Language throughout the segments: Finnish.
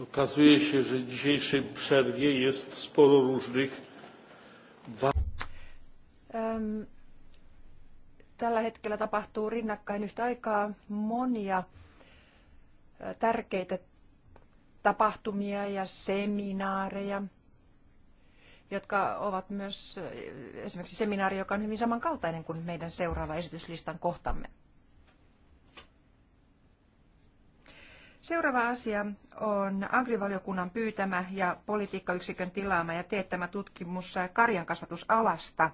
Okazuje się, że w dzisiejszej przerwie jest sporo różnych Tällä hetkellä tapahtuu rinnakkain yhtä aikaa monia tärkeitä tapahtumia ja seminaareja, jotka ovat myös esimerkiksi seminaari, joka on hyvin samankaltainen kuin meidän seuraava esityslistan kohtamme. Seuraava asia on agrivaliokunnan pyytämä ja politiikkayksikön tilaama ja teettämä tutkimus karjankasvatusalasta.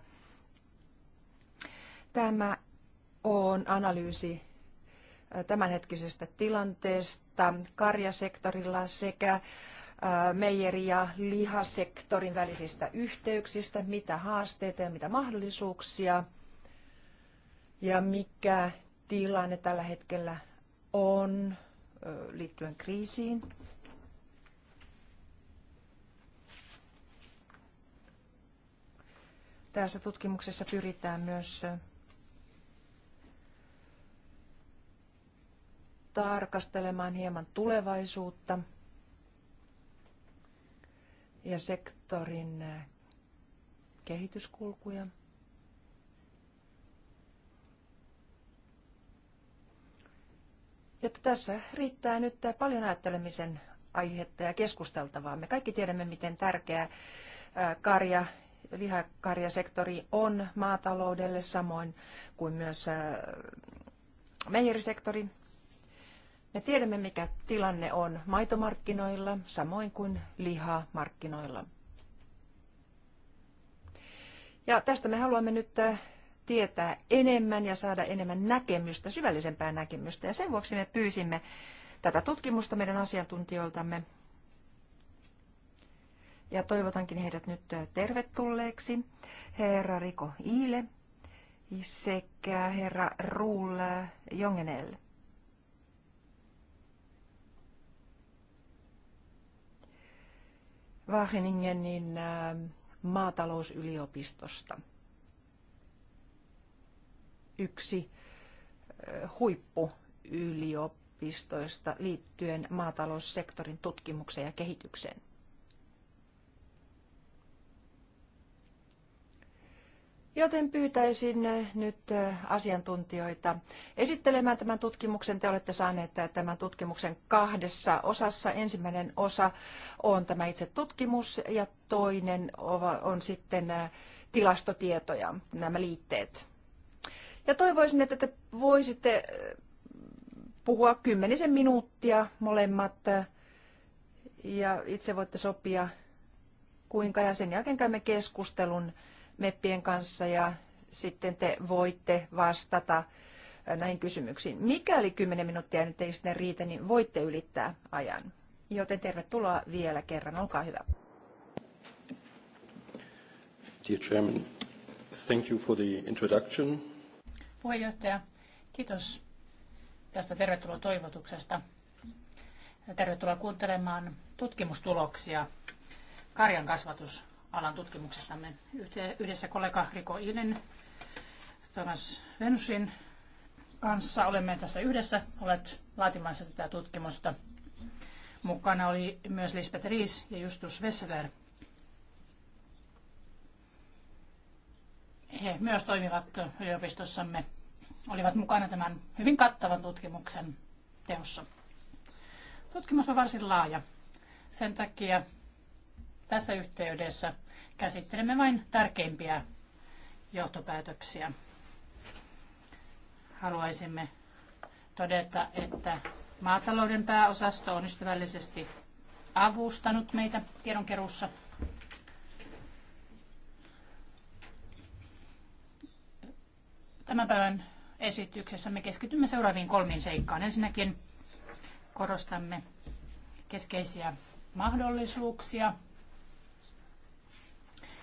Tämä on analyysi äh, tämänhetkisestä tilanteesta karjasektorilla sekä äh, meijeri- ja lihasektorin välisistä yhteyksistä, mitä haasteita ja mitä mahdollisuuksia ja mikä tilanne tällä hetkellä on liittyen kriisiin. Tässä tutkimuksessa pyritään myös tarkastelemaan hieman tulevaisuutta ja sektorin kehityskulkuja. Jotta tässä riittää nyt paljon ajattelemisen aihetta ja keskusteltavaa. Me kaikki tiedämme, miten tärkeä karja, lihakarjasektori on maataloudelle, samoin kuin myös meijerisektori. Me tiedämme, mikä tilanne on maitomarkkinoilla, samoin kuin lihamarkkinoilla. Ja tästä me haluamme nyt tietää enemmän ja saada enemmän näkemystä, syvällisempää näkemystä. Ja sen vuoksi me pyysimme tätä tutkimusta meidän asiantuntijoiltamme. Ja toivotankin heidät nyt tervetulleeksi. Herra Riko Iile sekä herra Ruul Jongenel. Wageningenin äh, maatalousyliopistosta yksi huippuyliopistoista liittyen maataloussektorin tutkimukseen ja kehitykseen. Joten pyytäisin nyt asiantuntijoita esittelemään tämän tutkimuksen. Te olette saaneet tämän tutkimuksen kahdessa osassa. Ensimmäinen osa on tämä itse tutkimus ja toinen on sitten tilastotietoja, nämä liitteet. Ja toivoisin, että te voisitte äh, puhua kymmenisen minuuttia molemmat äh, ja itse voitte sopia kuinka ja sen jälkeen käymme keskustelun meppien kanssa ja sitten te voitte vastata äh, näihin kysymyksiin. Mikäli 10 minuuttia nyt ei sitten riitä, niin voitte ylittää ajan. Joten tervetuloa vielä kerran, olkaa hyvä. Dear Chairman, thank you for the introduction. Puheenjohtaja, kiitos tästä tervetuloa toivotuksesta. Tervetuloa kuuntelemaan tutkimustuloksia karjan kasvatusalan tutkimuksestamme. Yhdessä kollega Riko Ilen Thomas Venusin kanssa olemme tässä yhdessä, olet laatimassa tätä tutkimusta. Mukana oli myös Lisbeth Riis ja Justus Wesseler – he myös toimivat yliopistossamme, olivat mukana tämän hyvin kattavan tutkimuksen teossa. Tutkimus on varsin laaja. Sen takia tässä yhteydessä käsittelemme vain tärkeimpiä johtopäätöksiä. Haluaisimme todeta, että maatalouden pääosasto on ystävällisesti avustanut meitä tiedonkeruussa – Tämän päivän esityksessä me keskitymme seuraaviin kolmiin seikkaan. Ensinnäkin korostamme keskeisiä mahdollisuuksia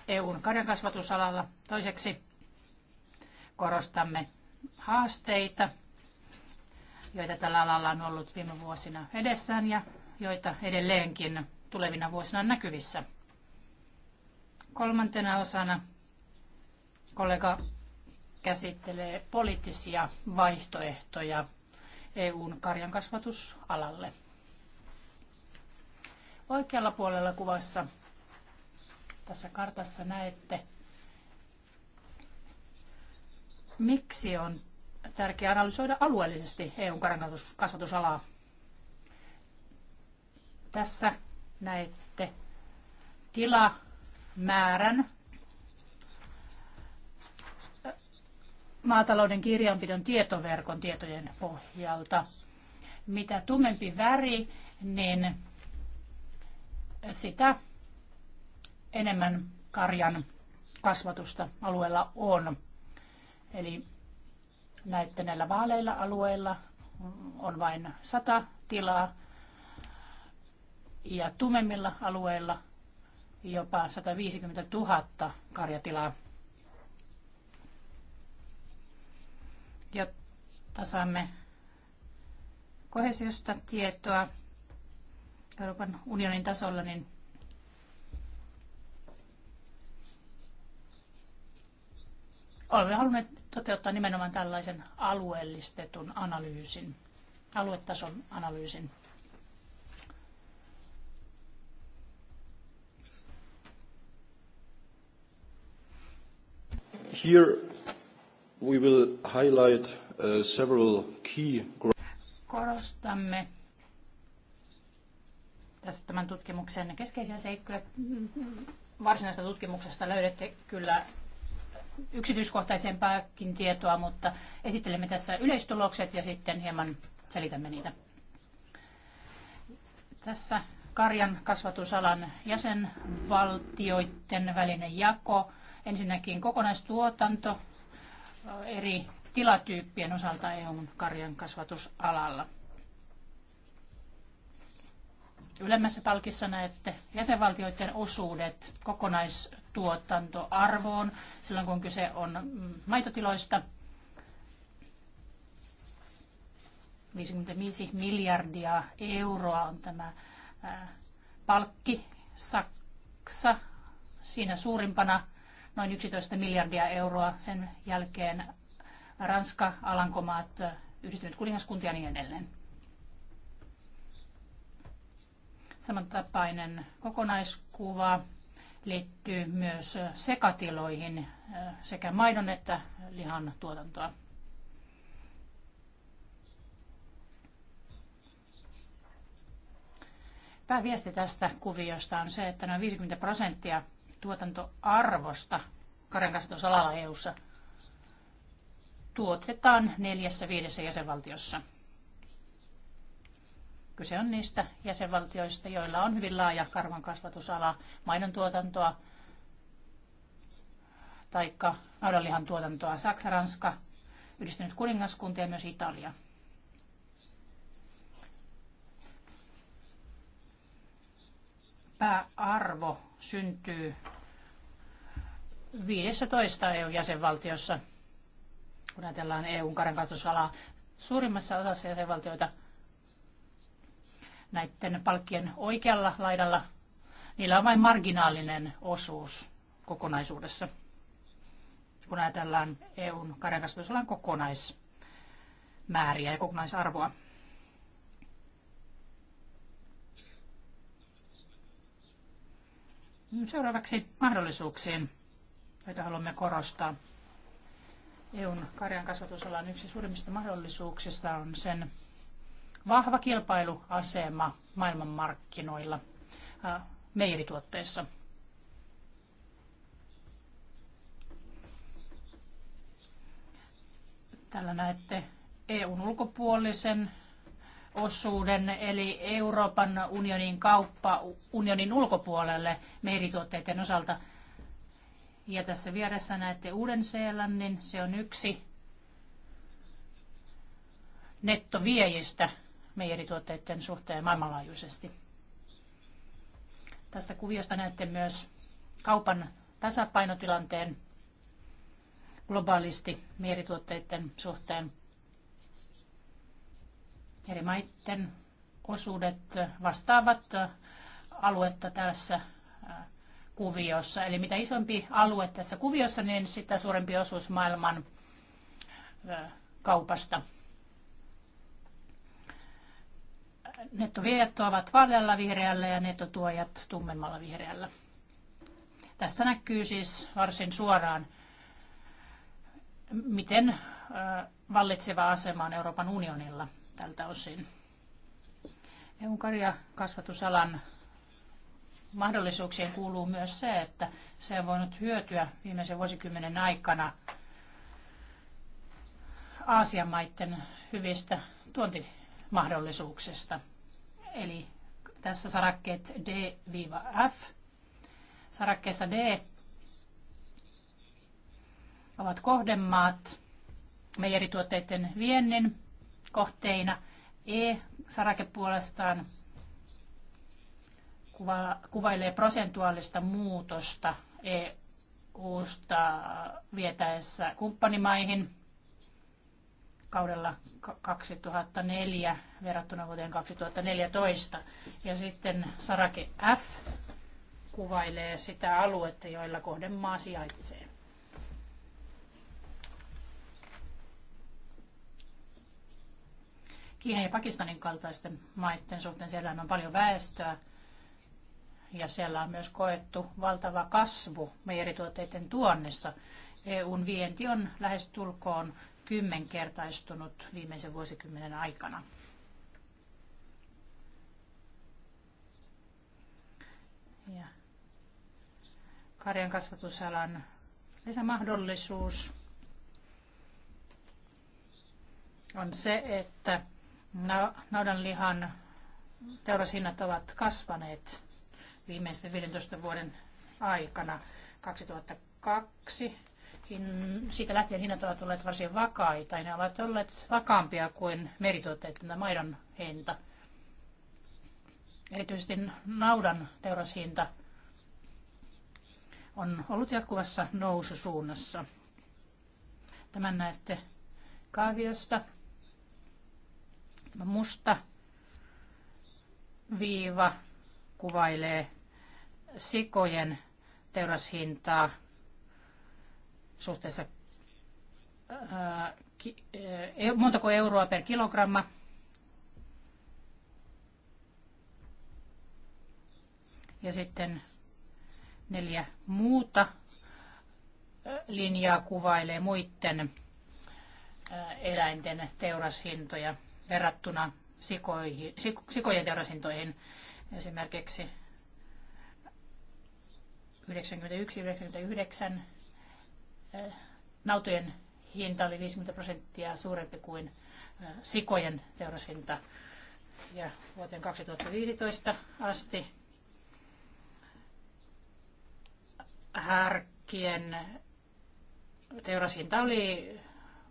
EUn karjankasvatusalalla. Toiseksi korostamme haasteita, joita tällä alalla on ollut viime vuosina edessään ja joita edelleenkin tulevina vuosina on näkyvissä. Kolmantena osana kollega käsittelee poliittisia vaihtoehtoja EUn karjankasvatusalalle. Oikealla puolella kuvassa tässä kartassa näette, miksi on tärkeää analysoida alueellisesti EUn karjankasvatusalaa. Tässä näette tilamäärän maatalouden kirjanpidon tietoverkon tietojen pohjalta. Mitä tummempi väri, niin sitä enemmän karjan kasvatusta alueella on. Eli näette näillä vaaleilla alueilla on vain 100 tilaa ja tumemmilla alueilla jopa 150 000 karjatilaa jotta saamme kohesiosta tietoa Euroopan unionin tasolla, niin olemme halunneet toteuttaa nimenomaan tällaisen alueellistetun analyysin, aluetason analyysin. Here We will highlight uh, several key... Korostamme tässä tämän tutkimuksen keskeisiä seikkoja. Varsinaisesta tutkimuksesta löydätte kyllä yksityiskohtaisempaakin tietoa, mutta esittelemme tässä yleistulokset ja sitten hieman selitämme niitä. Tässä karjan kasvatusalan jäsenvaltioiden välinen jako. Ensinnäkin kokonaistuotanto eri tilatyyppien osalta EUn karjan kasvatusalalla. Ylemmässä palkissa näette jäsenvaltioiden osuudet kokonaistuotantoarvoon silloin, kun kyse on mm, maitotiloista. 55 miljardia euroa on tämä palkki Saksa siinä suurimpana noin 11 miljardia euroa. Sen jälkeen Ranska, Alankomaat, Yhdistynyt kuningaskunta ja niin edelleen. Samantapainen kokonaiskuva liittyy myös sekatiloihin sekä maidon että lihan tuotantoa. Pääviesti tästä kuviosta on se, että noin 50 prosenttia tuotantoarvosta karjankasvatusalalla EU-ssa tuotetaan neljässä viidessä jäsenvaltiossa. Kyse on niistä jäsenvaltioista, joilla on hyvin laaja karvankasvatusala, maidon tuotantoa, taikka naudanlihan tuotantoa Saksa, Ranska, Yhdistynyt kuningaskunta ja myös Italia. pääarvo syntyy 15 EU-jäsenvaltiossa, kun ajatellaan EUn karenkatusalaa, Suurimmassa osassa jäsenvaltioita näiden palkkien oikealla laidalla, niillä on vain marginaalinen osuus kokonaisuudessa, kun ajatellaan EUn karenkasvusalan kokonaismääriä ja kokonaisarvoa. Seuraavaksi mahdollisuuksiin, joita haluamme korostaa. EUn karjan kasvatusalan yksi suurimmista mahdollisuuksista on sen vahva kilpailuasema maailmanmarkkinoilla äh, meijerituotteissa. Tällä näette EUn ulkopuolisen osuuden, eli Euroopan unionin kauppa unionin ulkopuolelle merituotteiden osalta. Ja tässä vieressä näette Uuden-Seelannin, se on yksi nettoviejistä meijerituotteiden suhteen maailmanlaajuisesti. Tästä kuviosta näette myös kaupan tasapainotilanteen globaalisti meijerituotteiden suhteen. Eri maiden osuudet vastaavat äh, aluetta tässä äh, kuviossa. Eli mitä isompi alue tässä kuviossa, niin sitä suurempi osuus maailman äh, kaupasta. Nettoviejät ovat vaaleella vihreällä ja nettotuojat tummemmalla vihreällä. Tästä näkyy siis varsin suoraan, miten vallitseva asema on Euroopan unionilla – tältä osin. EUn karjakasvatusalan mahdollisuuksien kuuluu myös se, että se on voinut hyötyä viimeisen vuosikymmenen aikana Aasian maiden hyvistä tuontimahdollisuuksista. Eli tässä sarakkeet D-F. Sarakkeessa D ovat kohdemaat meijerituotteiden viennin kohteina. E-sarake puolestaan kuva, kuvailee prosentuaalista muutosta EU-sta vietäessä kumppanimaihin kaudella 2004 verrattuna vuoteen 2014. Ja sitten sarake F kuvailee sitä aluetta, joilla kohdemaa sijaitsee. Kiinan ja Pakistanin kaltaisten maiden suhteen. Siellä on paljon väestöä ja siellä on myös koettu valtava kasvu meijerituotteiden tuonnissa. EUn vienti on lähestulkoon kymmenkertaistunut viimeisen vuosikymmenen aikana. Ja karjan kasvatusalan lisämahdollisuus on se, että naudanlihan teurasinnat ovat kasvaneet viimeisten 15 vuoden aikana. 2002 siitä lähtien hinnat ovat olleet varsin vakaita ja ne ovat olleet vakaampia kuin merituotteiden tai maidon hinta. Erityisesti naudan teurashinta on ollut jatkuvassa noususuunnassa. Tämän näette kaaviosta. Musta viiva kuvailee sikojen teurashintaa suhteessa ää, äh, äh, e-, montako euroa per kilogramma. Ja sitten neljä muuta äh, linjaa kuvailee muiden eläinten teurashintoja verrattuna sikoihin, sikojen teurasintoihin esimerkiksi 91-99 eh, nautojen hinta oli 50 prosenttia suurempi kuin eh, sikojen teurasinta Ja vuoteen 2015 asti härkkien teurasinta oli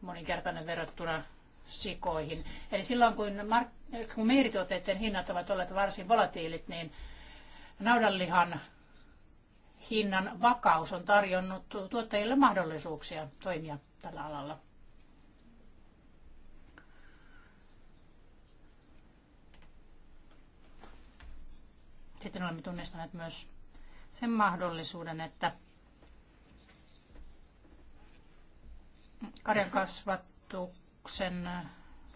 moninkertainen verrattuna sikoihin. Eli silloin kun, mark- kun meirituotteiden hinnat ovat olleet varsin volatiilit, niin naudanlihan hinnan vakaus on tarjonnut tuottajille mahdollisuuksia toimia tällä alalla. Sitten olemme tunnistaneet myös sen mahdollisuuden, että karjan kasvattu rahoituksen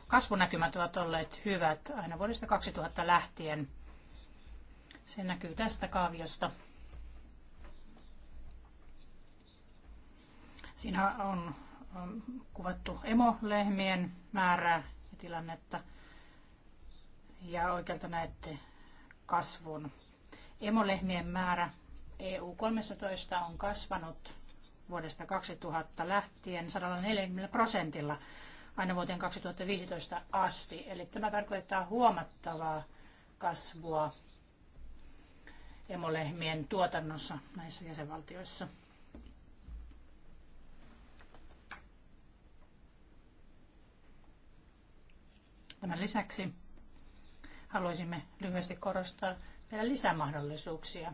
kasvunäkymät ovat olleet hyvät aina vuodesta 2000 lähtien. Se näkyy tästä kaaviosta. Siinä on kuvattu emolehmien määrää ja tilannetta. Ja oikealta näette kasvun. Emolehmien määrä EU-13 on kasvanut vuodesta 2000 lähtien 140 prosentilla aina vuoteen 2015 asti. Eli tämä tarkoittaa huomattavaa kasvua emolehmien tuotannossa näissä jäsenvaltioissa. Tämän lisäksi haluaisimme lyhyesti korostaa vielä lisämahdollisuuksia.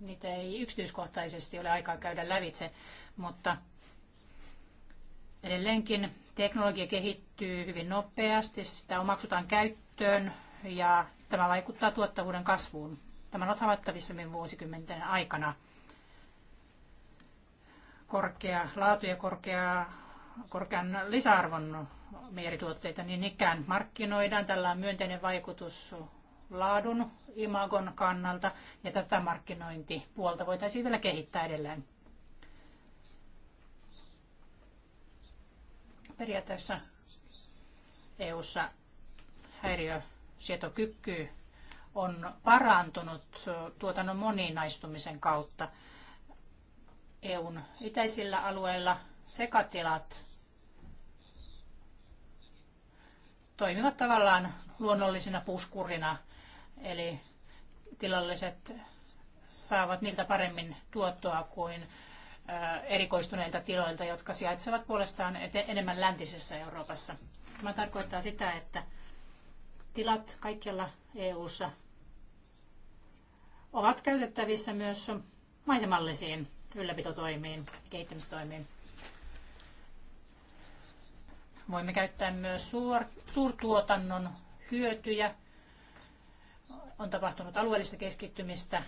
Niitä ei yksityiskohtaisesti ole aikaa käydä lävitse, mutta edelleenkin Teknologia kehittyy hyvin nopeasti, sitä omaksutaan käyttöön ja tämä vaikuttaa tuottavuuden kasvuun. Tämä on havaittavissa vuosikymmenten aikana. Korkea laatu ja korkea, korkean lisäarvon meerituotteita niin ikään markkinoidaan. Tällä on myönteinen vaikutus laadun imagon kannalta ja tätä markkinointipuolta voitaisiin vielä kehittää edelleen. Periaatteessa EU-ssa häiriösietokyky on parantunut tuotannon moninaistumisen kautta. EUn itäisillä alueilla sekatilat toimivat tavallaan luonnollisina puskurina, eli tilalliset saavat niiltä paremmin tuottoa kuin Äh, erikoistuneilta tiloilta, jotka sijaitsevat puolestaan enemmän läntisessä Euroopassa. Tämä tarkoittaa sitä, että tilat kaikkialla EU:ssa ovat käytettävissä myös maisemallisiin ylläpitotoimiin, kehittämistoimiin. Voimme käyttää myös suur, suurtuotannon hyötyjä. On tapahtunut alueellista keskittymistä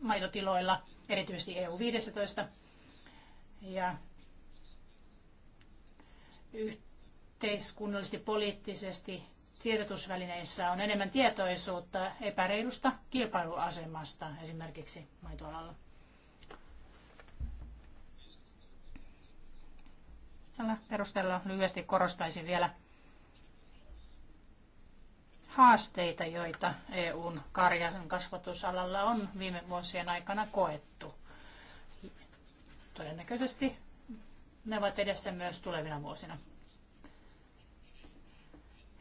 maitotiloilla – erityisesti EU-15. Ja yhteiskunnallisesti poliittisesti tiedotusvälineissä on enemmän tietoisuutta epäreilusta kilpailuasemasta esimerkiksi maitoalalla. Tällä perusteella lyhyesti korostaisin vielä haasteita, joita EUn karjan kasvatusalalla on viime vuosien aikana koettu. Todennäköisesti ne ovat edessä myös tulevina vuosina.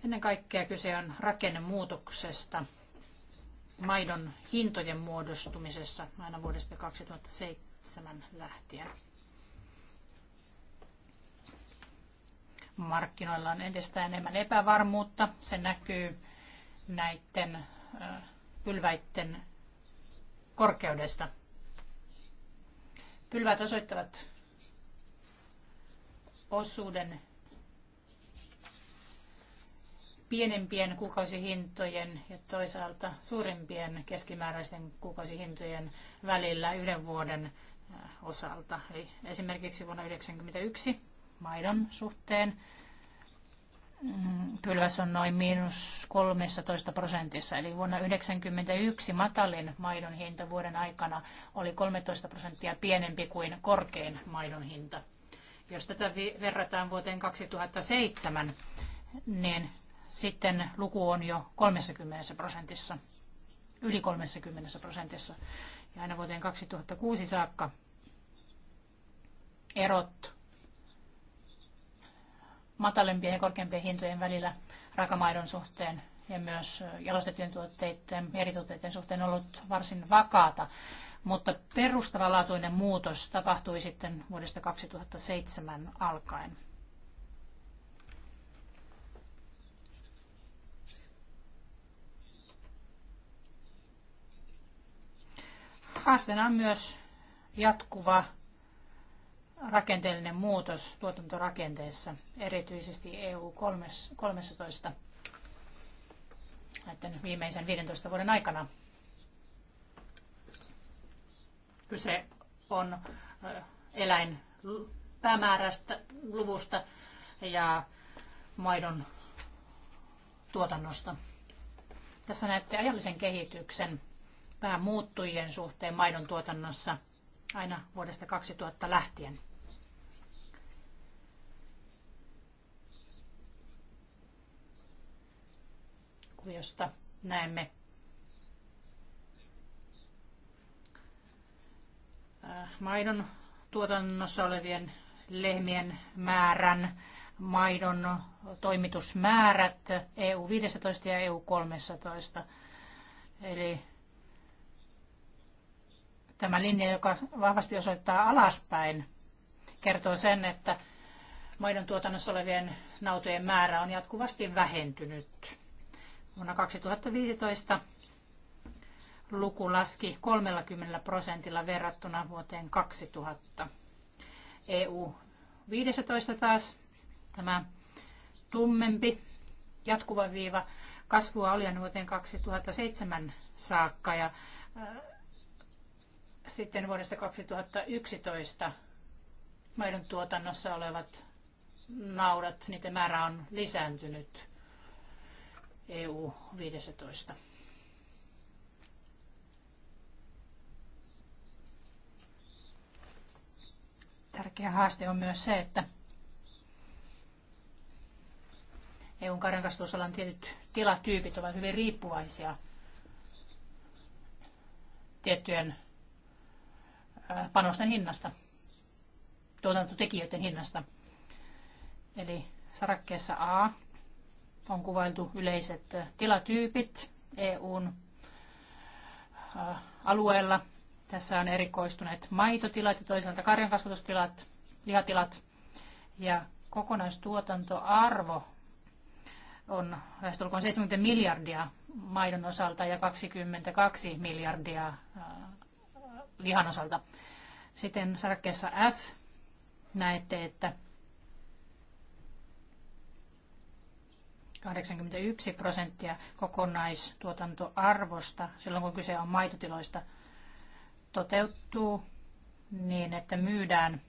Ennen kaikkea kyse on rakennemuutoksesta maidon hintojen muodostumisessa aina vuodesta 2007 lähtien. Markkinoilla on entistä enemmän epävarmuutta. Se näkyy näiden pylväiden korkeudesta. Pylvät osoittavat osuuden pienempien kuukausihintojen ja toisaalta suurimpien keskimääräisten kuukausihintojen välillä yhden vuoden osalta. Eli esimerkiksi vuonna 1991 maidon suhteen pylväs mm, on noin miinus 13 prosentissa, eli vuonna 1991 matalin maidon hinta vuoden aikana oli 13 prosenttia pienempi kuin korkein maidon hinta. Jos tätä verrataan vuoteen 2007, niin sitten luku on jo 30 prosentissa, yli 30 prosentissa. Ja aina vuoteen 2006 saakka erot matalempien ja korkeampien hintojen välillä rakamaidon suhteen ja myös jalostettujen tuotteiden ja erituotteiden suhteen ollut varsin vakaata. Mutta perustavanlaatuinen muutos tapahtui sitten vuodesta 2007 alkaen. Haasteena on myös jatkuva rakenteellinen muutos tuotantorakenteessa, erityisesti EU-13 näiden viimeisen 15 vuoden aikana. Kyse on eläin päämäärästä luvusta ja maidon tuotannosta. Tässä näette ajallisen kehityksen päämuuttujien suhteen maidon tuotannossa aina vuodesta 2000 lähtien. kuviosta näemme. Äh, maidon tuotannossa olevien lehmien määrän, maidon toimitusmäärät EU-15 ja EU-13. Eli tämä linja, joka vahvasti osoittaa alaspäin, kertoo sen, että maidon tuotannossa olevien nautojen määrä on jatkuvasti vähentynyt. Vuonna 2015 luku laski 30 prosentilla verrattuna vuoteen 2000. EU 15 taas tämä tummempi jatkuva viiva kasvua oli aina vuoteen 2007 saakka ja äh, sitten vuodesta 2011 maidon tuotannossa olevat naudat, niiden määrä on lisääntynyt. EU 15. Tärkeä haaste on myös se, että EUn karjankastusalan tietyt tilatyypit ovat hyvin riippuvaisia tiettyjen panosten hinnasta, tuotantotekijöiden hinnasta. Eli sarakkeessa A on kuvailtu yleiset äh, tilatyypit EUn äh, alueella. Tässä on erikoistuneet maitotilat ja toisaalta karjankasvatustilat, lihatilat ja kokonaistuotantoarvo on lähestulkoon 70 miljardia maidon osalta ja 22 miljardia äh, lihan osalta. Sitten sarkkeessa F näette, että 81 prosenttia kokonaistuotantoarvosta silloin, kun kyse on maitotiloista, toteutuu niin, että myydään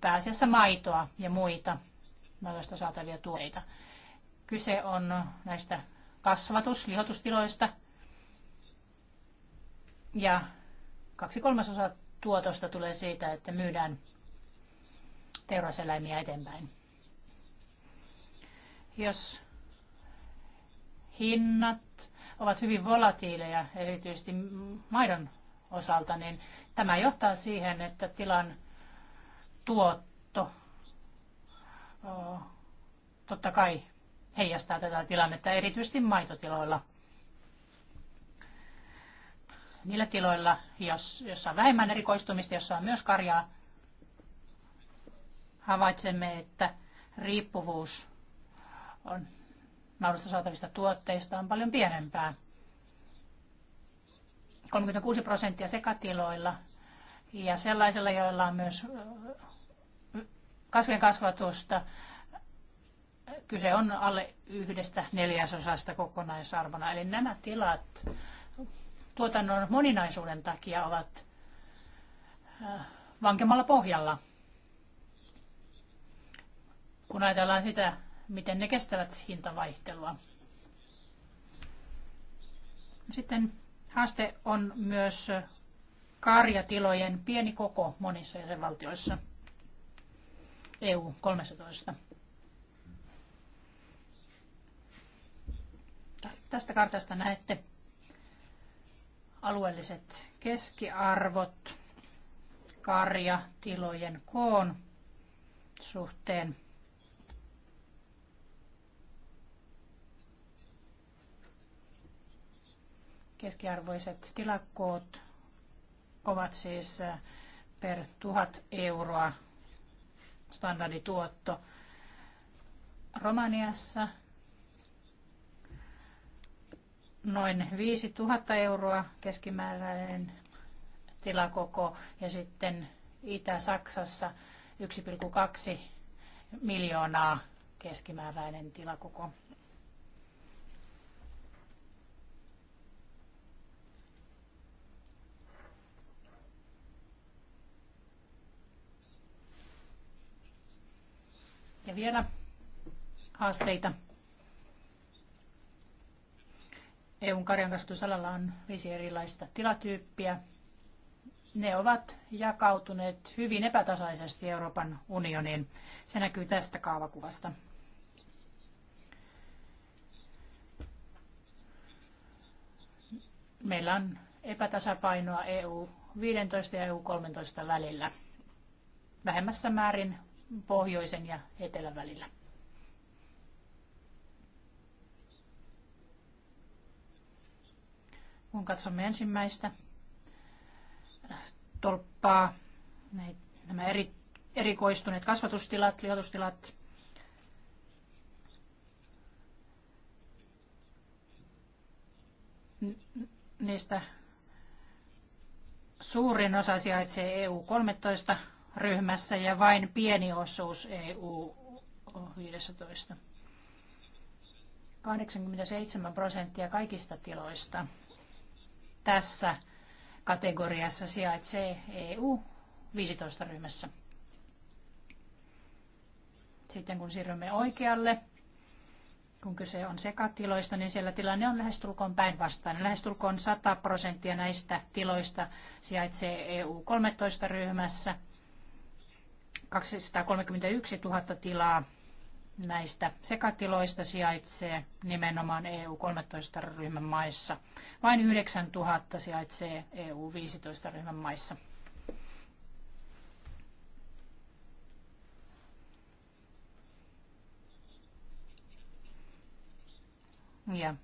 pääasiassa maitoa ja muita maitoista saatavia tuotteita. Kyse on näistä kasvatus- lihotustiloista ja kaksi kolmasosaa tuotosta tulee siitä, että myydään teuraseläimiä eteenpäin jos hinnat ovat hyvin volatiileja, erityisesti maidon osalta, niin tämä johtaa siihen, että tilan tuotto totta kai heijastaa tätä tilannetta, erityisesti maitotiloilla. Niillä tiloilla, joissa jossa on vähemmän erikoistumista, jossa on myös karjaa, havaitsemme, että riippuvuus on naudasta saatavista tuotteista on paljon pienempää. 36 prosenttia sekatiloilla ja sellaisilla, joilla on myös kasvien kasvatusta. Kyse on alle yhdestä neljäsosasta kokonaisarvona. Eli nämä tilat tuotannon moninaisuuden takia ovat vankemmalla pohjalla. Kun ajatellaan sitä miten ne kestävät hintavaihtelua. Sitten haaste on myös karjatilojen pieni koko monissa jäsenvaltioissa. EU 13. Tästä kartasta näette alueelliset keskiarvot karjatilojen koon suhteen. Keskiarvoiset tilakoot ovat siis eh, per tuhat euroa standardituotto. Romaniassa noin 5000 euroa keskimääräinen tilakoko ja sitten Itä-Saksassa 1,2 miljoonaa keskimääräinen tilakoko. Ja vielä haasteita. EUn karjankasvatusalalla on viisi erilaista tilatyyppiä. Ne ovat jakautuneet hyvin epätasaisesti Euroopan unioniin. Se näkyy tästä kaavakuvasta. Meillä on epätasapainoa EU 15 ja EU 13 välillä. Vähemmässä määrin pohjoisen ja etelän välillä. Kun katsomme ensimmäistä tolppaa, nämä eri, erikoistuneet kasvatustilat, liotustilat, niistä suurin osa sijaitsee EU-13 ryhmässä ja vain pieni osuus EU 15. 87 prosenttia kaikista tiloista tässä kategoriassa sijaitsee EU 15 ryhmässä. Sitten kun siirrymme oikealle, kun kyse on sekatiloista, niin siellä tilanne on lähestulkoon päinvastainen. Lähestulkoon 100 prosenttia näistä tiloista sijaitsee EU 13 ryhmässä – 231 000 tilaa näistä sekatiloista sijaitsee nimenomaan EU-13-ryhmän maissa. Vain 9 000 sijaitsee EU-15-ryhmän maissa. Ja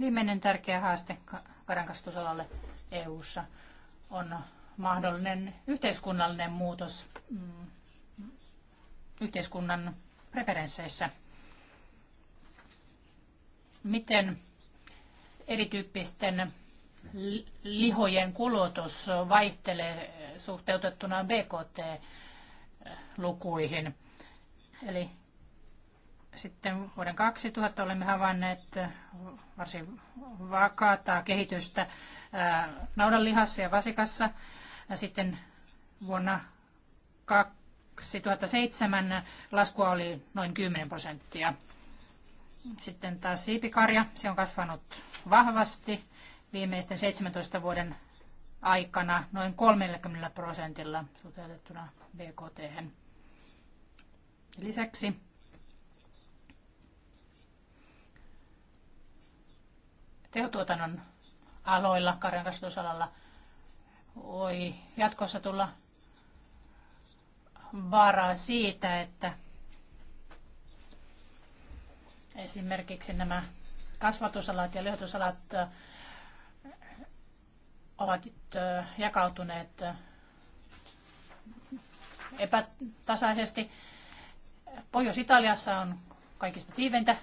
viimeinen tärkeä haaste karankastusalalle EU:ssa on mahdollinen yhteiskunnallinen muutos mm, yhteiskunnan preferensseissä. Miten erityyppisten lihojen kulutus vaihtelee suhteutettuna BKT-lukuihin. Eli sitten vuoden 2000 olemme havainneet varsin vakaata kehitystä naudanlihassa ja vasikassa. Sitten vuonna 2007 laskua oli noin 10 prosenttia. Sitten taas siipikarja, se on kasvanut vahvasti viimeisten 17 vuoden aikana noin 30 prosentilla suhteutettuna BKT. -hän. Lisäksi tehotuotannon aloilla, karjankasvatusalalla, voi jatkossa tulla vaaraa siitä, että esimerkiksi nämä kasvatusalat ja lyhytysalat ovat jakautuneet epätasaisesti. Pohjois-Italiassa on kaikista tiiveintä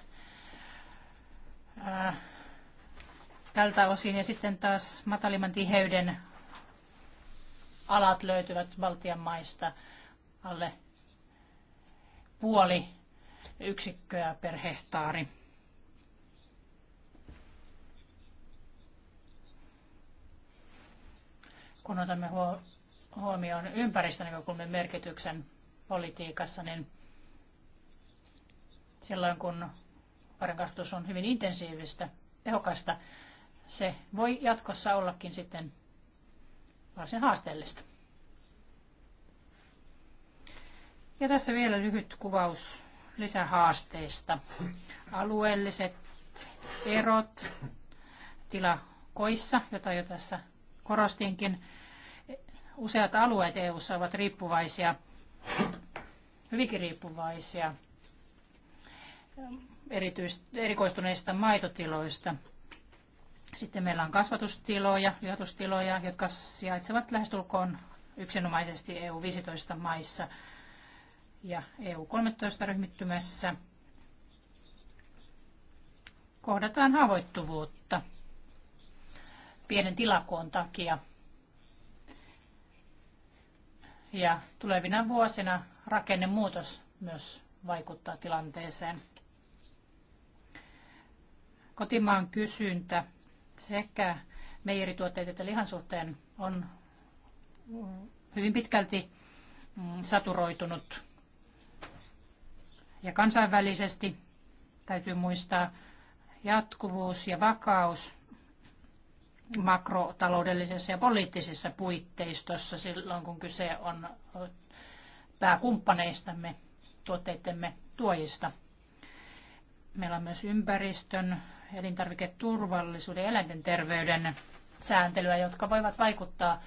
tältä osin ja sitten taas matalimman tiheyden alat löytyvät Baltian maista alle puoli yksikköä per hehtaari. Kun otamme huomioon ympäristönäkökulmien merkityksen politiikassa, niin silloin kun varkastus on hyvin intensiivistä, tehokasta, se voi jatkossa ollakin sitten varsin haasteellista. Ja tässä vielä lyhyt kuvaus lisähaasteista. Alueelliset erot tilakoissa, jota jo tässä korostinkin. Useat alueet EU:ssa ovat riippuvaisia, hyvinkin riippuvaisia erikoistuneista maitotiloista. Sitten meillä on kasvatustiloja, lihatustiloja, jotka sijaitsevat lähestulkoon yksinomaisesti EU-15 maissa – ja EU-13 ryhmittymässä kohdataan haavoittuvuutta pienen tilakoon takia. Ja tulevina vuosina rakennemuutos myös vaikuttaa tilanteeseen. Kotimaan kysyntä sekä meijerituotteet että lihan suhteen on hyvin pitkälti saturoitunut ja kansainvälisesti täytyy muistaa jatkuvuus ja vakaus makrotaloudellisessa ja poliittisessa puitteistossa silloin, kun kyse on pääkumppaneistamme, tuotteittemme tuojista. Meillä on myös ympäristön, elintarviketurvallisuuden ja eläinten terveyden sääntelyä, jotka voivat vaikuttaa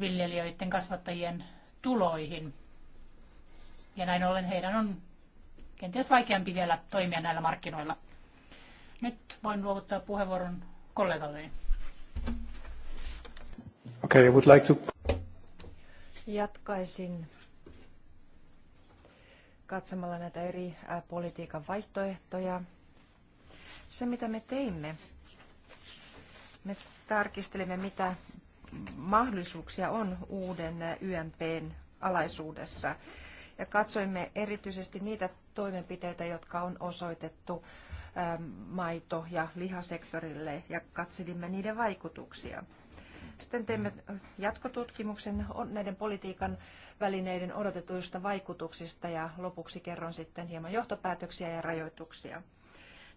viljelijöiden kasvattajien tuloihin. Ja näin ollen heidän on kenties vaikeampi vielä toimia näillä markkinoilla. Nyt voin luovuttaa puheenvuoron kollegalleni. Okay, I would like to... Jatkaisin katsomalla näitä eri politiikan vaihtoehtoja. Se, mitä me teimme, me tarkistelimme, mitä mahdollisuuksia on uuden YMPn alaisuudessa. Ja katsoimme erityisesti niitä toimenpiteitä, jotka on osoitettu ähm, maito- ja lihasektorille ja katselimme niiden vaikutuksia. Sitten teimme jatkotutkimuksen näiden politiikan välineiden odotetuista vaikutuksista ja lopuksi kerron sitten hieman johtopäätöksiä ja rajoituksia.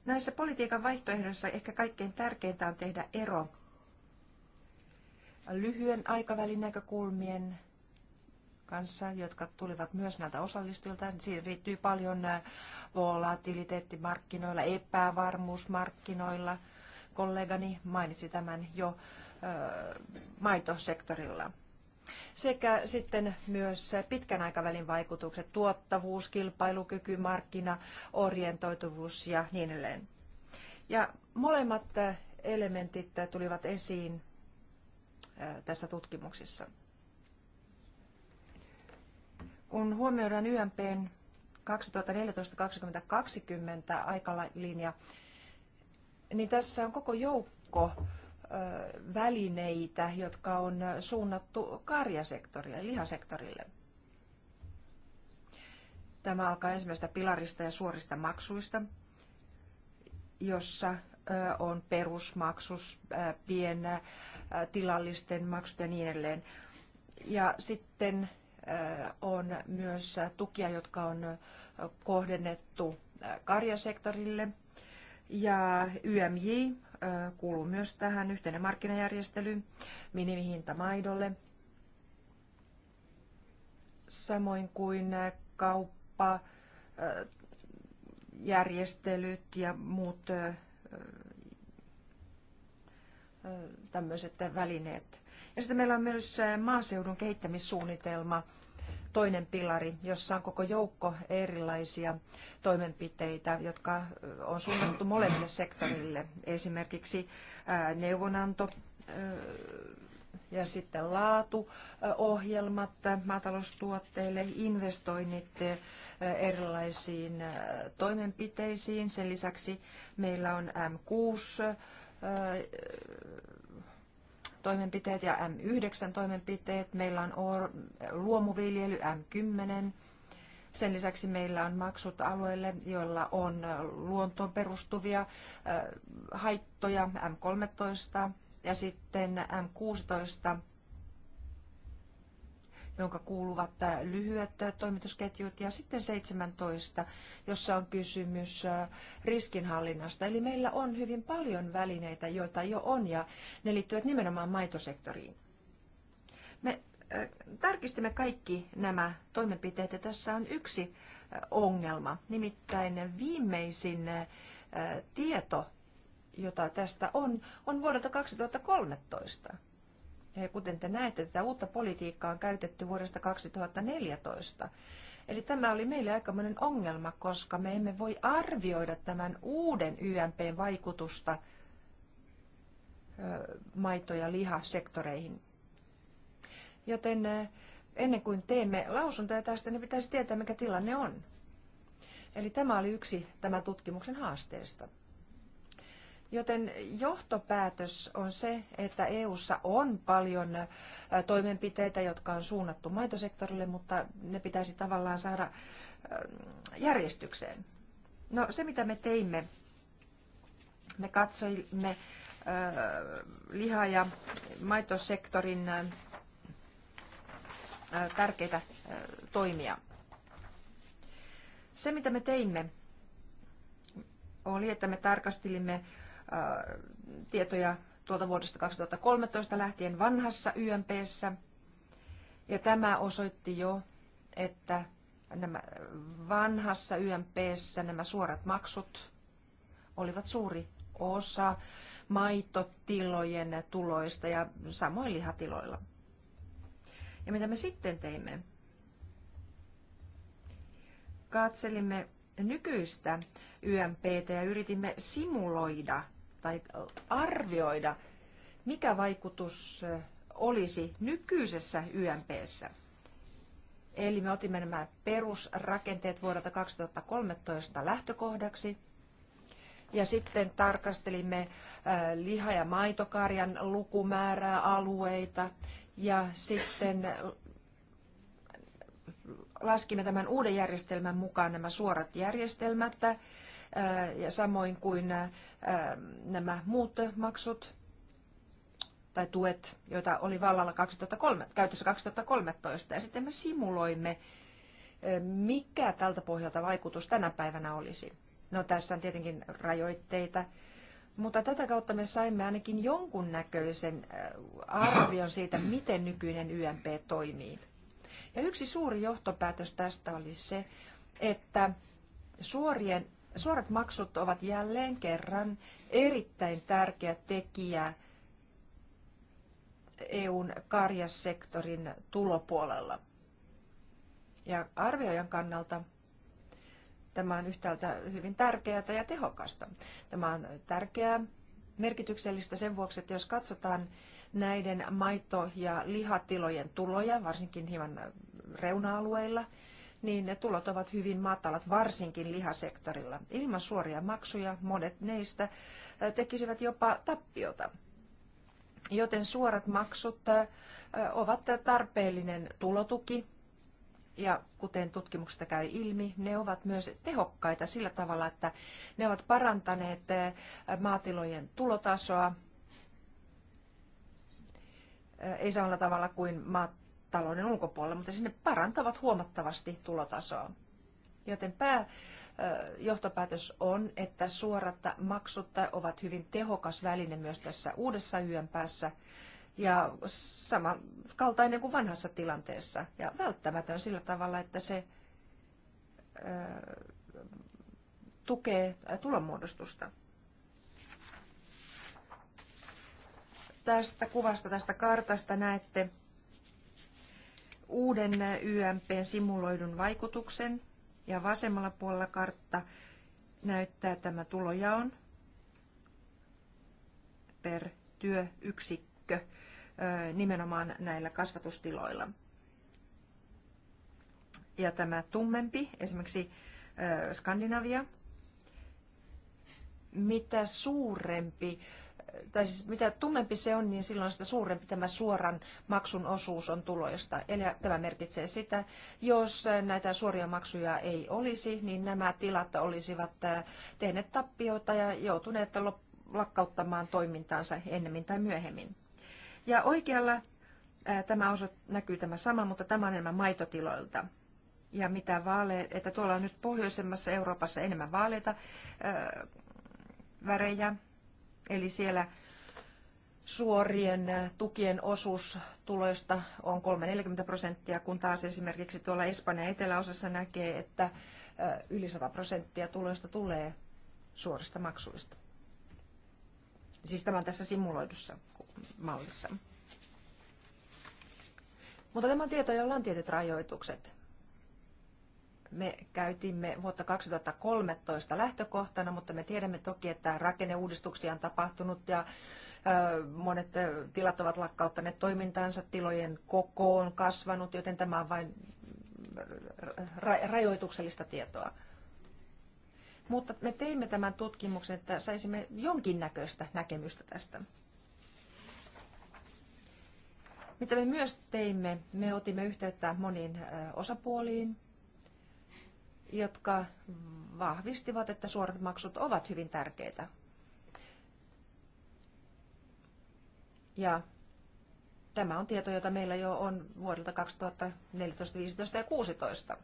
Näissä politiikan vaihtoehdoissa ehkä kaikkein tärkeintä on tehdä ero lyhyen aikavälin näkökulmien kanssa, jotka tulivat myös näiltä osallistujilta. Siihen riittyy paljon äh, volatiliteettimarkkinoilla, epävarmuusmarkkinoilla. Kollegani mainitsi tämän jo äh, maitosektorilla. Sekä sitten myös pitkän aikavälin vaikutukset, tuottavuus, kilpailukyky, markkina, orientoituvuus ja niin edelleen. Ja molemmat äh, elementit tulivat esiin tässä tutkimuksessa. Kun huomioidaan YMPn 2014-2020 aikalinja, niin tässä on koko joukko välineitä, jotka on suunnattu karjasektorille, lihasektorille. Tämä alkaa ensimmäisestä pilarista ja suorista maksuista, jossa on perusmaksus, pien tilallisten maksut ja niin edelleen. Ja sitten on myös tukia, jotka on kohdennettu karjasektorille. Ja YMJ kuuluu myös tähän yhteinen markkinajärjestely minimihinta maidolle, samoin kuin kauppajärjestelyt ja muut tämmöiset välineet. Ja sitten meillä on myös maaseudun kehittämissuunnitelma, toinen pilari, jossa on koko joukko erilaisia toimenpiteitä, jotka on suunnattu molemmille sektorille. Esimerkiksi neuvonanto ja sitten laatuohjelmat maataloustuotteille, investoinnit erilaisiin toimenpiteisiin. Sen lisäksi meillä on M6 toimenpiteet ja M9-toimenpiteet. Meillä on luomuviljely M10. Sen lisäksi meillä on maksut alueille, joilla on luontoon perustuvia haittoja M13 ja sitten M16 jonka kuuluvat äh, lyhyet äh, toimitusketjut, ja sitten 17, jossa on kysymys äh, riskinhallinnasta. Eli meillä on hyvin paljon välineitä, joita jo on, ja ne liittyvät nimenomaan maitosektoriin. Me tarkistimme kaikki nämä toimenpiteet, ja tässä on yksi ongelma, nimittäin viimeisin tieto, jota tästä on, on vuodelta 2013. Kuten te näette, tätä uutta politiikkaa on käytetty vuodesta 2014. Eli tämä oli meille aikamoinen ongelma, koska me emme voi arvioida tämän uuden YMPn vaikutusta maito- ja lihasektoreihin. Joten ennen kuin teemme lausuntoja tästä, niin pitäisi tietää, mikä tilanne on. Eli tämä oli yksi tämän tutkimuksen haasteesta. Joten johtopäätös on se, että EU:ssa on paljon toimenpiteitä, jotka on suunnattu maitosektorille, mutta ne pitäisi tavallaan saada järjestykseen. No se, mitä me teimme, me katsoimme liha- ja maitosektorin tärkeitä toimia. Se, mitä me teimme, oli, että me tarkastelimme Äh, tietoja tuolta vuodesta 2013 lähtien vanhassa YMPssä. Ja tämä osoitti jo, että nämä vanhassa YMPssä nämä suorat maksut olivat suuri osa maitotilojen tuloista ja samoin lihatiloilla. Ja mitä me sitten teimme? Katselimme nykyistä YMPtä ja yritimme simuloida tai arvioida, mikä vaikutus olisi nykyisessä YMPssä. Eli me otimme nämä perusrakenteet vuodelta 2013 lähtökohdaksi. Ja sitten tarkastelimme liha- ja maitokarjan lukumäärää, alueita ja sitten laskimme tämän uuden järjestelmän mukaan nämä suorat järjestelmät Äh, ja samoin kuin äh, nämä muut maksut tai tuet, joita oli vallalla 2003, käytössä 2013. Ja sitten me simuloimme, äh, mikä tältä pohjalta vaikutus tänä päivänä olisi. No tässä on tietenkin rajoitteita, mutta tätä kautta me saimme ainakin jonkunnäköisen arvion siitä, miten nykyinen YMP toimii. Ja yksi suuri johtopäätös tästä oli se, että suorien Suorat maksut ovat jälleen kerran erittäin tärkeä tekijä EUn karjasektorin tulopuolella. Ja arvioijan kannalta tämä on yhtäältä hyvin tärkeää ja tehokasta. Tämä on tärkeää merkityksellistä sen vuoksi, että jos katsotaan näiden maito- ja lihatilojen tuloja, varsinkin hieman reuna-alueilla, niin ne tulot ovat hyvin matalat, varsinkin lihasektorilla. Ilman suoria maksuja monet neistä tekisivät jopa tappiota. Joten suorat maksut ovat tarpeellinen tulotuki, ja kuten tutkimuksesta käy ilmi, ne ovat myös tehokkaita sillä tavalla, että ne ovat parantaneet maatilojen tulotasoa, ei samalla tavalla kuin maat, talouden ulkopuolella, mutta sinne parantavat huomattavasti tulotasoa. Joten pääjohtopäätös on, että suorat maksut ovat hyvin tehokas väline myös tässä uudessa yön päässä ja sama kaltainen kuin vanhassa tilanteessa ja välttämätön sillä tavalla, että se tukee tulonmuodostusta. Tästä kuvasta, tästä kartasta näette, uuden YMPn simuloidun vaikutuksen ja vasemmalla puolella kartta näyttää tämä tulojaon per työyksikkö nimenomaan näillä kasvatustiloilla. Ja tämä tummempi, esimerkiksi Skandinavia, mitä suurempi tai siis mitä tummempi se on, niin silloin sitä suurempi tämä suoran maksun osuus on tuloista. Eli tämä merkitsee sitä, jos näitä suoria maksuja ei olisi, niin nämä tilat olisivat äh, tehneet tappioita ja joutuneet lakkauttamaan toimintaansa ennemmin tai myöhemmin. Ja oikealla äh, tämä osa näkyy tämä sama, mutta tämä on enemmän maitotiloilta. Ja mitä vaale, että tuolla on nyt pohjoisemmassa Euroopassa enemmän vaaleita äh, värejä, Eli siellä suorien äh, tukien osuus tuloista on 3-40 prosenttia, kun taas esimerkiksi tuolla Espanjan eteläosassa näkee, että äh, yli 100 prosenttia tuloista tulee suorista maksuista. Siis tämä on tässä simuloidussa mallissa. Mutta tämä tieto, jolla on tietyt rajoitukset. Me käytimme vuotta 2013 lähtökohtana, mutta me tiedämme toki, että rakenneuudistuksia on tapahtunut ja monet tilat ovat lakkauttaneet toimintansa, tilojen koko on kasvanut, joten tämä on vain rajoituksellista tietoa. Mutta me teimme tämän tutkimuksen, että saisimme jonkinnäköistä näkemystä tästä. Mitä me myös teimme, me otimme yhteyttä moniin osapuoliin, jotka vahvistivat, että suorat maksut ovat hyvin tärkeitä. Ja tämä on tieto, jota meillä jo on vuodelta 2014, 15 ja 16.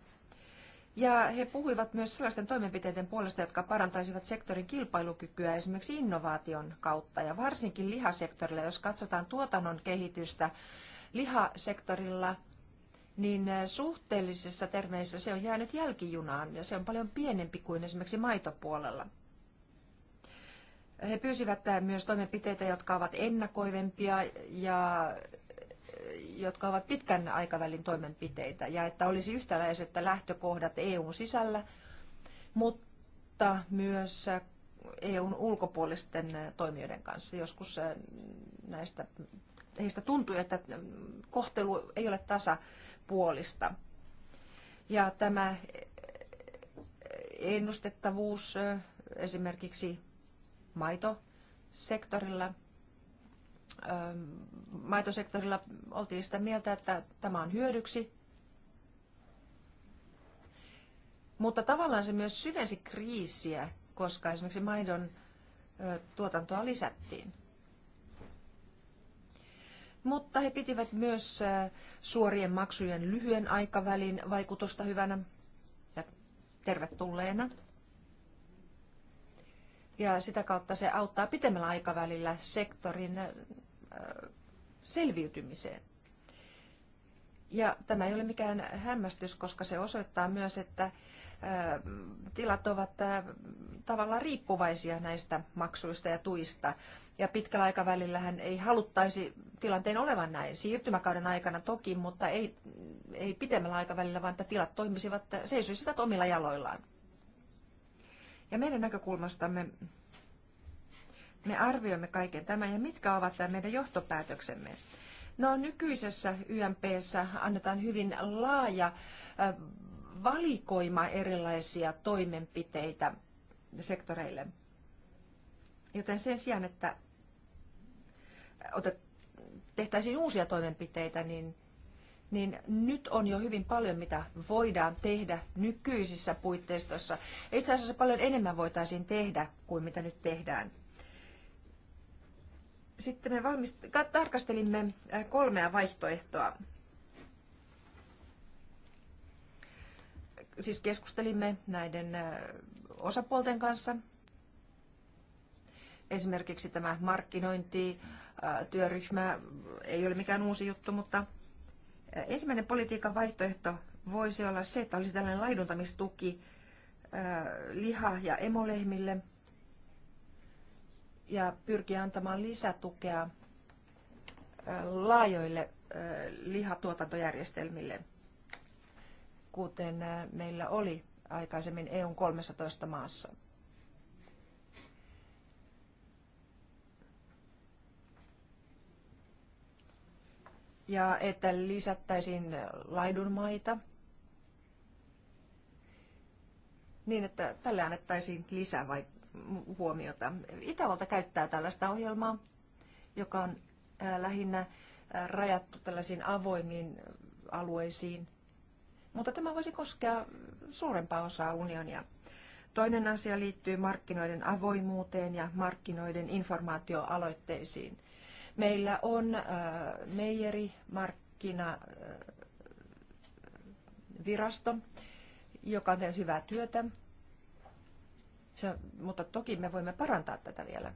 Ja he puhuivat myös sellaisten toimenpiteiden puolesta, jotka parantaisivat sektorin kilpailukykyä esimerkiksi innovaation kautta ja varsinkin lihasektorilla, jos katsotaan tuotannon kehitystä lihasektorilla – niin äh, suhteellisissa termeissä se on jäänyt jälkijunaan ja se on paljon pienempi kuin esimerkiksi maitopuolella. He pyysivät äh, myös toimenpiteitä, jotka ovat ennakoivempia ja äh, jotka ovat pitkän aikavälin toimenpiteitä ja että olisi yhtäläiset lähtökohdat EUn sisällä, mutta myös EUn ulkopuolisten toimijoiden kanssa. Joskus näistä, heistä tuntui, että kohtelu ei ole tasa puolista. Ja tämä ennustettavuus esimerkiksi maitosektorilla, maitosektorilla oltiin sitä mieltä, että tämä on hyödyksi Mutta tavallaan se myös syvensi kriisiä, koska esimerkiksi maidon tuotantoa lisättiin mutta he pitivät myös äh, suorien maksujen lyhyen aikavälin vaikutusta hyvänä ja tervetulleena. Ja sitä kautta se auttaa pitemmällä aikavälillä sektorin äh, selviytymiseen. Ja tämä ei ole mikään hämmästys, koska se osoittaa myös, että tilat ovat tavallaan riippuvaisia näistä maksuista ja tuista. Ja pitkällä hän ei haluttaisi tilanteen olevan näin. Siirtymäkauden aikana toki, mutta ei, ei pitemmällä aikavälillä, vaan että tilat toimisivat, seisoisivat omilla jaloillaan. Ja meidän näkökulmastamme me arvioimme kaiken tämän ja mitkä ovat meidän johtopäätöksemme. No nykyisessä YMPssä annetaan hyvin laaja valikoima erilaisia toimenpiteitä sektoreille. Joten sen sijaan, että tehtäisiin uusia toimenpiteitä, niin, niin nyt on jo hyvin paljon, mitä voidaan tehdä nykyisissä puitteistossa. Itse asiassa paljon enemmän voitaisiin tehdä kuin mitä nyt tehdään. Sitten me valmist- tarkastelimme kolmea vaihtoehtoa. siis keskustelimme näiden osapuolten kanssa. Esimerkiksi tämä markkinointityöryhmä ei ole mikään uusi juttu, mutta ensimmäinen politiikan vaihtoehto voisi olla se, että olisi tällainen laiduntamistuki liha- ja emolehmille ja pyrkiä antamaan lisätukea laajoille lihatuotantojärjestelmille kuten meillä oli aikaisemmin EUn 13 maassa. Ja että lisättäisiin laidunmaita niin, että tälle annettaisiin lisää vai huomiota. Itävalta käyttää tällaista ohjelmaa, joka on lähinnä rajattu tällaisiin avoimiin alueisiin – mutta tämä voisi koskea suurempaa osaa unionia. Toinen asia liittyy markkinoiden avoimuuteen ja markkinoiden informaatioaloitteisiin. Meillä on äh, äh, virasto, joka on tehnyt hyvää työtä, se, mutta toki me voimme parantaa tätä vielä.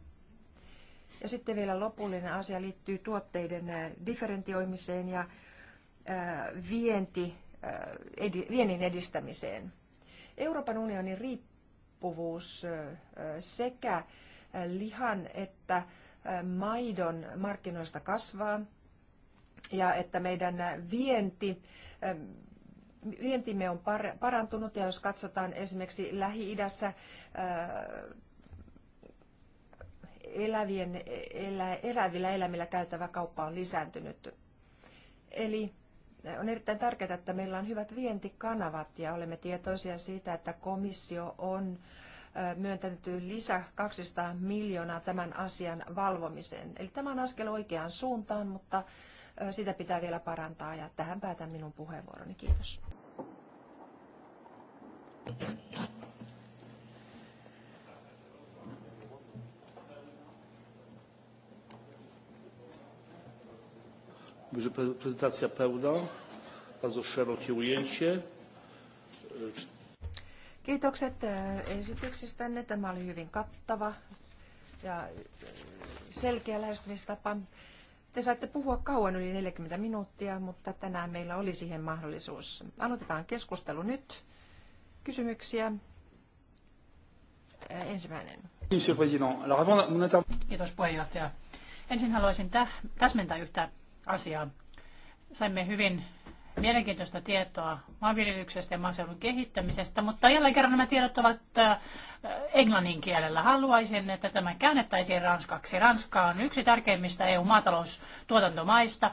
Ja sitten vielä lopullinen asia liittyy tuotteiden äh, differentioimiseen ja äh, vienti viennin edistämiseen. Euroopan unionin riippuvuus sekä lihan että maidon markkinoista kasvaa ja että meidän vienti, vientimme on parantunut ja jos katsotaan esimerkiksi Lähi-idässä elävien, e-, elä, elävillä elämillä käytävä kauppa on lisääntynyt. Eli on erittäin tärkeää, että meillä on hyvät vientikanavat ja olemme tietoisia siitä, että komissio on myöntänyt lisä 200 miljoonaa tämän asian valvomiseen. Eli tämä on askel oikeaan suuntaan, mutta sitä pitää vielä parantaa ja tähän päätän minun puheenvuoroni. Kiitos. Także prezentacja pełna, bardzo szerokie ujęcie. Kiitokset e, esityksestänne. Tämä oli hyvin kattava ja e, selkeä lähestymistapa. Te saitte puhua kauan yli 40 minuuttia, mutta tänään meillä oli siihen mahdollisuus. Aloitetaan keskustelu nyt. Kysymyksiä. E, ensimmäinen. Kiitos puheenjohtaja. Ensin haluaisin täh- täsmentää yhtä asiaa. Saimme hyvin mielenkiintoista tietoa maanviljelyksestä ja maaseudun kehittämisestä, mutta jälleen kerran nämä tiedot ovat äh, englannin kielellä. Haluaisin, että tämä käännettäisiin ranskaksi. Ranska on yksi tärkeimmistä EU-maataloustuotantomaista.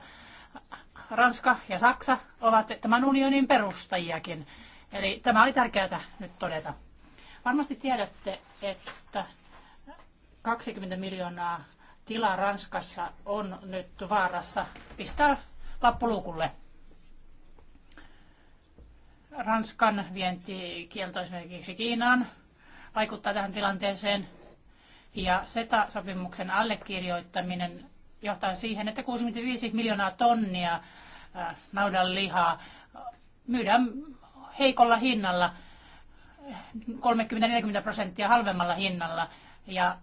Ranska ja Saksa ovat tämän unionin perustajiakin. Eli tämä oli tärkeää nyt todeta. Varmasti tiedätte, että 20 miljoonaa tila Ranskassa on nyt vaarassa pistää lappuluukulle. Ranskan vientikielto esimerkiksi Kiinaan vaikuttaa tähän tilanteeseen. Ja SETA-sopimuksen allekirjoittaminen johtaa siihen, että 65 miljoonaa tonnia naudan lihaa myydään heikolla hinnalla, 30-40 prosenttia halvemmalla hinnalla. Ja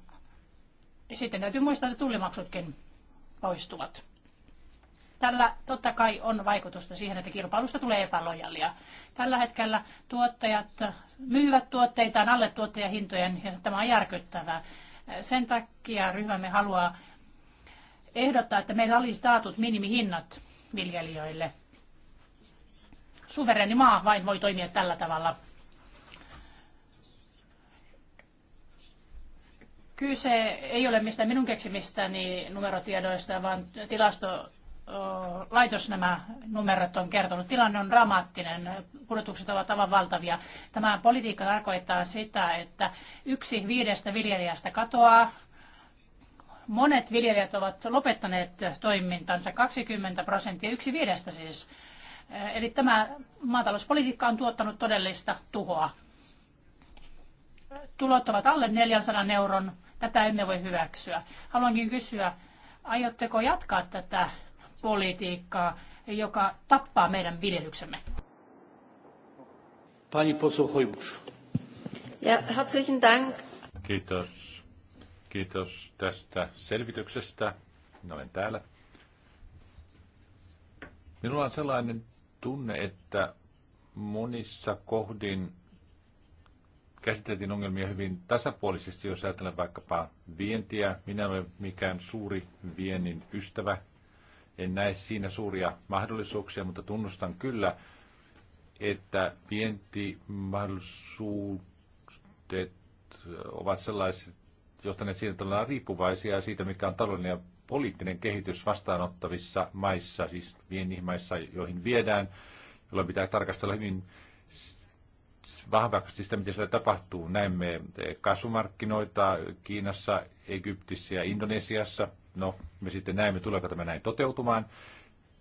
sitten täytyy muistaa, että tullimaksutkin poistuvat. Tällä totta kai on vaikutusta siihen, että kilpailusta tulee epälojalia. Tällä hetkellä tuottajat myyvät tuotteitaan alle tuottajahintojen ja tämä on järkyttävää. Sen takia ryhmämme haluaa ehdottaa, että meillä olisi taatut minimihinnat viljelijöille. Suvereni maa vain voi toimia tällä tavalla. Kyse ei ole mistään minun keksimistäni numerotiedoista, vaan tilasto laitos nämä numerot on kertonut. Tilanne on dramaattinen, kulutukset ovat aivan valtavia. Tämä politiikka tarkoittaa sitä, että yksi viidestä viljelijästä katoaa. Monet viljelijät ovat lopettaneet toimintansa, 20 prosenttia, yksi viidestä siis. Eli tämä maatalouspolitiikka on tuottanut todellista tuhoa. Tulot ovat alle 400 euron Tätä emme voi hyväksyä. Haluankin kysyä, aiotteko jatkaa tätä politiikkaa, joka tappaa meidän viljelyksemme? Pani poseł Hojbusz. Ja, herzlichen Dank. Kiitos. Kiitos tästä selvityksestä. Minä olen täällä. Minulla on sellainen tunne, että monissa kohdin käsiteltiin ongelmia hyvin tasapuolisesti, jos ajatellaan vaikkapa vientiä. Minä en ole mikään suuri viennin ystävä. En näe siinä suuria mahdollisuuksia, mutta tunnustan kyllä, että vientimahdollisuudet ovat sellaiset, johtaneet siihen, että ollaan riippuvaisia siitä, mikä on taloudellinen ja poliittinen kehitys vastaanottavissa maissa, siis viennimaissa, joihin viedään, jolloin pitää tarkastella hyvin vahvaksi sitä, mitä siellä tapahtuu. Näemme kasvumarkkinoita Kiinassa, Egyptissä ja Indonesiassa. No, me sitten näemme, tuleeko tämä näin toteutumaan.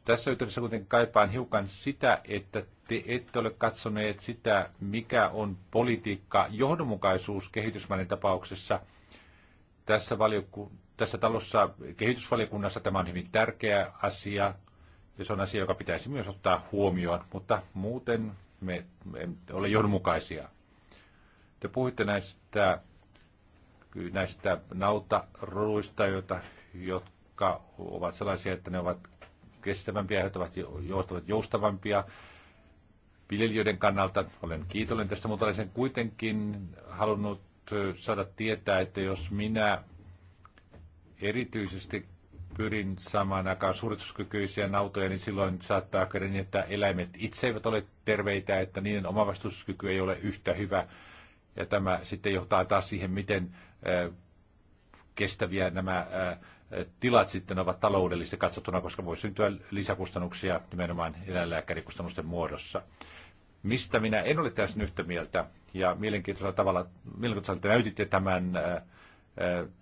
Tässä yhteydessä kuitenkin kaipaan hiukan sitä, että te ette ole katsoneet sitä, mikä on politiikka johdonmukaisuus kehitysmaiden tapauksessa. Tässä, valioku- tässä talossa kehitysvaliokunnassa tämä on hyvin tärkeä asia, ja se on asia, joka pitäisi myös ottaa huomioon, mutta muuten me emme ole johdonmukaisia. Te puhuitte näistä, näistä nautaroluista, joita, jotka ovat sellaisia, että ne ovat kestävämpiä, johtavat, johtavat joustavampia viljelijöiden kannalta. Olen kiitollinen tästä, mutta olisin kuitenkin halunnut saada tietää, että jos minä erityisesti pyrin saamaan aikaan suorituskykyisiä nautoja, niin silloin saattaa käydä niin, että eläimet itse eivät ole terveitä, että niiden omavastuskyky ei ole yhtä hyvä. Ja tämä sitten johtaa taas siihen, miten kestäviä nämä tilat sitten ovat taloudellisesti katsottuna, koska voi syntyä lisäkustannuksia nimenomaan eläinlääkärikustannusten muodossa. Mistä minä en ole täysin yhtä mieltä, ja mielenkiintoisella tavalla, mielenkiintoisella tavalla näytitte tämän äh,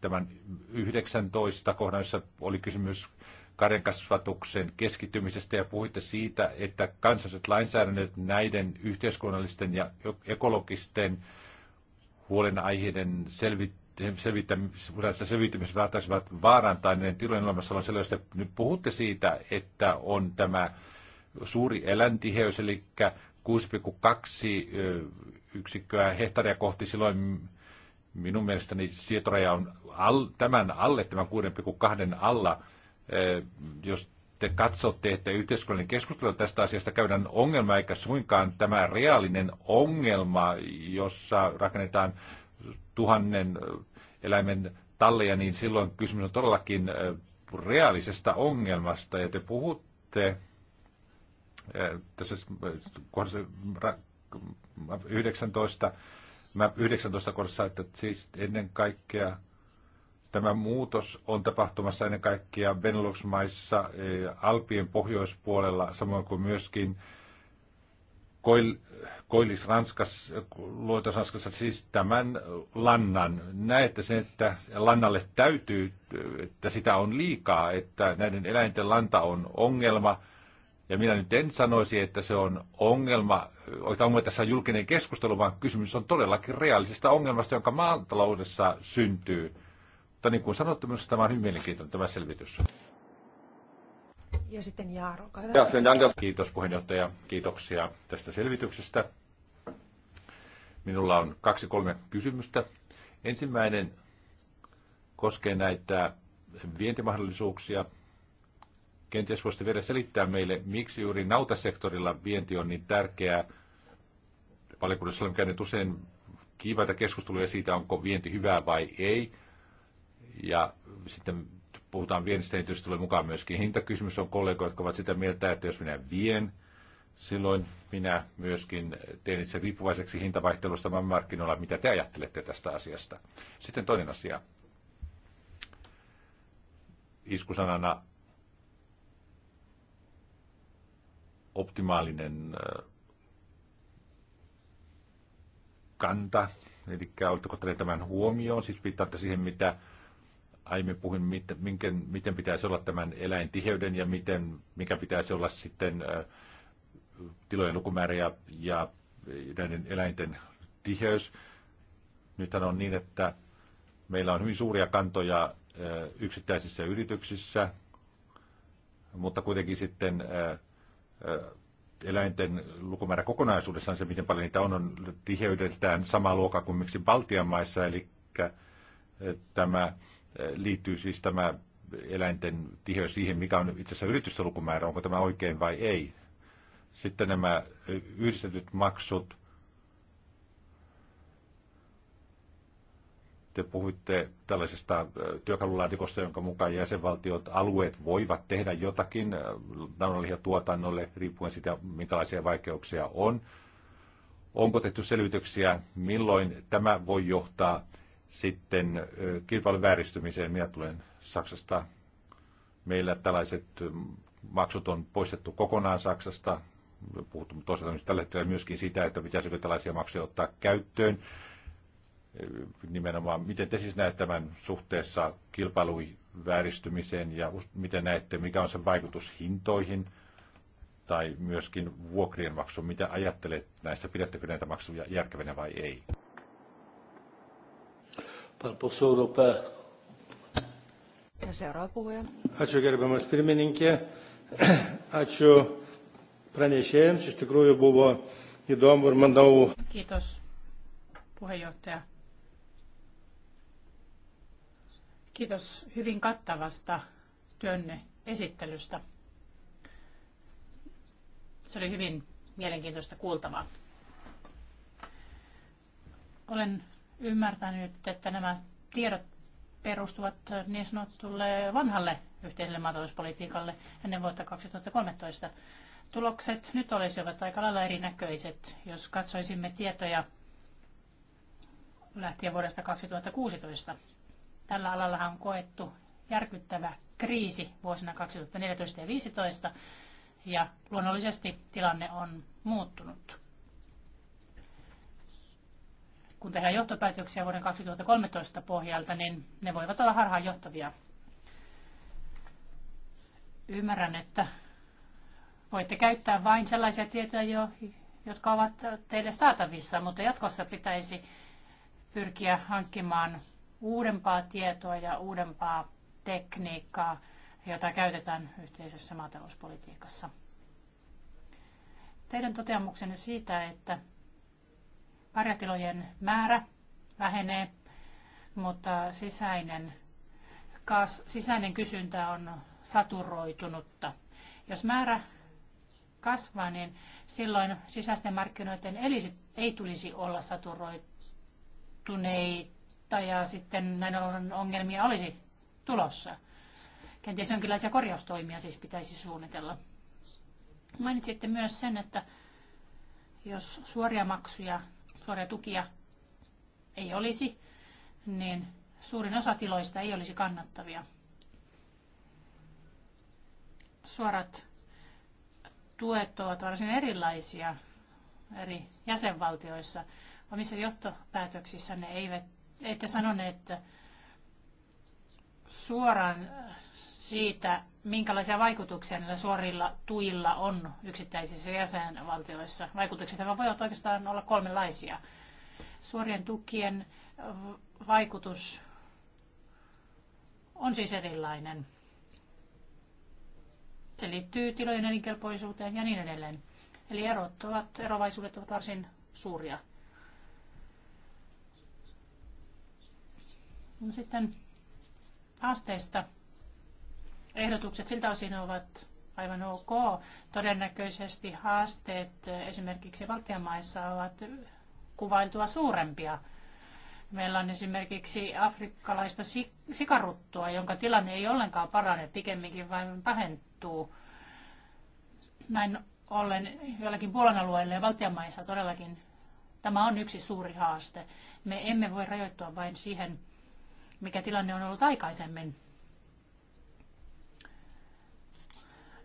tämän 19 kohdan, jossa oli kysymys karjankasvatuksen keskittymisestä ja puhuitte siitä, että kansalliset lainsäädännöt näiden yhteiskunnallisten ja ekologisten huolenaiheiden selvittämisessä välttäisivät vaarantaneiden tilojen olemassa on sellaista. Nyt puhutte siitä, että on tämä suuri eläintiheys, eli 6,2 yksikköä hehtaaria kohti silloin Minun mielestäni sietoraja on al, tämän alle, tämän 6,2 alla. Jos te katsotte, että yhteiskunnallinen keskustelu tästä asiasta käydään ongelma, eikä suinkaan tämä reaalinen ongelma, jossa rakennetaan tuhannen eläimen talleja, niin silloin kysymys on todellakin reaalisesta ongelmasta. Ja te puhutte tässä kohdassa 19 Mä 19 kohdassa, että siis ennen kaikkea tämä muutos on tapahtumassa ennen kaikkea Benelux-maissa, eh, Alpien pohjoispuolella, samoin kuin myöskin Koil, Koillis Ranskas, Ranskassa, siis tämän lannan. Näette sen, että lannalle täytyy, että sitä on liikaa, että näiden eläinten lanta on ongelma – ja minä nyt en sanoisi, että se on ongelma, että ongelma tässä on julkinen keskustelu, vaan kysymys on todellakin reaalisesta ongelmasta, jonka maataloudessa syntyy. Mutta niin kuin sanottu, minusta tämä on hyvin mielenkiintoinen tämä selvitys. Ja sitten Jaaro, Kiitos puheenjohtaja, kiitoksia tästä selvityksestä. Minulla on kaksi kolme kysymystä. Ensimmäinen koskee näitä vientimahdollisuuksia Kenties voisitte vielä selittää meille, miksi juuri nautasektorilla vienti on niin tärkeää. Valiokunnassa olemme käyneet usein kiivaita keskusteluja siitä, onko vienti hyvää vai ei. Ja sitten puhutaan viennistä, niin tulee mukaan myöskin hintakysymys. On kollegoja, jotka ovat sitä mieltä, että jos minä vien, silloin minä myöskin teen itse riippuvaiseksi hintavaihtelusta markkinoilla. Mitä te ajattelette tästä asiasta? Sitten toinen asia. Iskusanana optimaalinen äh, kanta, eli oletteko teille tämän huomioon, siis viittaatte siihen, mitä aiemmin puhuin, miten, miten pitäisi olla tämän eläintiheyden ja miten, mikä pitäisi olla sitten äh, tilojen lukumäärä ja, ja näiden eläinten tiheys. Nythän on niin, että meillä on hyvin suuria kantoja äh, yksittäisissä yrityksissä, mutta kuitenkin sitten eläinten lukumäärä kokonaisuudessaan, se miten paljon niitä on, on tiheydeltään samaa luokkaa kuin miksi Baltian maissa, eli tämä liittyy siis tämä eläinten tiheys siihen, mikä on itse asiassa yritysten lukumäärä, onko tämä oikein vai ei. Sitten nämä yhdistetyt maksut, te puhuitte tällaisesta äh, työkalulaatikosta, jonka mukaan jäsenvaltiot, alueet voivat tehdä jotakin äh, tuotannolle riippuen siitä, minkälaisia vaikeuksia on. Onko tehty selvityksiä, milloin tämä voi johtaa sitten äh, kilpailun vääristymiseen? Minä tulen Saksasta. Meillä tällaiset maksut on poistettu kokonaan Saksasta. Puhuttu toisaalta tällä hetkellä myöskin sitä, että pitäisikö tällaisia maksuja ottaa käyttöön nimenomaan, miten te siis näette tämän suhteessa kilpailuvääristymiseen ja miten näette, mikä on sen vaikutus hintoihin tai myöskin vuokrien maksuun? Mitä ajattelet näistä, pidättekö näitä maksuja järkevänä vai ei? Ja seuraava puhuja. Ačiū gerbiamas pirmininkė, ačiū pranešėjams, iš tikrųjų buvo įdomu ir manau. Kiitos puheenjohtaja. Kiitos hyvin kattavasta työnne esittelystä. Se oli hyvin mielenkiintoista kuultavaa. Olen ymmärtänyt, että nämä tiedot perustuvat niin sanotulle vanhalle yhteiselle maatalouspolitiikalle ennen vuotta 2013. Tulokset nyt olisivat aika lailla erinäköiset, jos katsoisimme tietoja lähtien vuodesta 2016. Tällä alalla on koettu järkyttävä kriisi vuosina 2014 ja 2015 ja luonnollisesti tilanne on muuttunut. Kun tehdään johtopäätöksiä vuoden 2013 pohjalta, niin ne voivat olla harhaanjohtavia. Ymmärrän, että voitte käyttää vain sellaisia tietoja, jo, jotka ovat teille saatavissa, mutta jatkossa pitäisi pyrkiä hankkimaan uudempaa tietoa ja uudempaa tekniikkaa, jota käytetään yhteisessä maatalouspolitiikassa. Teidän toteamuksenne siitä, että karjatilojen määrä vähenee, mutta sisäinen, kas, sisäinen kysyntä on saturoitunutta. Jos määrä kasvaa, niin silloin sisäisten markkinoiden eli ei tulisi olla saturoituneita vuotta ja sitten näin ollen ongelmia olisi tulossa. Kenties jonkinlaisia korjaustoimia siis pitäisi suunnitella. Mainitsitte myös sen, että jos suoria maksuja, suoria tukia ei olisi, niin suurin osa tiloista ei olisi kannattavia. Suorat tuet ovat varsin erilaisia eri jäsenvaltioissa. Omissa johtopäätöksissä ne eivät ette sanoneet että suoraan siitä, minkälaisia vaikutuksia näillä suorilla tuilla on yksittäisissä jäsenvaltioissa. Vaikutukset voivat oikeastaan olla kolmenlaisia. Suorien tukien vaikutus on siis erilainen. Se liittyy tilojen elinkelpoisuuteen ja niin edelleen. Eli erot ovat, erovaisuudet ovat varsin suuria. No sitten haasteista. Ehdotukset siltä osin ovat aivan ok. Todennäköisesti haasteet esimerkiksi Valtian maissa ovat kuvailtua suurempia. Meillä on esimerkiksi afrikkalaista sikaruttua, jonka tilanne ei ollenkaan parane, pikemminkin vain pahentuu. Näin ollen joillakin Puolan alueilla ja Valtian maissa todellakin tämä on yksi suuri haaste. Me emme voi rajoittua vain siihen, mikä tilanne on ollut aikaisemmin.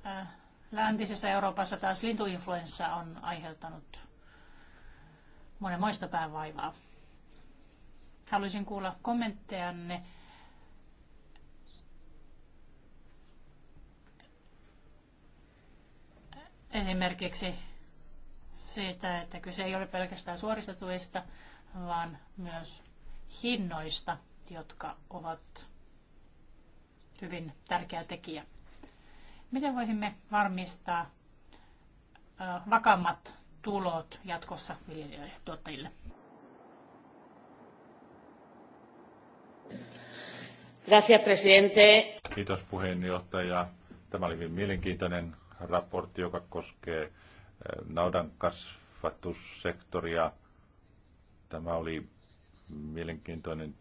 Äh, läntisessä Euroopassa taas lintuinfluenssa on aiheuttanut monenmoista päävaivaa. Haluaisin kuulla kommenttejanne. Esimerkiksi siitä, että kyse ei ole pelkästään suorista tuista, vaan myös hinnoista – jotka ovat hyvin tärkeä tekijä. Miten voisimme varmistaa vakammat tulot jatkossa viljelijöille tuottajille? Gracias, presidente. Kiitos puheenjohtaja. Tämä oli hyvin mielenkiintoinen raportti, joka koskee naudan kasvatussektoria. Tämä oli mielenkiintoinen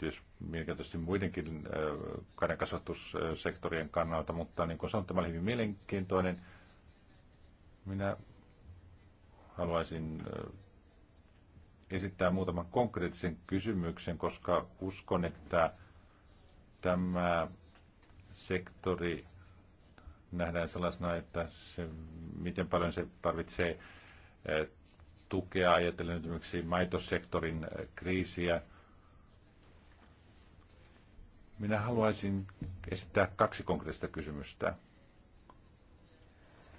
Siis tietysti mielenkiintoisesti muidenkin äh, karjankasvatussektorien kannalta, mutta niin kuin sanoin, tämä oli hyvin mielenkiintoinen. Minä haluaisin äh, esittää muutaman konkreettisen kysymyksen, koska uskon, että tämä sektori nähdään sellaisena, että se, miten paljon se tarvitsee äh, tukea ajatellen esimerkiksi maitosektorin kriisiä. Minä haluaisin esittää kaksi konkreettista kysymystä.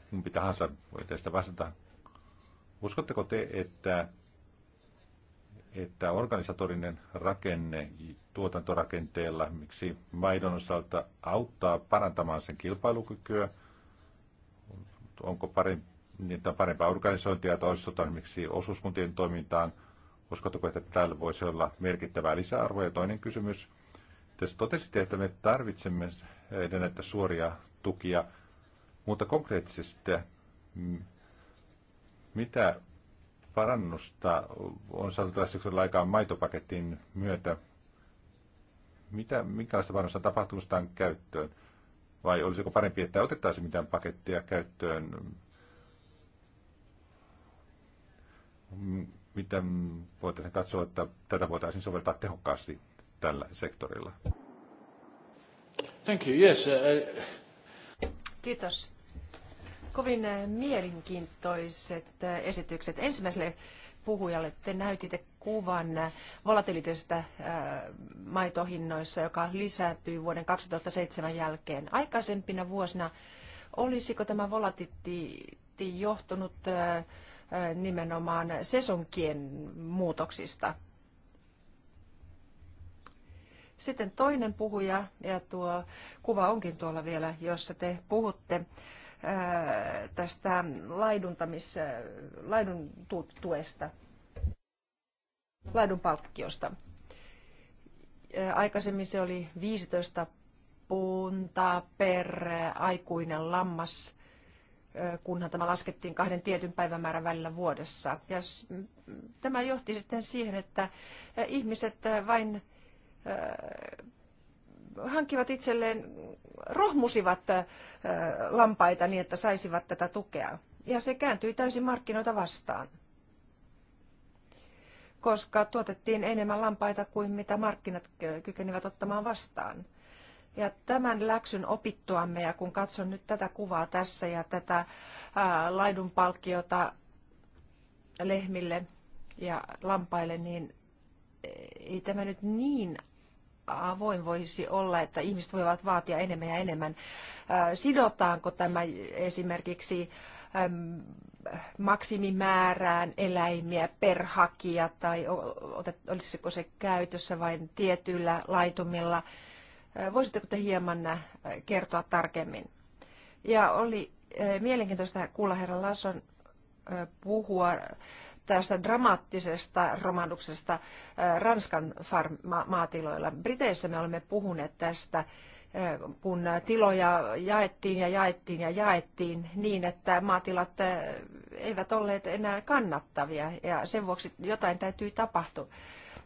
Kumpi tahansa voi teistä vastata. Uskotteko te, että, että organisatorinen rakenne tuotantorakenteella, miksi maidon osalta auttaa parantamaan sen kilpailukykyä? Onko parempi, niitä parempaa organisointia toisaalta esimerkiksi osuuskuntien toimintaan? Uskotteko, että täällä voisi olla merkittävää lisäarvoa? Ja toinen kysymys – te totesitte, että me tarvitsemme näitä suoria tukia, mutta konkreettisesti mm, mitä parannusta on saatu tällaisen aikaan maitopaketin myötä? Mitä, minkälaista parannusta on tapahtunut käyttöön? Vai olisiko parempi, että otettaisiin mitään pakettia käyttöön? Mm, Miten voitaisiin katsoa, että tätä voitaisiin soveltaa tehokkaasti tällä sektorilla. Thank you. Yes, uh... uh Kiitos. Kovin uh, mielenkiintoiset uh, esitykset. Ensimmäiselle puhujalle te näytitte kuvan volatilitestä maitohinnoissa, joka lisääntyy vuoden 2007 jälkeen. Aikaisempina vuosina olisiko tämä volatiliti johtunut nimenomaan sesonkien muutoksista? Sitten toinen puhuja, ja tuo kuva onkin tuolla vielä, jossa te puhutte ää, tästä laiduntamis, laidun tuesta, laidun palkkiosta. Aikaisemmin se oli 15 puntaa per aikuinen lammas, kunhan tämä laskettiin kahden tietyn päivämäärän välillä vuodessa. Ja tämä johti sitten siihen, että ihmiset vain hankkivat itselleen, rohmusivat lampaita niin, että saisivat tätä tukea. Ja se kääntyi täysin markkinoita vastaan, koska tuotettiin enemmän lampaita kuin mitä markkinat kykenivät ottamaan vastaan. Ja tämän läksyn opittuamme, ja kun katson nyt tätä kuvaa tässä ja tätä ää, laidunpalkkiota lehmille ja lampaille, niin ei tämä nyt niin avoin voisi olla, että ihmiset voivat vaatia enemmän ja enemmän. Sidotaanko tämä esimerkiksi maksimimäärään eläimiä per hakija tai olisiko se käytössä vain tietyillä laitumilla? Voisitteko te hieman kertoa tarkemmin? Ja oli mielenkiintoista kuulla herra Lasson puhua tästä dramaattisesta romahduksesta Ranskan maatiloilla. Briteissä me olemme puhuneet tästä, kun tiloja jaettiin ja jaettiin ja jaettiin niin, että maatilat eivät olleet enää kannattavia ja sen vuoksi jotain täytyy tapahtua.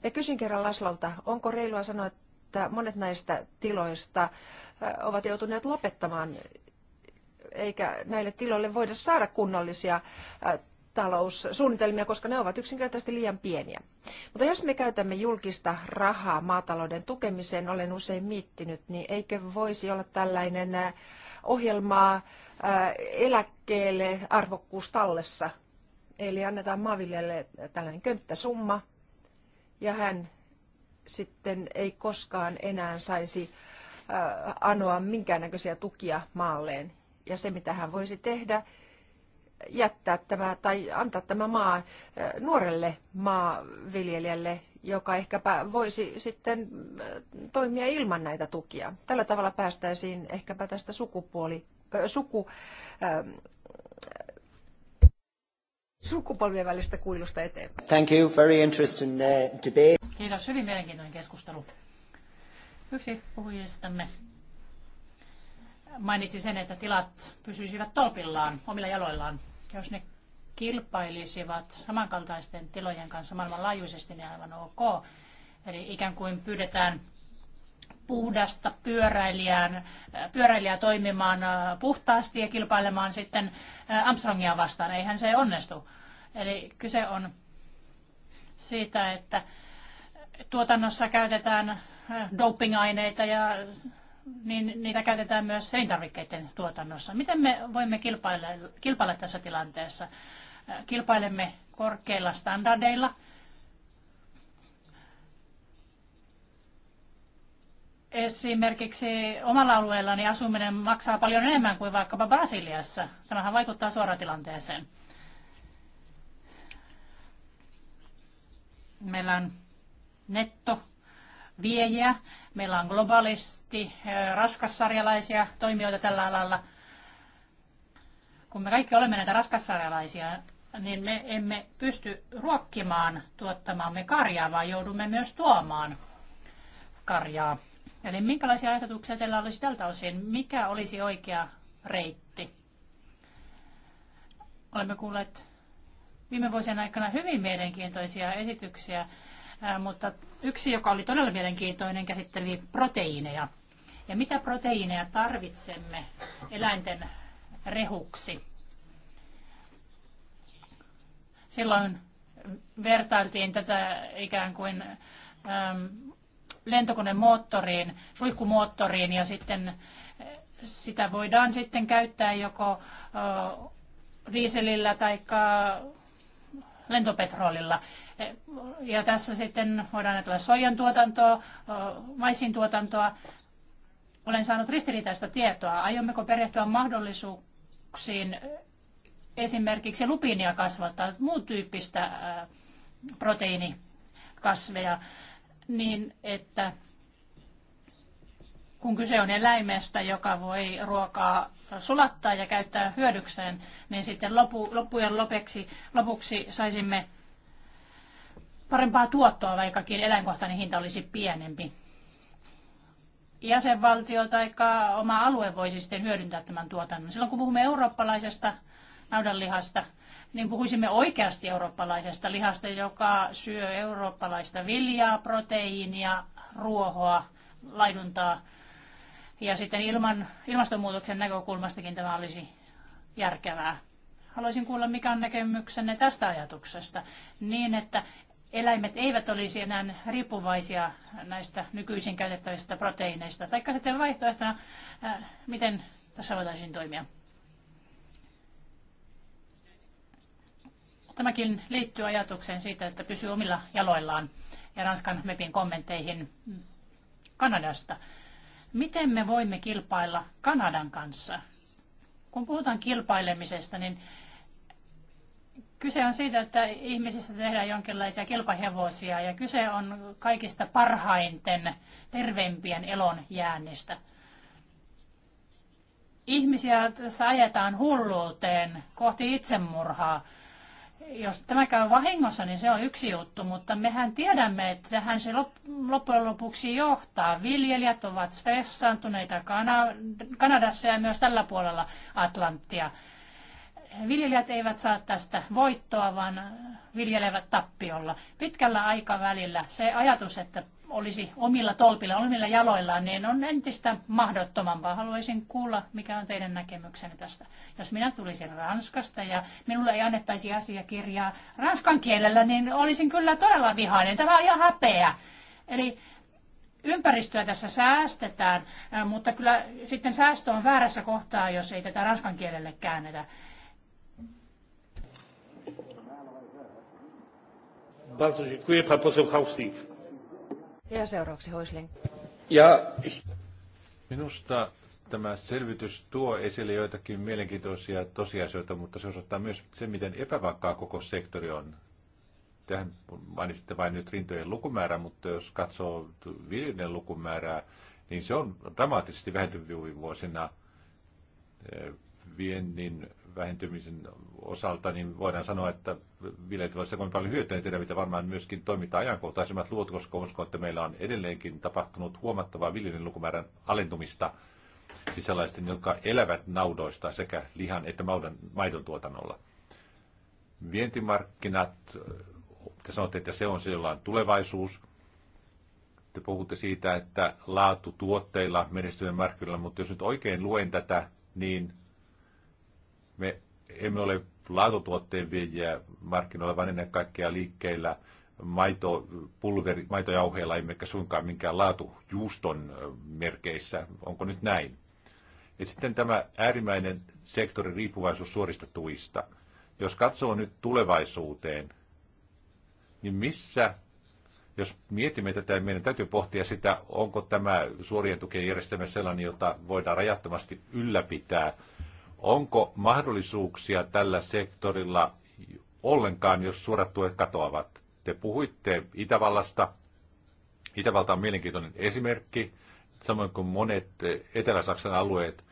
Ja kysyn kerran Laslolta, onko reilua sanoa, että monet näistä tiloista ovat joutuneet lopettamaan eikä näille tiloille voida saada kunnollisia taloussuunnitelmia, koska ne ovat yksinkertaisesti liian pieniä. Mutta jos me käytämme julkista rahaa maatalouden tukemiseen, olen usein miettinyt, niin eikö voisi olla tällainen äh, ohjelma äh, eläkkeelle arvokkuustallessa. Eli annetaan maanviljelijälle tällainen könttäsumma, ja hän sitten ei koskaan enää saisi äh, anoa minkäännäköisiä tukia maalleen. Ja se, mitä hän voisi tehdä, jättää tämä tai antaa tämä maa eh, nuorelle maaviljelijälle, joka ehkäpä voisi sitten eh, toimia ilman näitä tukia. Tällä tavalla päästäisiin ehkäpä tästä sukupuoli, äh, suku, äh, sukupolvien välistä kuilusta eteenpäin. Thank you. Very interesting uh, debate. Kiitos. Hyvin mielenkiintoinen keskustelu. Yksi puhujistamme mainitsi sen, että tilat pysyisivät tolpillaan omilla jaloillaan. Jos ne kilpailisivat samankaltaisten tilojen kanssa maailmanlaajuisesti, niin aivan ok. Eli ikään kuin pyydetään puhdasta pyöräilijän, pyöräilijää toimimaan äh, puhtaasti ja kilpailemaan sitten äh, Armstrongia vastaan. Eihän se onnistu. Eli kyse on siitä, että tuotannossa käytetään äh, dopingaineita ja niin niitä käytetään myös elintarvikkeiden tuotannossa. Miten me voimme kilpailla, kilpailla tässä tilanteessa? Äh, kilpailemme korkeilla standardeilla. Esimerkiksi omalla alueellani asuminen maksaa paljon enemmän kuin vaikkapa Brasiliassa. Tämähän vaikuttaa suoraan tilanteeseen. Meillä on netto viejiä. Meillä on globaalisti raskassarjalaisia toimijoita tällä alalla. Kun me kaikki olemme näitä raskassarjalaisia, niin me emme pysty ruokkimaan tuottamaamme karjaa, vaan joudumme myös tuomaan karjaa. Eli minkälaisia ehdotuksia teillä olisi tältä osin? Mikä olisi oikea reitti? Olemme kuulleet viime vuosien aikana hyvin mielenkiintoisia esityksiä mutta yksi, joka oli todella mielenkiintoinen, käsitteli proteiineja. Ja mitä proteiineja tarvitsemme eläinten rehuksi? Silloin vertailtiin tätä ikään kuin äm, lentokonemoottoriin, suihkumoottoriin ja sitten sitä voidaan sitten käyttää joko ö, dieselillä tai lentopetrolilla. Eh, ja tässä sitten voidaan ajatella soijan tuotantoa, eh, maisin tuotantoa. Olen saanut ristiriitaista tietoa. Aiommeko perehtyä mahdollisuuksiin eh, esimerkiksi lupiinia kasvattaa, muun tyyppistä proteiinikasveja, niin että kun kyse on eläimestä, joka voi ruokaa sulattaa ja käyttää hyödykseen, niin sitten lopu, loppujen lopeksi, lopuksi saisimme parempaa tuottoa, vaikkakin eläinkohtainen hinta olisi pienempi. Jäsenvaltio tai oma alue voisi sitten hyödyntää tämän tuotannon. Silloin kun puhumme eurooppalaisesta naudanlihasta, niin puhuisimme oikeasti eurooppalaisesta lihasta, joka syö eurooppalaista viljaa, proteiinia, ruohoa, laiduntaa. Ja sitten ilman, ilmastonmuutoksen näkökulmastakin tämä olisi järkevää. Haluaisin kuulla, mikä on näkemyksenne tästä ajatuksesta, niin että eläimet eivät olisi enää riippuvaisia näistä nykyisin käytettävistä proteiineista, tai sitten vaihtoehtona, äh, miten tässä voitaisiin toimia. Tämäkin liittyy ajatukseen siitä, että pysyy omilla jaloillaan ja Ranskan MEPin kommentteihin Kanadasta. Miten me voimme kilpailla Kanadan kanssa? Kun puhutaan kilpailemisesta, niin kyse on siitä, että ihmisissä tehdään jonkinlaisia kilpahevosia ja kyse on kaikista parhainten terveimpien elon jäännistä. Ihmisiä tässä ajetaan hulluuteen kohti itsemurhaa jos tämä käy vahingossa, niin se on yksi juttu, mutta mehän tiedämme, että tähän se loppujen lopuksi johtaa. Viljelijät ovat stressaantuneita Kanadassa ja myös tällä puolella Atlanttia. Viljelijät eivät saa tästä voittoa, vaan viljelevät tappiolla. Pitkällä aikavälillä se ajatus, että olisi omilla tolpilla, omilla jaloillaan, niin on entistä mahdottomampaa. Haluaisin kuulla, mikä on teidän näkemyksenne tästä. Jos minä tulisin Ranskasta ja minulle ei annettaisi asiakirjaa ranskan kielellä, niin olisin kyllä todella vihainen. Tämä on ihan häpeä. Eli ympäristöä tässä säästetään, mutta kyllä sitten säästö on väärässä kohtaa, jos ei tätä ranskan kielelle käännetä. Bardzo dziękuję. Pan poseł Haustik. Ja seuraavaksi Hoisling. Ja minusta tämä selvitys tuo esille joitakin mielenkiintoisia tosiasioita, mutta se osoittaa myös sen, miten epävakaa koko sektori on. Tähän mainitsitte vain nyt rintojen lukumäärä, mutta jos katsoo viljelijöiden lukumäärää, niin se on dramaattisesti vähentynyt viime vuosina. Eh, viennin vähentymisen osalta, niin voidaan sanoa, että viljelijät ovat kovin paljon hyötyä ja mitä varmaan myöskin toiminta ajankohtaisemmat luot, koska uskon, että meillä on edelleenkin tapahtunut huomattavaa viljelijän lukumäärän alentumista siis sellaisten, jotka elävät naudoista sekä lihan että maidon, tuotannolla. Vientimarkkinat, te sanotte, että se on on tulevaisuus, te puhutte siitä, että laatu tuotteilla menestyvien markkinoilla, mutta jos nyt oikein luen tätä, niin me emme ole laatutuotteen viejiä markkinoilla, vaan ennen kaikkea liikkeillä maito, pulveri, maitojauheilla, emmekä suinkaan minkään laatujuuston merkeissä. Onko nyt näin? Ja sitten tämä äärimmäinen sektori riippuvaisuus suorista tuista. Jos katsoo nyt tulevaisuuteen, niin missä, jos mietimme tätä, niin meidän täytyy pohtia sitä, onko tämä suorien tukien järjestelmä sellainen, jota voidaan rajattomasti ylläpitää – Onko mahdollisuuksia tällä sektorilla ollenkaan, jos suorat tuet katoavat? Te puhuitte Itävallasta. Itävalta on mielenkiintoinen esimerkki, samoin kuin monet Etelä-Saksan alueet.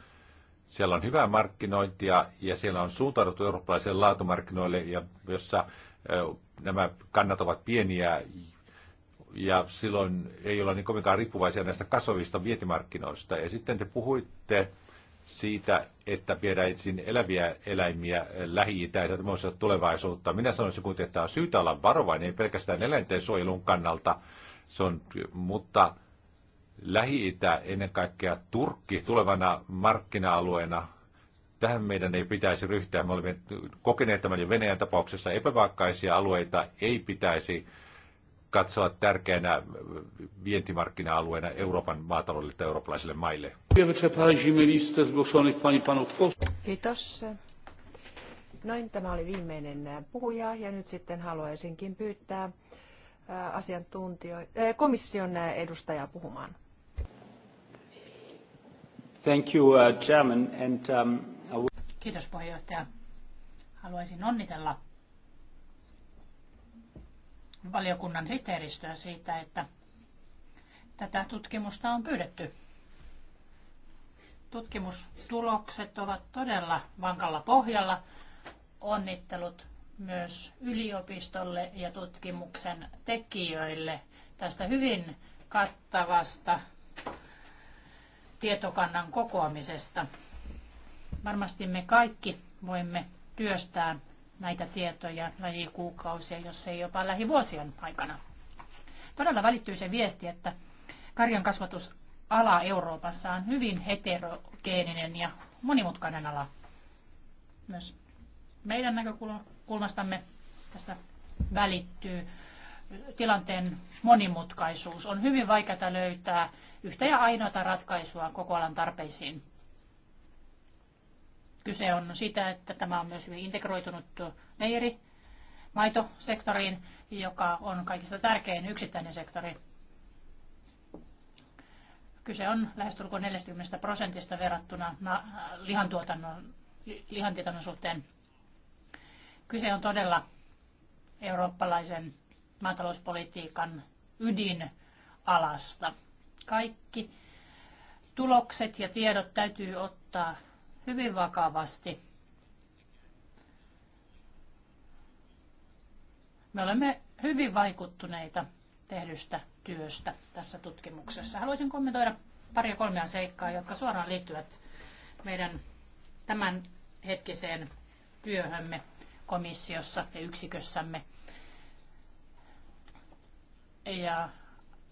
Siellä on hyvää markkinointia ja siellä on suuntauduttu eurooppalaisille laatumarkkinoille, ja jossa nämä kannat ovat pieniä ja silloin ei olla niin kovinkaan riippuvaisia näistä kasvavista vietimarkkinoista. Ja sitten te puhuitte siitä, että viedään eläviä eläimiä lähi-itään ja muista tulevaisuutta. Minä sanoisin kuitenkin, että on syytä olla varovainen, ei pelkästään eläinten suojelun kannalta, se on, mutta Lähi-Itä, ennen kaikkea Turkki tulevana markkina-alueena, tähän meidän ei pitäisi ryhtyä. Me olemme kokeneet tämän jo Venäjän tapauksessa epävaakkaisia alueita, ei pitäisi katsoa tärkeänä vientimarkkina-alueena Euroopan maataloudelle tai eurooppalaisille maille. Kiitos. Noin, tämä oli viimeinen puhuja ja nyt sitten haluaisinkin pyytää äh, asiantuntijoita, äh, komission edustajaa puhumaan. Thank you, uh, Chairman, and, um... Kiitos puheenjohtaja. Haluaisin onnitella valiokunnan sihteeristöä siitä, että tätä tutkimusta on pyydetty. Tutkimustulokset ovat todella vankalla pohjalla. Onnittelut myös yliopistolle ja tutkimuksen tekijöille tästä hyvin kattavasta tietokannan kokoamisesta. Varmasti me kaikki voimme työstää näitä tietoja lähikuukausia, jos ei jopa lähivuosien aikana. Todella välittyy se viesti, että karjan kasvatusala Euroopassa on hyvin heterogeeninen ja monimutkainen ala. Myös meidän näkökulmastamme tästä välittyy tilanteen monimutkaisuus. On hyvin vaikeaa löytää yhtä ja ainoata ratkaisua koko alan tarpeisiin. Kyse on siitä, että tämä on myös hyvin integroitunut meijeri maitosektoriin, joka on kaikista tärkein yksittäinen sektori. Kyse on lähestulkoon 40 prosentista verrattuna lihantuotannon, lihantuotannon suhteen. Kyse on todella eurooppalaisen maatalouspolitiikan ydinalasta. Kaikki tulokset ja tiedot täytyy ottaa hyvin vakavasti. Me olemme hyvin vaikuttuneita tehdystä työstä tässä tutkimuksessa. Haluaisin kommentoida pari kolmea seikkaa, jotka suoraan liittyvät meidän tämän hetkiseen työhömme komissiossa ja yksikössämme. Ja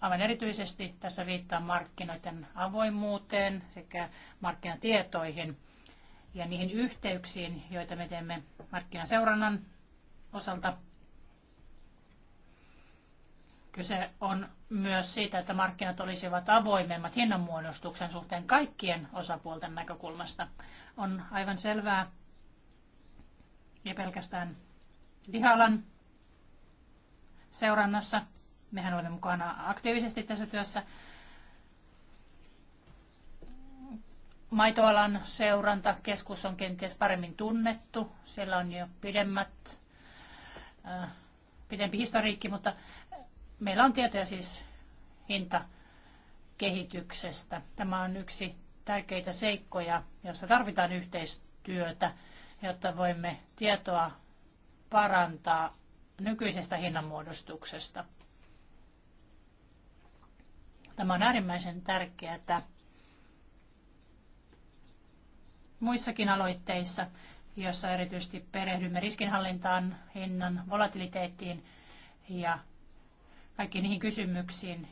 aivan erityisesti tässä viittaan markkinoiden avoimuuteen sekä markkinatietoihin – ja niihin yhteyksiin, joita me teemme markkinaseurannan osalta. Kyse on myös siitä, että markkinat olisivat avoimemmat hinnanmuodostuksen suhteen kaikkien osapuolten näkökulmasta. On aivan selvää, ja pelkästään lihalan seurannassa, mehän olemme mukana aktiivisesti tässä työssä, Maitoalan seurantakeskus on kenties paremmin tunnettu. Siellä on jo pidemmät, äh, pidempi historiikki, mutta meillä on tietoja siis hintakehityksestä. Tämä on yksi tärkeitä seikkoja, jossa tarvitaan yhteistyötä, jotta voimme tietoa parantaa nykyisestä hinnanmuodostuksesta. Tämä on äärimmäisen tärkeää muissakin aloitteissa, jossa erityisesti perehdymme riskinhallintaan, hinnan volatiliteettiin ja kaikkiin niihin kysymyksiin,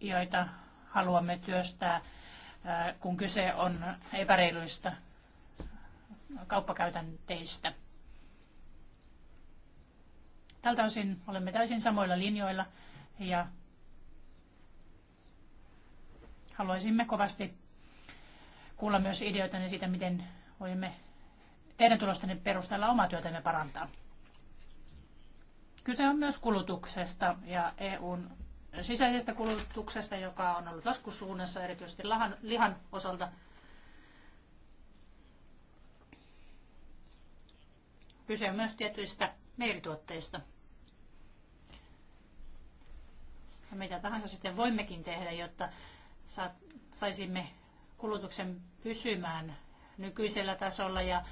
joita haluamme työstää, kun kyse on epäreiluista kauppakäytänteistä. Tältä osin olemme täysin samoilla linjoilla ja haluaisimme kovasti kuulla myös ideoita siitä, miten voimme teidän tulostenne perusteella omaa työtämme parantaa. Kyse on myös kulutuksesta ja EUn sisäisestä kulutuksesta, joka on ollut laskusuunnassa erityisesti lahan, lihan osalta. Kyse on myös tietyistä meirituotteista. Ja mitä tahansa sitten voimmekin tehdä, jotta saisimme kulutuksen pysymään nykyisellä tasolla ja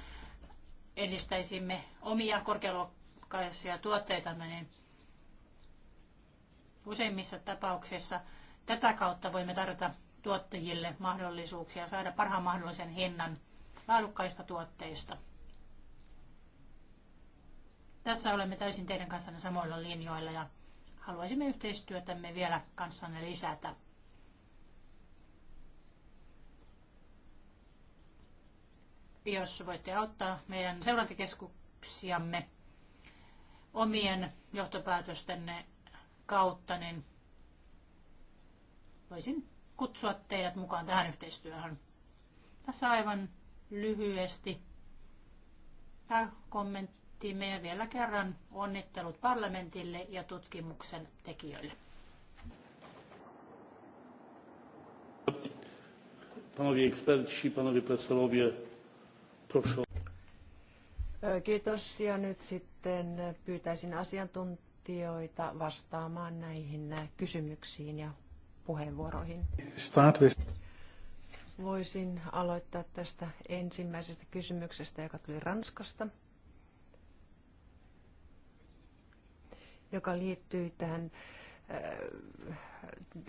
edistäisimme omia korkealuokkaisia tuotteitamme, niin useimmissa tapauksissa tätä kautta voimme tarjota tuottajille mahdollisuuksia saada parhaan mahdollisen hinnan laadukkaista tuotteista. Tässä olemme täysin teidän kanssanne samoilla linjoilla ja haluaisimme yhteistyötämme vielä kanssanne lisätä. jos voitte auttaa meidän seurantakeskuksiamme omien johtopäätöstenne kautta, niin voisin kutsua teidät mukaan tähän yhteistyöhön. Tässä aivan lyhyesti tämä kommentti meidän vielä kerran onnittelut parlamentille ja tutkimuksen tekijöille. Panowie eksperci, panowie profesorowie, Kiitos ja nyt sitten pyytäisin asiantuntijoita vastaamaan näihin kysymyksiin ja puheenvuoroihin. Start with. Voisin aloittaa tästä ensimmäisestä kysymyksestä, joka tuli Ranskasta, joka liittyy tähän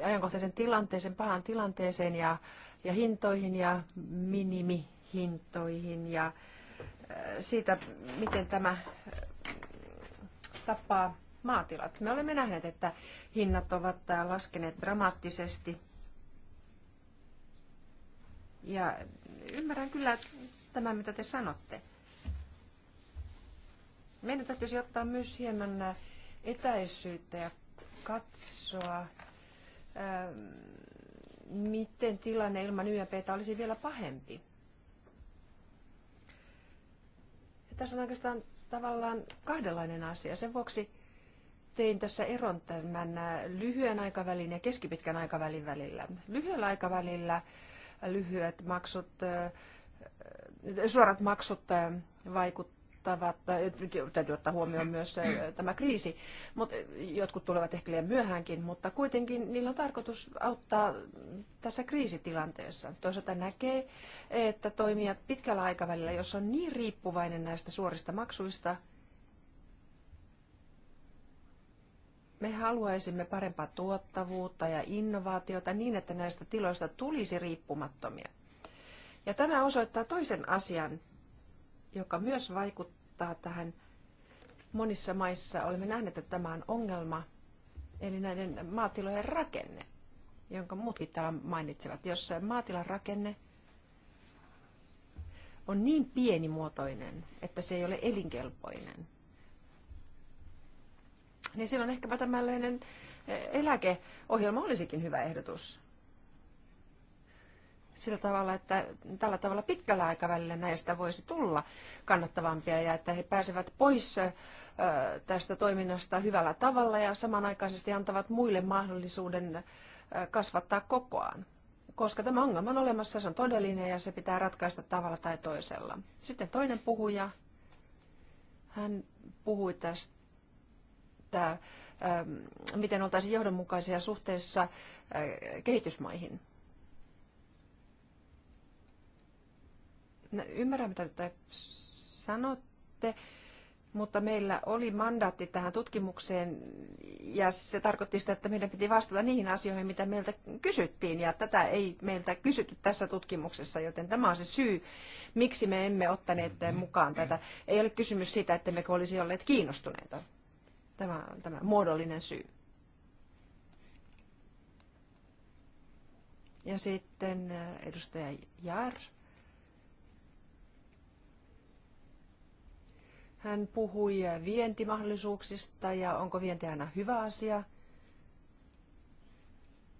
ajankohtaisen tilanteeseen, pahan tilanteeseen ja, ja hintoihin ja minimi hintoihin ja äh, siitä, miten tämä äh, tapaa maatilat. Me olemme nähneet, että hinnat ovat äh, laskeneet dramaattisesti. Ja ymmärrän kyllä tämä, mitä te sanotte. Meidän täytyisi ottaa myös hieman etäisyyttä ja katsoa, ähm, miten tilanne ilman YMPtä olisi vielä pahempi. tässä on oikeastaan tavallaan kahdenlainen asia. Sen vuoksi tein tässä eron tämän lyhyen aikavälin ja keskipitkän aikavälin välillä. Lyhyellä aikavälillä lyhyet maksut, äh, suorat maksut äh, vaikuttavat ottavat, täytyy ottaa huomioon myös äh, tämä kriisi, mutta jotkut tulevat ehkä liian myöhäänkin, mutta kuitenkin niillä on tarkoitus auttaa tässä kriisitilanteessa. Toisaalta näkee, että toimijat pitkällä aikavälillä, jos on niin riippuvainen näistä suorista maksuista, me haluaisimme parempaa tuottavuutta ja innovaatiota niin, että näistä tiloista tulisi riippumattomia. Ja tämä osoittaa toisen asian, joka myös vaikuttaa vaikuttaa tähän. Monissa maissa olemme nähneet, että tämä on ongelma, eli näiden maatilojen rakenne, jonka muutkin täällä mainitsevat. Jos maatilan rakenne on niin pienimuotoinen, että se ei ole elinkelpoinen, niin silloin ehkäpä tämmöinen eläkeohjelma olisikin hyvä ehdotus sillä tavalla, että tällä tavalla pitkällä aikavälillä näistä voisi tulla kannattavampia ja että he pääsevät pois tästä toiminnasta hyvällä tavalla ja samanaikaisesti antavat muille mahdollisuuden kasvattaa kokoaan. Koska tämä ongelma on olemassa, se on todellinen ja se pitää ratkaista tavalla tai toisella. Sitten toinen puhuja, hän puhui tästä miten oltaisiin johdonmukaisia suhteessa kehitysmaihin. ymmärrän, mitä te sanotte, mutta meillä oli mandaatti tähän tutkimukseen ja se tarkoitti sitä, että meidän piti vastata niihin asioihin, mitä meiltä kysyttiin ja tätä ei meiltä kysytty tässä tutkimuksessa, joten tämä on se syy, miksi me emme ottaneet mukaan tätä. Ei ole kysymys siitä, että me olisi olleet kiinnostuneita. Tämä on tämä muodollinen syy. Ja sitten edustaja Jar. Hän puhui vientimahdollisuuksista ja onko vienti aina hyvä asia,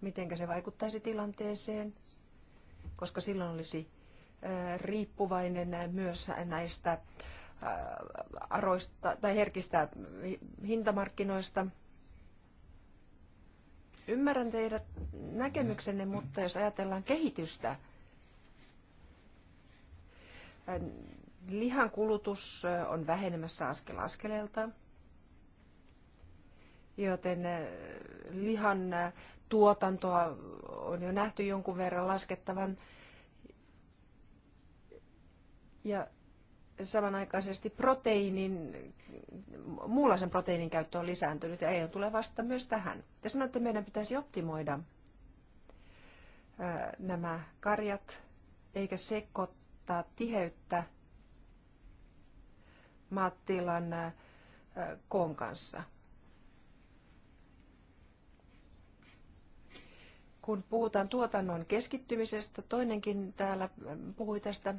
miten se vaikuttaisi tilanteeseen, koska silloin olisi riippuvainen myös näistä aroista tai herkistä hintamarkkinoista. Ymmärrän teidän näkemyksenne, mutta jos ajatellaan kehitystä, lihan kulutus on vähenemässä askel askeleelta, joten lihan tuotantoa on jo nähty jonkun verran laskettavan. Ja samanaikaisesti proteiinin, muunlaisen proteiinin käyttö on lisääntynyt ja ei tulee vasta myös tähän. Te sanoitte, että meidän pitäisi optimoida nämä karjat eikä sekoittaa tiheyttä Mattilan äh, koon kanssa. Kun puhutaan tuotannon keskittymisestä, toinenkin täällä äh, puhui tästä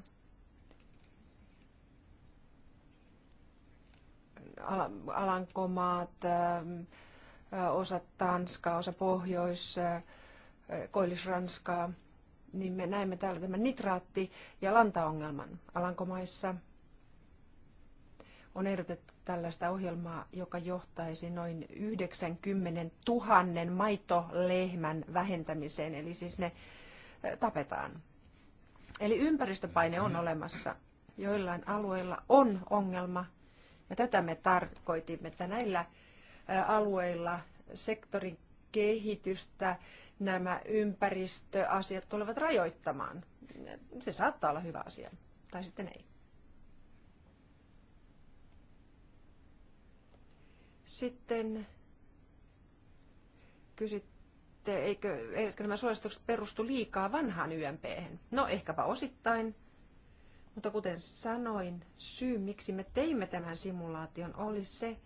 Alankomaat, äh, osa Tanskaa, osa Pohjois, Koillis-Ranskaa, niin me näemme täällä tämän nitraatti- ja lantaongelman Alankomaissa – on ehdotettu tällaista ohjelmaa, joka johtaisi noin 90 000 maitolehmän vähentämiseen, eli siis ne tapetaan. Eli ympäristöpaine on olemassa. Joillain alueilla on ongelma, ja tätä me tarkoitimme, että näillä alueilla sektorin kehitystä nämä ympäristöasiat tulevat rajoittamaan. Se saattaa olla hyvä asia, tai sitten ei. Sitten kysytte, eikö, eikö nämä suositukset perustu liikaa vanhaan YMP? -hän? No ehkäpä osittain, mutta kuten sanoin, syy miksi me teimme tämän simulaation oli se,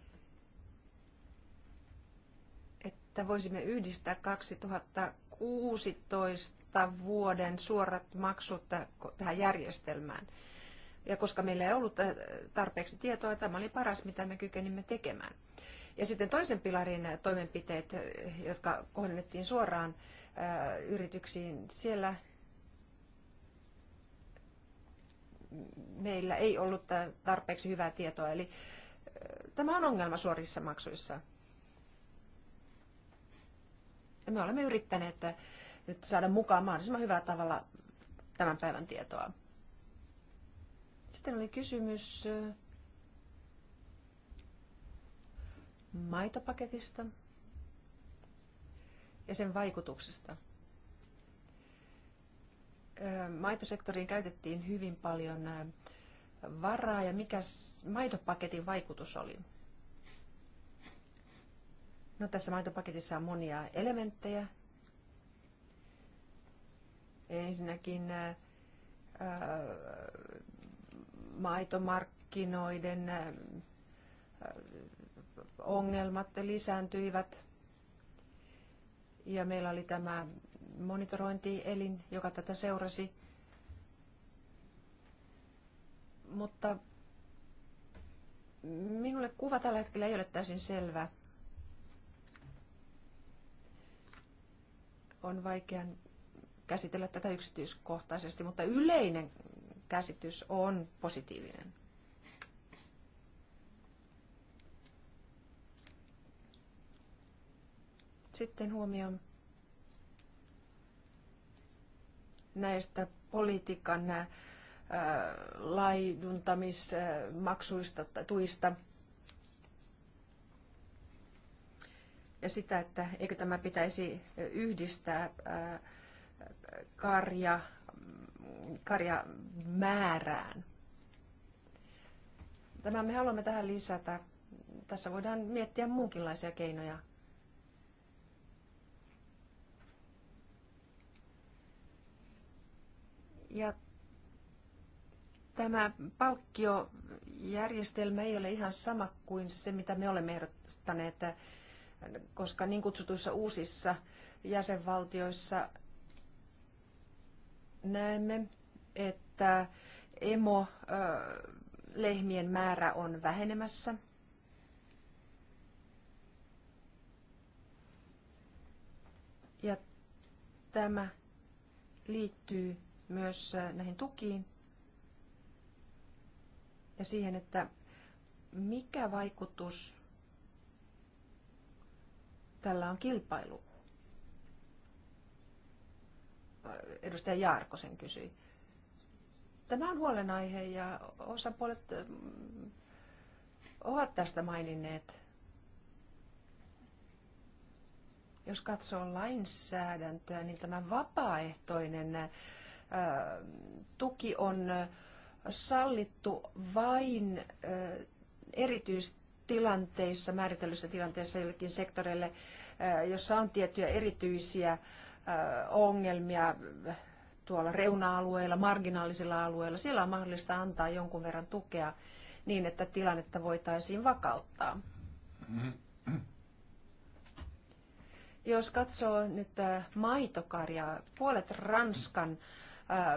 että voisimme yhdistää 2016 vuoden suorat maksut tähän järjestelmään. Ja koska meillä ei ollut tarpeeksi tietoa, tämä oli paras, mitä me kykenimme tekemään. Ja sitten toisen pilarin toimenpiteet, jotka kohdennettiin suoraan äh, yrityksiin, siellä meillä ei ollut tarpeeksi hyvää tietoa. Eli äh, tämä on ongelma suorissa maksuissa. Ja me olemme yrittäneet äh, nyt saada mukaan mahdollisimman hyvällä tavalla tämän päivän tietoa. Sitten oli kysymys maitopaketista ja sen vaikutuksesta. Maitosektoriin käytettiin hyvin paljon varaa ja mikä maitopaketin vaikutus oli? No tässä maitopaketissa on monia elementtejä. Ensinnäkin maitomarkkinoiden ongelmat lisääntyivät. Ja meillä oli tämä monitorointielin, joka tätä seurasi. Mutta minulle kuva tällä hetkellä ei ole täysin selvä. On vaikea käsitellä tätä yksityiskohtaisesti, mutta yleinen käsitys on positiivinen. Sitten huomioon näistä politiikan ää, äh, laiduntamismaksuista äh, tai tuista. Ja sitä, että eikö tämä pitäisi yhdistää ää, äh, karja, karjamäärään. Tämä me haluamme tähän lisätä. Tässä voidaan miettiä muunkinlaisia keinoja Ja tämä palkkiojärjestelmä ei ole ihan sama kuin se, mitä me olemme ehdottaneet, koska niin kutsutuissa uusissa jäsenvaltioissa näemme, että emo lehmien määrä on vähenemässä. Ja tämä liittyy myös äh, näihin tukiin ja siihen, että mikä vaikutus tällä on kilpailu? Edustaja Jaarkosen kysyi. Tämä on huolenaihe ja osapuolet ähm, ovat tästä maininneet. Jos katsoo lainsäädäntöä, niin tämä vapaaehtoinen tuki on sallittu vain erityistilanteissa, määritellyissä tilanteissa jollekin sektoreille, jossa on tiettyjä erityisiä ongelmia tuolla reuna-alueilla, marginaalisilla alueilla. Siellä on mahdollista antaa jonkun verran tukea niin, että tilannetta voitaisiin vakauttaa. Jos katsoo nyt maitokarjaa, puolet Ranskan äh,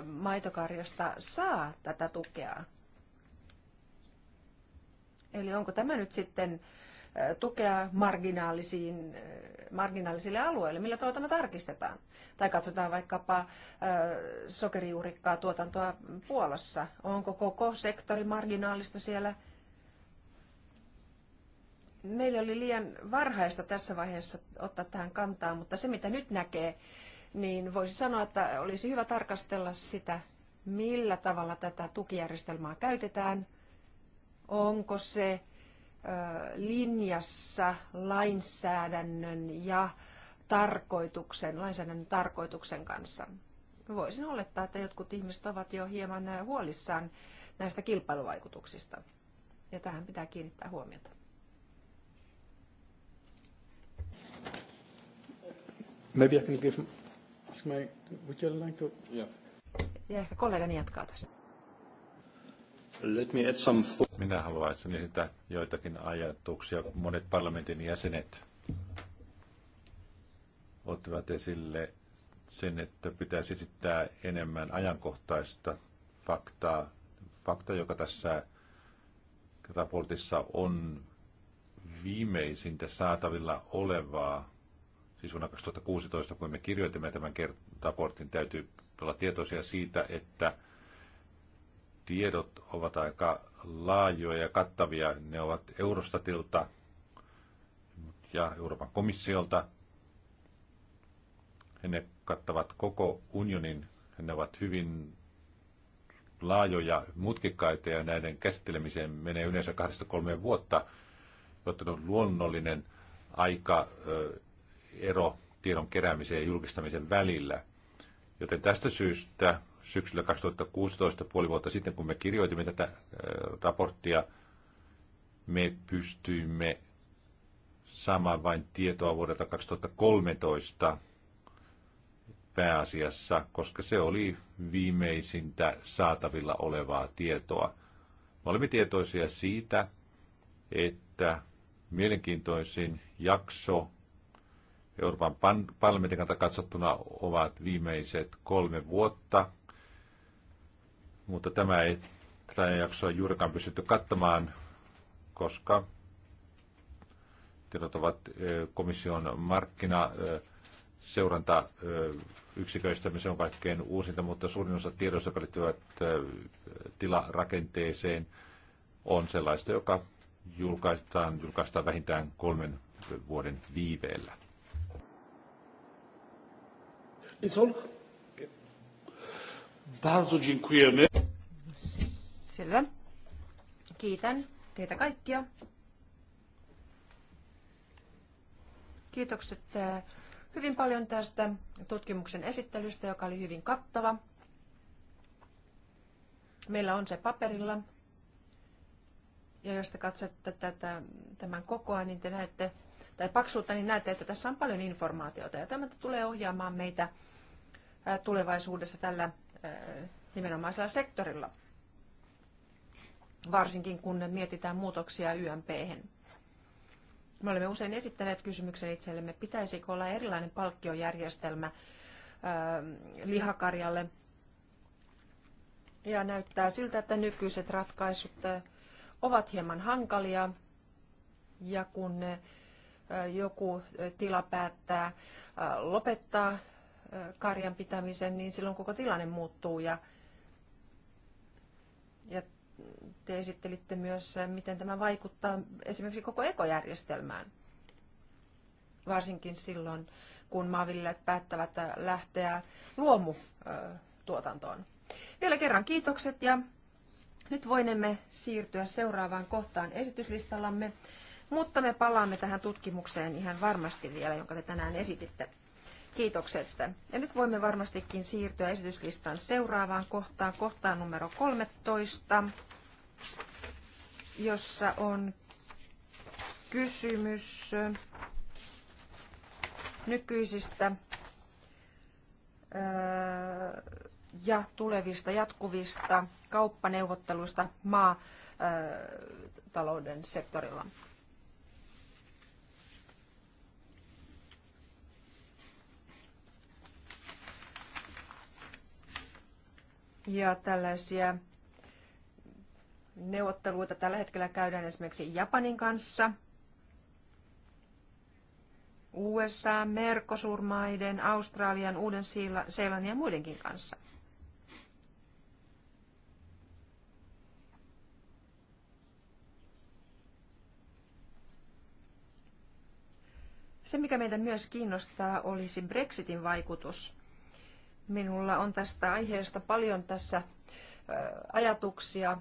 maitokarjosta saa tätä tukea. Eli onko tämä nyt sitten tukea marginaalisiin, marginaalisille alueille? Millä tavalla tämä tarkistetaan? Tai katsotaan vaikkapa sokerijuurikkaa tuotantoa Puolassa. Onko koko sektori marginaalista siellä? Meillä oli liian varhaista tässä vaiheessa ottaa tähän kantaa, mutta se mitä nyt näkee, niin voisi sanoa, että olisi hyvä tarkastella sitä, millä tavalla tätä tukijärjestelmää käytetään, onko se linjassa lainsäädännön ja tarkoituksen, lainsäädännön tarkoituksen kanssa. Voisin olettaa, että jotkut ihmiset ovat jo hieman huolissaan näistä kilpailuvaikutuksista. Ja tähän pitää kiinnittää huomiota. Maybe I can give May, would you like to... yeah. Ja ehkä kollegani jatkaa tästä. Let me add some Minä haluaisin esittää joitakin ajatuksia. Monet parlamentin jäsenet ottivat esille sen, että pitäisi esittää enemmän ajankohtaista faktaa. Fakta, joka tässä raportissa on viimeisintä saatavilla olevaa siis vuonna 2016, kun me kirjoitimme tämän raportin, täytyy olla tietoisia siitä, että tiedot ovat aika laajoja ja kattavia. Ne ovat Eurostatilta ja Euroopan komissiolta. Ne kattavat koko unionin. Ne ovat hyvin laajoja, mutkikkaita ja näiden käsittelemiseen menee yleensä kahdesta kolmeen vuotta, jotta on luonnollinen aika ero tiedon keräämisen ja julkistamisen välillä. Joten tästä syystä syksyllä 2016, puoli vuotta sitten, kun me kirjoitimme tätä äh, raporttia, me pystyimme saamaan vain tietoa vuodelta 2013 pääasiassa, koska se oli viimeisintä saatavilla olevaa tietoa. Me olemme tietoisia siitä, että mielenkiintoisin jakso Euroopan parlamentin kannalta katsottuna ovat viimeiset kolme vuotta, mutta tämä ei tätä jaksoa juurikaan pystytty kattamaan, koska tiedot ovat komission markkina yksiköistä, missä on kaikkein uusinta, mutta suurin osa tiedoista, jotka liittyvät tilarakenteeseen, on sellaista, joka julkaistaan, julkaistaan vähintään kolmen vuoden viiveellä. Bardzo dziękujemy. Selvä. Kiitän teitä kaikkia. Kiitokset hyvin paljon tästä tutkimuksen esittelystä, joka oli hyvin kattava. Meillä on se paperilla. Ja jos te katsotte tätä, tämän kokoa, niin te näette tai paksuutta, niin näette, että tässä on paljon informaatiota. Ja tämä tulee ohjaamaan meitä tulevaisuudessa tällä nimenomaisella sektorilla, varsinkin kun mietitään muutoksia ymp -hän. Me olemme usein esittäneet kysymyksen itsellemme, pitäisikö olla erilainen palkkiojärjestelmä lihakarjalle. Ja näyttää siltä, että nykyiset ratkaisut ovat hieman hankalia. Ja kun joku tila päättää lopettaa karjan pitämisen, niin silloin koko tilanne muuttuu ja, ja te esittelitte myös, miten tämä vaikuttaa esimerkiksi koko ekojärjestelmään. Varsinkin silloin, kun maanviljelijät päättävät lähteä luomutuotantoon. Vielä kerran kiitokset ja nyt voinemme siirtyä seuraavaan kohtaan esityslistallamme, mutta me palaamme tähän tutkimukseen ihan varmasti vielä, jonka te tänään esititte. Kiitokset. Ja nyt voimme varmastikin siirtyä esityslistan seuraavaan kohtaan, kohtaan numero 13, jossa on kysymys nykyisistä öö, ja tulevista jatkuvista kauppaneuvotteluista maatalouden öö, sektorilla. Ja tällaisia neuvotteluita tällä hetkellä käydään esimerkiksi Japanin kanssa, USA, Merkosurmaiden, Australian, Uuden-Seelannin ja muidenkin kanssa. Se, mikä meitä myös kiinnostaa, olisi Brexitin vaikutus Minulla on tästä aiheesta paljon tässä ajatuksia,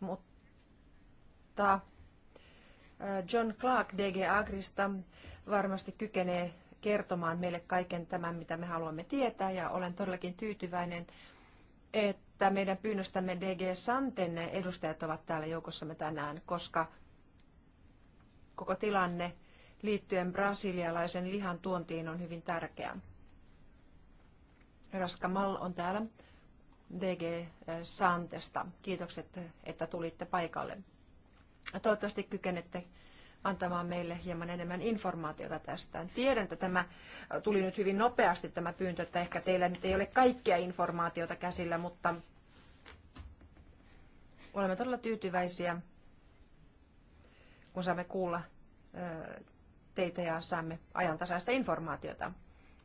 mutta John Clark DG Agrista varmasti kykenee kertomaan meille kaiken tämän, mitä me haluamme tietää, ja olen todellakin tyytyväinen, että meidän pyynnöstämme DG Santen edustajat ovat täällä joukossamme tänään, koska koko tilanne liittyen brasilialaisen lihan tuontiin on hyvin tärkeä. Raskamal on täällä DG eh, Santesta. Kiitokset, että tulitte paikalle. Toivottavasti kykenette antamaan meille hieman enemmän informaatiota tästä. Tiedän, että tämä eh, tuli nyt hyvin nopeasti tämä pyyntö, että ehkä teillä nyt ei ole kaikkea informaatiota käsillä, mutta olemme todella tyytyväisiä, kun saamme kuulla eh, teitä ja saamme ajantasaista informaatiota.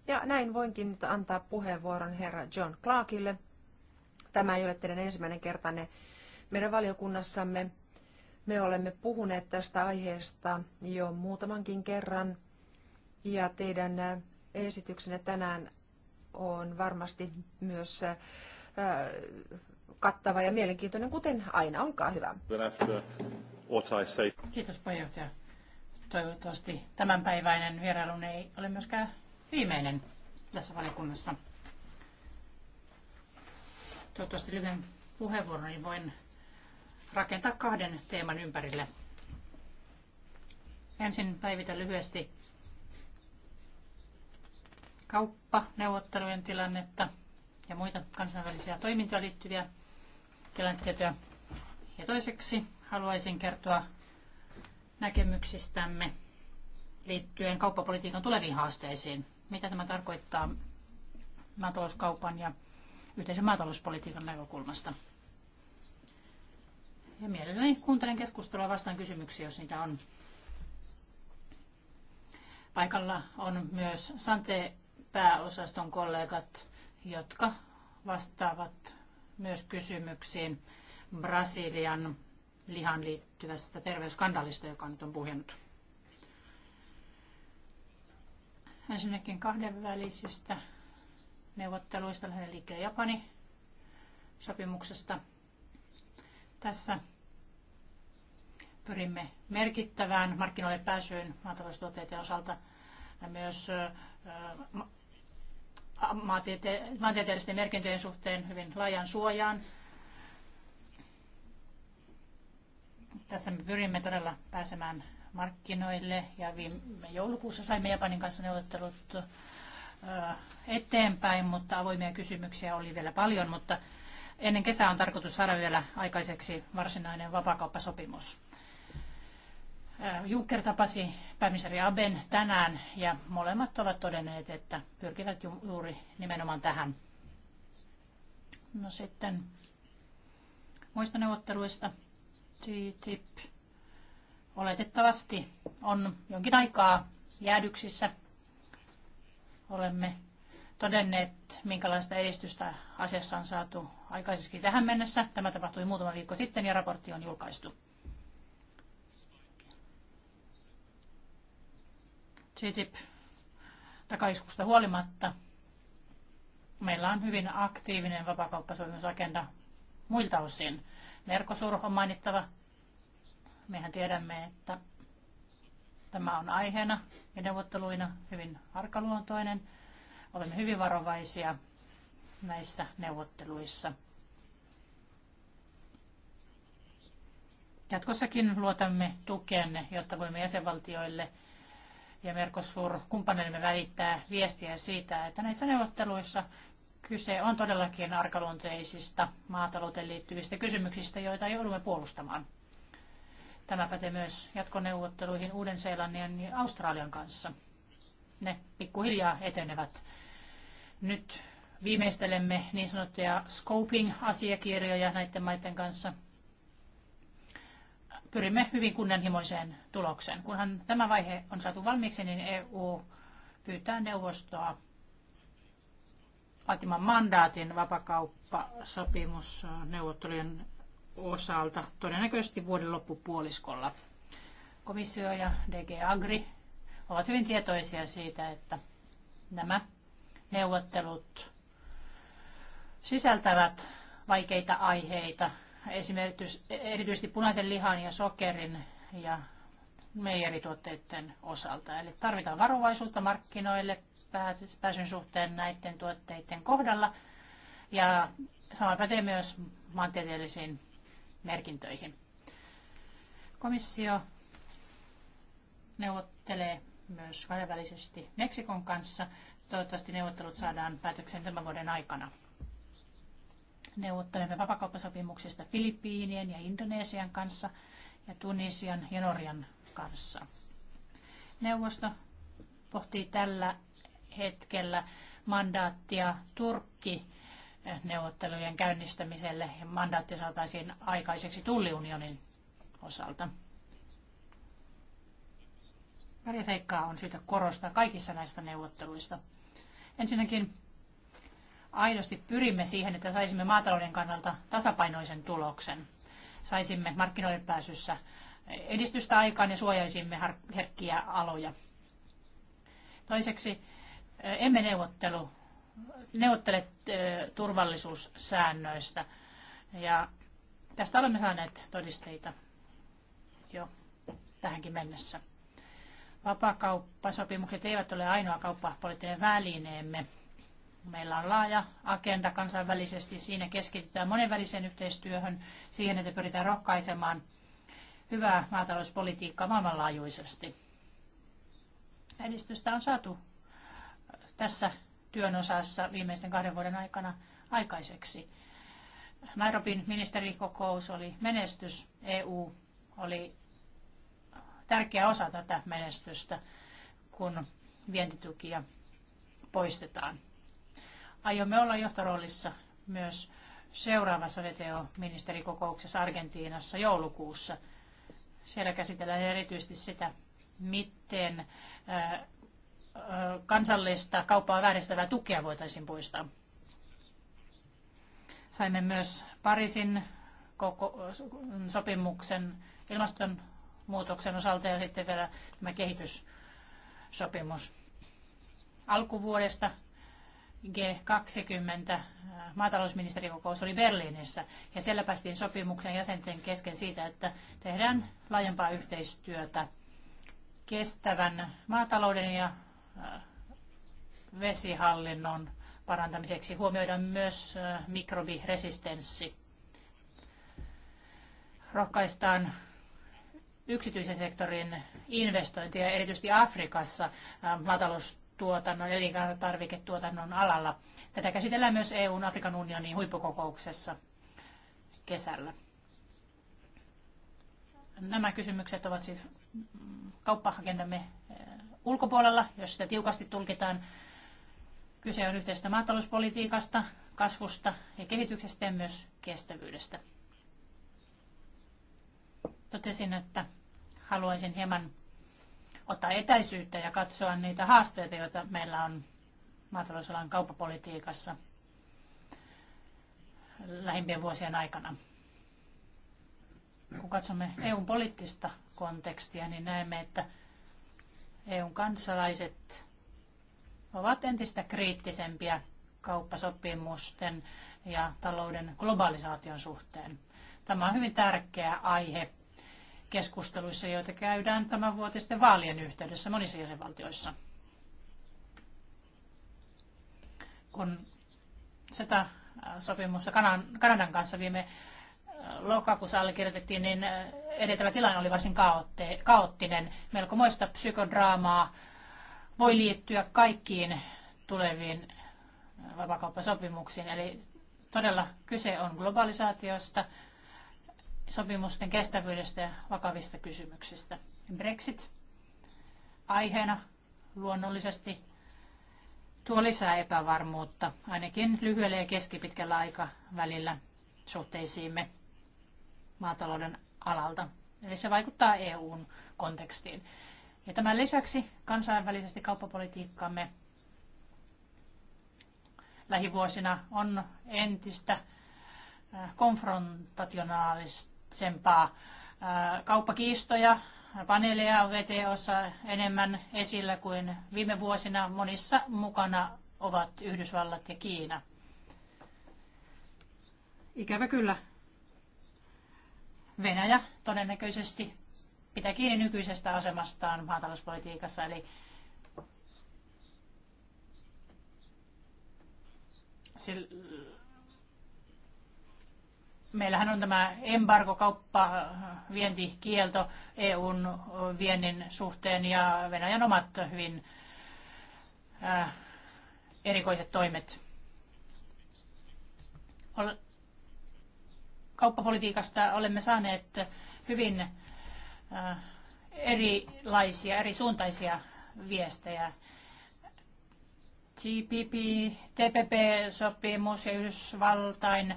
Ja näin voinkin nyt antaa puheenvuoron herra John Clarkille. Tämä ei ole teidän ensimmäinen kertanne meidän valiokunnassamme. Me olemme puhuneet tästä aiheesta jo muutamankin kerran ja teidän esityksenne tänään on varmasti myös äh, kattava ja mielenkiintoinen, kuten aina. Olkaa hyvä. Kiitos puheenjohtaja. Toivottavasti tämänpäiväinen vierailun ei ole myöskään viimeinen tässä valiokunnassa. Toivottavasti lyhyen puheenvuoron, niin voin rakentaa kahden teeman ympärille. Ensin päivitä lyhyesti kauppaneuvottelujen tilannetta ja muita kansainvälisiä toimintoja liittyviä tilannetietoja. Ja toiseksi haluaisin kertoa näkemyksistämme liittyen kauppapolitiikan tuleviin haasteisiin. Mitä tämä tarkoittaa maatalouskaupan ja yhteisen maatalouspolitiikan näkökulmasta? Ja mielelläni kuuntelen keskustelua vastaan kysymyksiä, jos niitä on. Paikalla on myös Sante-pääosaston kollegat, jotka vastaavat myös kysymyksiin Brasilian lihan liittyvästä terveysskandaalista, joka nyt on puhjennut. Ensinnäkin kahdenvälisistä neuvotteluista lähden liikkeelle Japani sopimuksesta. Tässä pyrimme merkittävään markkinoille pääsyyn maataloustuotteiden osalta ja myös maantieteellisten merkintöjen suhteen hyvin laajan suojaan. Tässä me pyrimme todella pääsemään markkinoille ja viime joulukuussa saimme Japanin kanssa neuvottelut eteenpäin, mutta avoimia kysymyksiä oli vielä paljon, mutta ennen kesää on tarkoitus saada vielä aikaiseksi varsinainen vapakauppasopimus. Juncker tapasi pääministeri Aben tänään ja molemmat ovat todenneet, että pyrkivät juuri nimenomaan tähän. No sitten muista neuvotteluista. TTIP oletettavasti on jonkin aikaa jäädyksissä. Olemme todenneet, minkälaista edistystä asiassa on saatu aikaisesti tähän mennessä. Tämä tapahtui muutama viikko sitten ja raportti on julkaistu. TTIP takaiskusta huolimatta meillä on hyvin aktiivinen vapakauppasopimusagenda muilta osin. Merkosur on mainittava Mehän tiedämme, että tämä on aiheena ja neuvotteluina hyvin arkaluontoinen. Olemme hyvin varovaisia näissä neuvotteluissa. Jatkossakin luotamme tukeenne, jotta voimme jäsenvaltioille ja Mercosur-kumppaneillemme välittää viestiä siitä, että näissä neuvotteluissa kyse on todellakin arkaluonteisista maatalouteen liittyvistä kysymyksistä, joita joudumme puolustamaan. Tämä pätee myös jatkoneuvotteluihin Uuden-Seelannin ja Australian kanssa. Ne pikkuhiljaa etenevät. Nyt viimeistelemme niin sanottuja scoping-asiakirjoja näiden maiden kanssa. Pyrimme hyvin kunnianhimoiseen tulokseen. Kunhan tämä vaihe on saatu valmiiksi, niin EU pyytää neuvostoa laatimaan mandaatin vapakauppasopimusneuvottelujen osalta, todennäköisesti vuoden loppupuoliskolla. Komissio ja DG Agri ovat hyvin tietoisia siitä, että nämä neuvottelut sisältävät vaikeita aiheita, esimerkiksi erityisesti punaisen lihan ja sokerin ja meijerituotteiden osalta. Eli tarvitaan varovaisuutta markkinoille pääsyn suhteen näiden tuotteiden kohdalla ja sama pätee myös maantieteellisiin merkintöihin. Komissio neuvottelee myös kahdenvälisesti Meksikon kanssa. Toivottavasti neuvottelut saadaan päätöksen tämän vuoden aikana. Neuvottelemme vapakauppasopimuksista Filippiinien ja Indonesian kanssa ja Tunisian ja Norjan kanssa. Neuvosto pohtii tällä hetkellä mandaattia Turkki neuvottelujen käynnistämiselle ja mandaatti saataisiin aikaiseksi tulliunionin osalta. Pari seikkaa on syytä korostaa kaikissa näistä neuvotteluista. Ensinnäkin aidosti pyrimme siihen, että saisimme maatalouden kannalta tasapainoisen tuloksen. Saisimme markkinoiden pääsyssä edistystä aikaan ja suojaisimme herkkiä aloja. Toiseksi emme neuvottelu neuvottelet turvallisuussäännöistä. Ja tästä olemme saaneet todisteita jo tähänkin mennessä. Vapakauppasopimukset eivät ole ainoa kauppapoliittinen välineemme. Meillä on laaja agenda kansainvälisesti. Siinä keskitytään monenväliseen yhteistyöhön, siihen, että pyritään rohkaisemaan hyvää maatalouspolitiikkaa maailmanlaajuisesti. Edistystä on saatu tässä työn osassa viimeisten kahden vuoden aikana aikaiseksi. Nairobin ministerikokous oli menestys. EU oli tärkeä osa tätä menestystä, kun vientitukia poistetaan. Aiomme olla johtoroolissa myös seuraavassa VTO-ministerikokouksessa Argentiinassa joulukuussa. Siellä käsitellään erityisesti sitä, miten kansallista kauppaa vääristävää tukea voitaisiin poistaa. Saimme myös Pariisin koko, sopimuksen ilmastonmuutoksen osalta ja sitten vielä tämä kehityssopimus. Alkuvuodesta G20 äh, maatalousministerikokous oli Berliinissä ja siellä päästiin sopimuksen jäsenten kesken siitä, että tehdään laajempaa yhteistyötä kestävän maatalouden ja vesihallinnon parantamiseksi huomioidaan myös mikrobiresistenssi. Rohkaistaan yksityisen sektorin investointia erityisesti Afrikassa maataloustuotannon ja elintarviketuotannon alalla. Tätä käsitellään myös EUn Afrikan unionin huippukokouksessa kesällä. Nämä kysymykset ovat siis kauppahagendamme ulkopuolella, jos sitä tiukasti tulkitaan. Kyse on yhteisestä maatalouspolitiikasta, kasvusta ja kehityksestä ja myös kestävyydestä. Totesin, että haluaisin hieman ottaa etäisyyttä ja katsoa niitä haasteita, joita meillä on maatalousalan kauppapolitiikassa lähimpien vuosien aikana. Kun katsomme eu poliittista kontekstia, niin näemme, että EUn kansalaiset ovat entistä kriittisempiä kauppasopimusten ja talouden globalisaation suhteen. Tämä on hyvin tärkeä aihe keskusteluissa, joita käydään vuotisten vaalien yhteydessä monissa jäsenvaltioissa. Kun sitä sopimusta Kanadan kanssa viime äh, lokakuussa allekirjoitettiin, niin äh, edeltävä tilanne oli varsin kaottinen. kaoottinen. Melkomoista psykodraamaa voi liittyä kaikkiin tuleviin vapakauppasopimuksiin. Eli todella kyse on globalisaatiosta, sopimusten kestävyydestä ja vakavista kysymyksistä. Brexit aiheena luonnollisesti tuo lisää epävarmuutta, ainakin lyhyellä ja keskipitkällä aikavälillä suhteisiimme maatalouden alalta. Eli se vaikuttaa EUn kontekstiin. Ja tämän lisäksi kansainvälisesti kauppapolitiikkamme lähivuosina on entistä äh, konfrontationaalisempaa. Äh, kauppakiistoja, paneeleja on VTOssa enemmän esillä kuin viime vuosina. Monissa mukana ovat Yhdysvallat ja Kiina. Ikävä kyllä Venäjä todennäköisesti pitää kiinni nykyisestä asemastaan maatalouspolitiikassa, eli meillähän on tämä embargo, kauppa, vientikielto EUn viennin suhteen ja Venäjän omat hyvin äh, erikoiset toimet kauppapolitiikasta olemme saaneet hyvin erilaisia, eri suuntaisia viestejä. TPP, TPP-sopimus ja Yhdysvaltain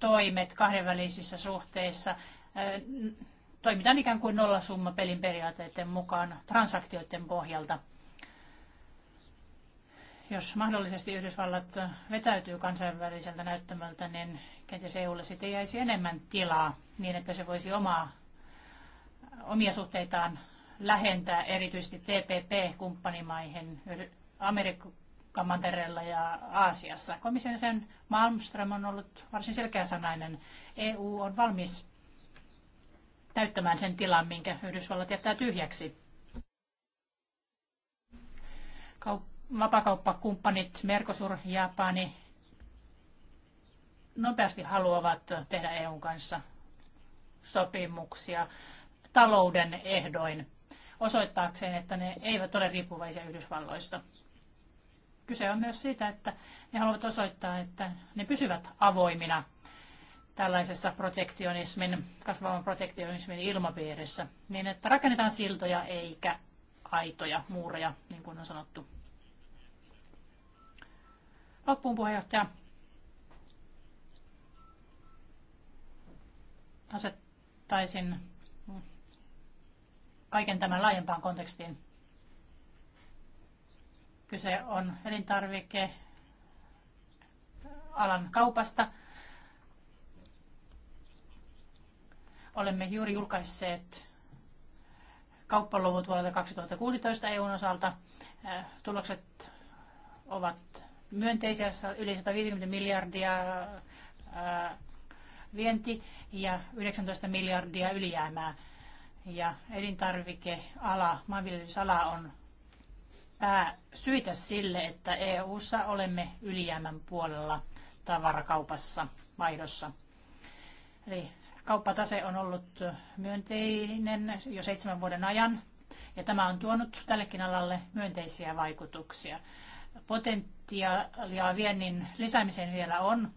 toimet kahdenvälisissä suhteissa. Toimitaan ikään kuin pelin periaatteiden mukaan transaktioiden pohjalta – jos mahdollisesti Yhdysvallat vetäytyy kansainväliseltä näyttämöltä, niin kenties EUlle sitten jäisi enemmän tilaa niin, että se voisi omaa, omia suhteitaan lähentää erityisesti TPP-kumppanimaihin Amerikan mantereella ja Aasiassa. Komission sen Malmström on ollut varsin selkeäsanainen. EU on valmis täyttämään sen tilan, minkä Yhdysvallat jättää tyhjäksi. Kaup- vapakauppakumppanit Mercosur, Japani nopeasti haluavat tehdä EUn kanssa sopimuksia talouden ehdoin osoittaakseen, että ne eivät ole riippuvaisia Yhdysvalloista. Kyse on myös siitä, että ne haluavat osoittaa, että ne pysyvät avoimina tällaisessa protektionismin, kasvavan protektionismin ilmapiirissä, niin että rakennetaan siltoja eikä aitoja, muureja, niin kuin on sanottu loppuun puheenjohtaja. Asettaisin kaiken tämän laajempaan kontekstiin. Kyse on elintarvike alan kaupasta. Olemme juuri julkaisseet kauppaluvut vuodelta 2016 EUn osalta. Äh, tulokset ovat myönteisiä yli 150 miljardia vienti ja 19 miljardia ylijäämää. Ja elintarvikeala, maanviljelysala on syitä sille, että EU-ssa olemme ylijäämän puolella tavarakaupassa, vaihdossa. Eli kauppatase on ollut myönteinen jo seitsemän vuoden ajan, ja tämä on tuonut tällekin alalle myönteisiä vaikutuksia. Potentiaalia viennin lisäämiseen vielä on.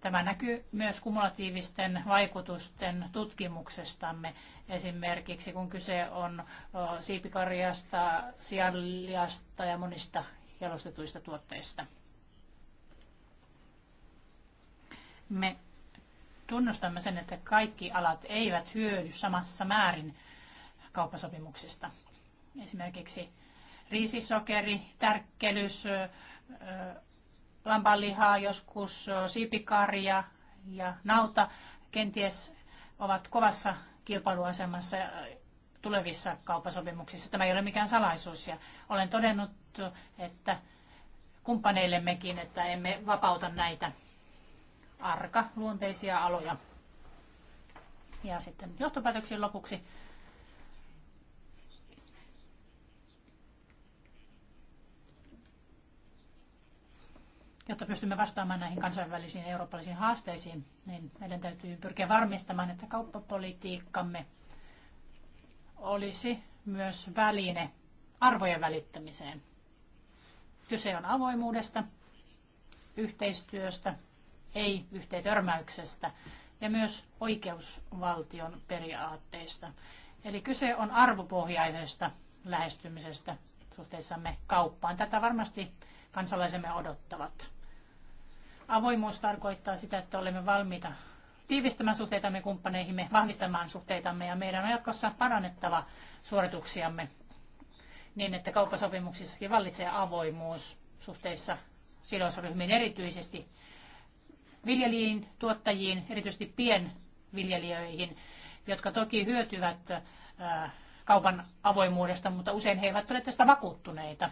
Tämä näkyy myös kumulatiivisten vaikutusten tutkimuksestamme, esimerkiksi kun kyse on siipikarjasta, sianliasta ja monista jalostetuista tuotteista. Me tunnustamme sen, että kaikki alat eivät hyödy samassa määrin kauppasopimuksista. Esimerkiksi riisisokeri, tärkkelys, lampanlihaa, joskus siipikarja ja nauta kenties ovat kovassa kilpailuasemassa tulevissa kauppasopimuksissa. Tämä ei ole mikään salaisuus ja olen todennut, että kumppaneillemmekin, että emme vapauta näitä arka luonteisia aloja. Ja sitten johtopäätöksiin lopuksi jotta pystymme vastaamaan näihin kansainvälisiin ja eurooppalaisiin haasteisiin, niin meidän täytyy pyrkiä varmistamaan, että kauppapolitiikkamme olisi myös väline arvojen välittämiseen. Kyse on avoimuudesta, yhteistyöstä, ei yhteitörmäyksestä ja myös oikeusvaltion periaatteista. Eli kyse on arvopohjaisesta lähestymisestä suhteessamme kauppaan. Tätä varmasti kansalaisemme odottavat. Avoimuus tarkoittaa sitä, että olemme valmiita tiivistämään suhteitamme kumppaneihimme, vahvistamaan suhteitamme ja meidän on jatkossa parannettava suorituksiamme niin, että kauppasopimuksissakin vallitsee avoimuus suhteissa sidosryhmiin, erityisesti viljelijiin, tuottajiin, erityisesti pienviljelijöihin, jotka toki hyötyvät kaupan avoimuudesta, mutta usein he eivät ole tästä vakuuttuneita.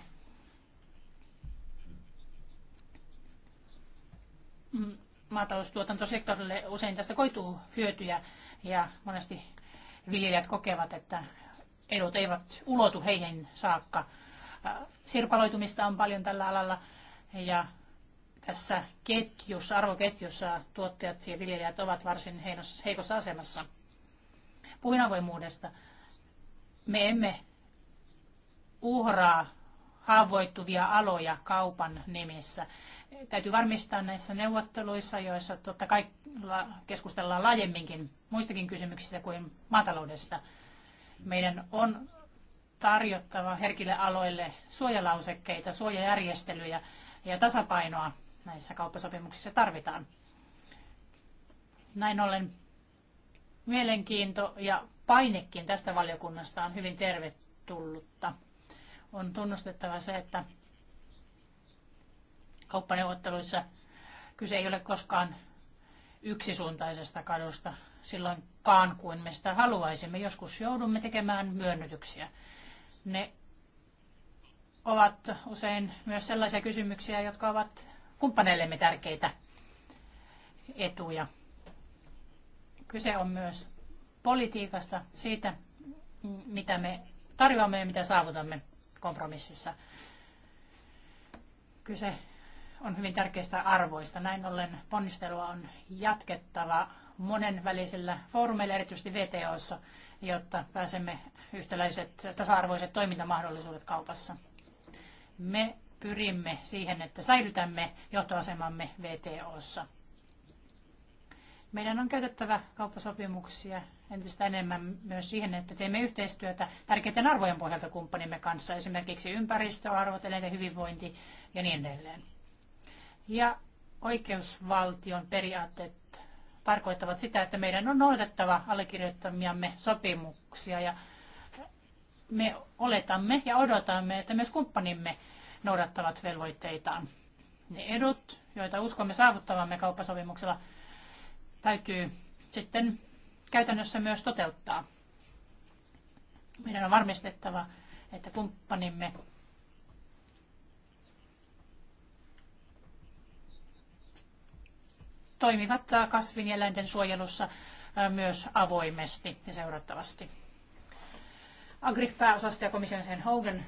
Mm, maataloustuotantosektorille usein tästä koituu hyötyjä ja monesti viljelijät kokevat, että edut eivät ulotu heihin saakka. Sirpaloitumista on paljon tällä alalla ja tässä ketjussa, arvoketjussa tuottajat ja viljelijät ovat varsin heikossa asemassa. Puhuin avoimuudesta. Me emme uhraa haavoittuvia aloja kaupan nimissä täytyy varmistaa näissä neuvotteluissa, joissa totta kai keskustellaan laajemminkin muistakin kysymyksistä kuin maataloudesta. Meidän on tarjottava herkille aloille suojalausekkeita, suojajärjestelyjä ja tasapainoa näissä kauppasopimuksissa tarvitaan. Näin ollen mielenkiinto ja painekin tästä valiokunnasta on hyvin tervetullutta. On tunnustettava se, että kauppaneuvotteluissa kyse ei ole koskaan yksisuuntaisesta kadusta silloinkaan, kuin me sitä haluaisimme. Joskus joudumme tekemään myönnytyksiä. Ne ovat usein myös sellaisia kysymyksiä, jotka ovat kumppaneillemme tärkeitä etuja. Kyse on myös politiikasta, siitä mitä me tarjoamme ja mitä saavutamme kompromississa. Kyse on hyvin tärkeistä arvoista. Näin ollen ponnistelua on jatkettava monenvälisillä foorumeilla, erityisesti VTOssa, jotta pääsemme yhtäläiset tasa-arvoiset toimintamahdollisuudet kaupassa. Me pyrimme siihen, että säilytämme johtoasemamme VTOssa. Meidän on käytettävä kauppasopimuksia entistä enemmän myös siihen, että teemme yhteistyötä tärkeiden arvojen pohjalta kumppanimme kanssa, esimerkiksi ympäristöarvot, eläinten hyvinvointi ja niin edelleen ja oikeusvaltion periaatteet tarkoittavat sitä, että meidän on noudatettava allekirjoittamiamme sopimuksia ja me oletamme ja odotamme, että myös kumppanimme noudattavat velvoitteitaan. Ne edut, joita uskomme saavuttavamme kauppasopimuksella, täytyy sitten käytännössä myös toteuttaa. Meidän on varmistettava, että kumppanimme toimivat äh, kasvin ja eläinten suojelussa äh, myös avoimesti ja seurattavasti. Agri-pääosasto ja komission sen Hogan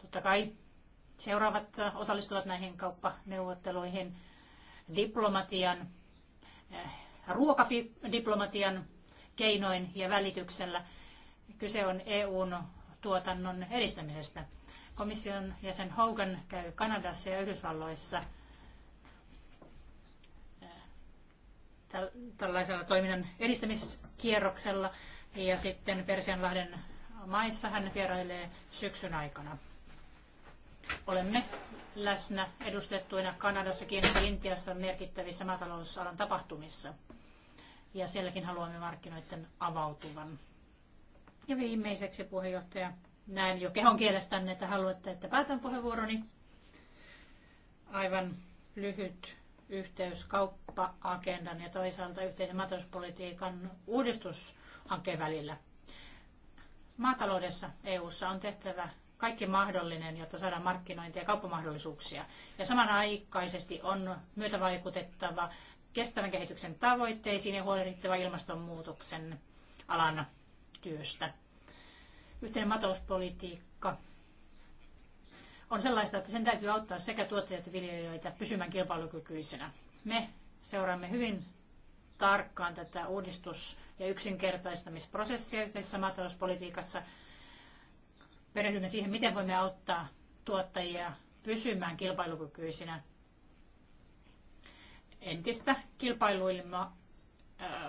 totta kai seuraavat äh, osallistuvat näihin kauppaneuvotteluihin diplomatian, ruokadiplomatian keinoin ja välityksellä. Kyse on EUn tuotannon edistämisestä. Komission jäsen Hogan käy Kanadassa ja Yhdysvalloissa tällaisella toiminnan edistämiskierroksella ja sitten Persianlahden maissa hän vierailee syksyn aikana. Olemme läsnä edustettuina Kanadassa, Kiinassa ja Intiassa merkittävissä maatalousalan tapahtumissa. Ja sielläkin haluamme markkinoiden avautuvan. Ja viimeiseksi puheenjohtaja Näen jo kehon kielestänne, että haluatte, että päätän puheenvuoroni. Aivan lyhyt yhteys kauppa-agendan ja toisaalta yhteisen maatalouspolitiikan uudistushankkeen välillä. Maataloudessa EU:ssa on tehtävä kaikki mahdollinen, jotta saadaan markkinointia ja kauppamahdollisuuksia. Ja samanaikaisesti on myötävaikutettava kestävän kehityksen tavoitteisiin ja huolehdittava ilmastonmuutoksen alan työstä. Yhteinen matalouspolitiikka on sellaista, että sen täytyy auttaa sekä tuottajia että viljelijöitä pysymään kilpailukykyisenä. Me seuraamme hyvin tarkkaan tätä uudistus- ja yksinkertaistamisprosessia yhteisessä maatalouspolitiikassa. Perehdymme siihen, miten voimme auttaa tuottajia pysymään kilpailukykyisinä entistä kilpailuilla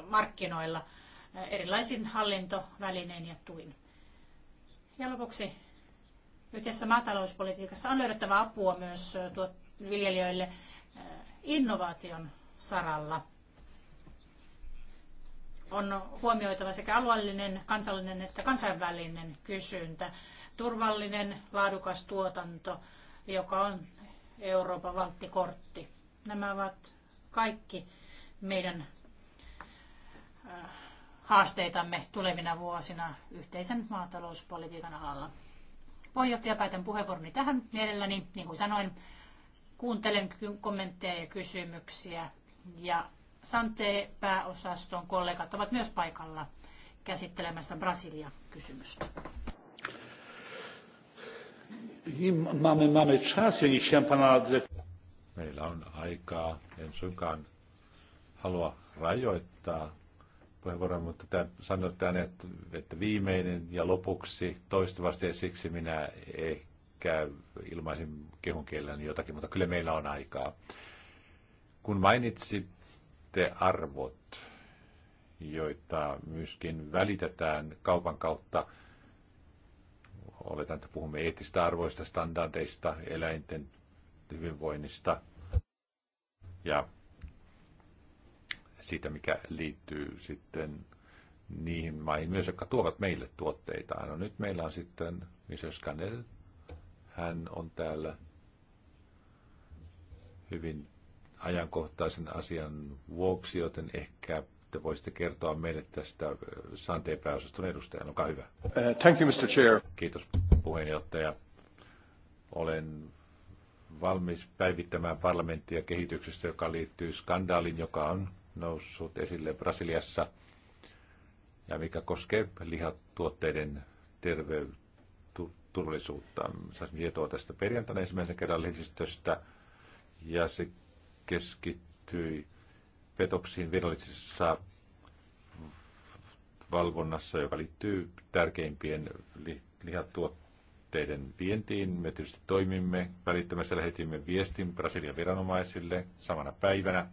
markkinoilla erilaisin hallintovälinein ja tuin. Ja lopuksi yhteisessä maatalouspolitiikassa on löydettävä apua myös tuot viljelijöille innovaation saralla. On huomioitava sekä alueellinen, kansallinen että kansainvälinen kysyntä, turvallinen, laadukas tuotanto, joka on Euroopan valttikortti. Nämä ovat kaikki meidän haasteitamme tulevina vuosina yhteisen maatalouspolitiikan alalla. Puheenjohtaja, päätän puheenvuoroni tähän mielelläni. Niin kuin sanoin, kuuntelen kommentteja ja kysymyksiä. Ja Sante-pääosaston kollegat ovat myös paikalla käsittelemässä Brasilia-kysymystä. Meillä on aikaa. En suinkaan halua rajoittaa puheenvuoron, mutta tämä, sanoitte tänne, että, että viimeinen ja lopuksi toistuvasti, ja siksi minä ehkä ilmaisin kehun kielelläni jotakin, mutta kyllä meillä on aikaa. Kun mainitsitte arvot, joita myöskin välitetään kaupan kautta, oletan, että puhumme eettistä arvoista, standardeista, eläinten hyvinvoinnista ja siitä, mikä liittyy sitten niihin maihin myös, jotka tuovat meille tuotteita, No nyt meillä on sitten Mises Canel. Hän on täällä hyvin ajankohtaisen asian vuoksi, joten ehkä te voisitte kertoa meille tästä Santeen pääosaston edustajan. Olkaa hyvä. Uh, thank you, Mr. Chair. Kiitos puheenjohtaja. Olen valmis päivittämään parlamenttia kehityksestä, joka liittyy skandaalin, joka on noussut esille Brasiliassa ja mikä koskee lihatuotteiden terveysturvallisuutta. Saisin tietoa tästä perjantaina ensimmäisen kerran lehdistöstä ja se keskittyi petoksiin virallisessa valvonnassa, joka liittyy tärkeimpien lihatuotteiden vientiin. Me tietysti toimimme välittömästi, lähetimme viestin Brasilian viranomaisille samana päivänä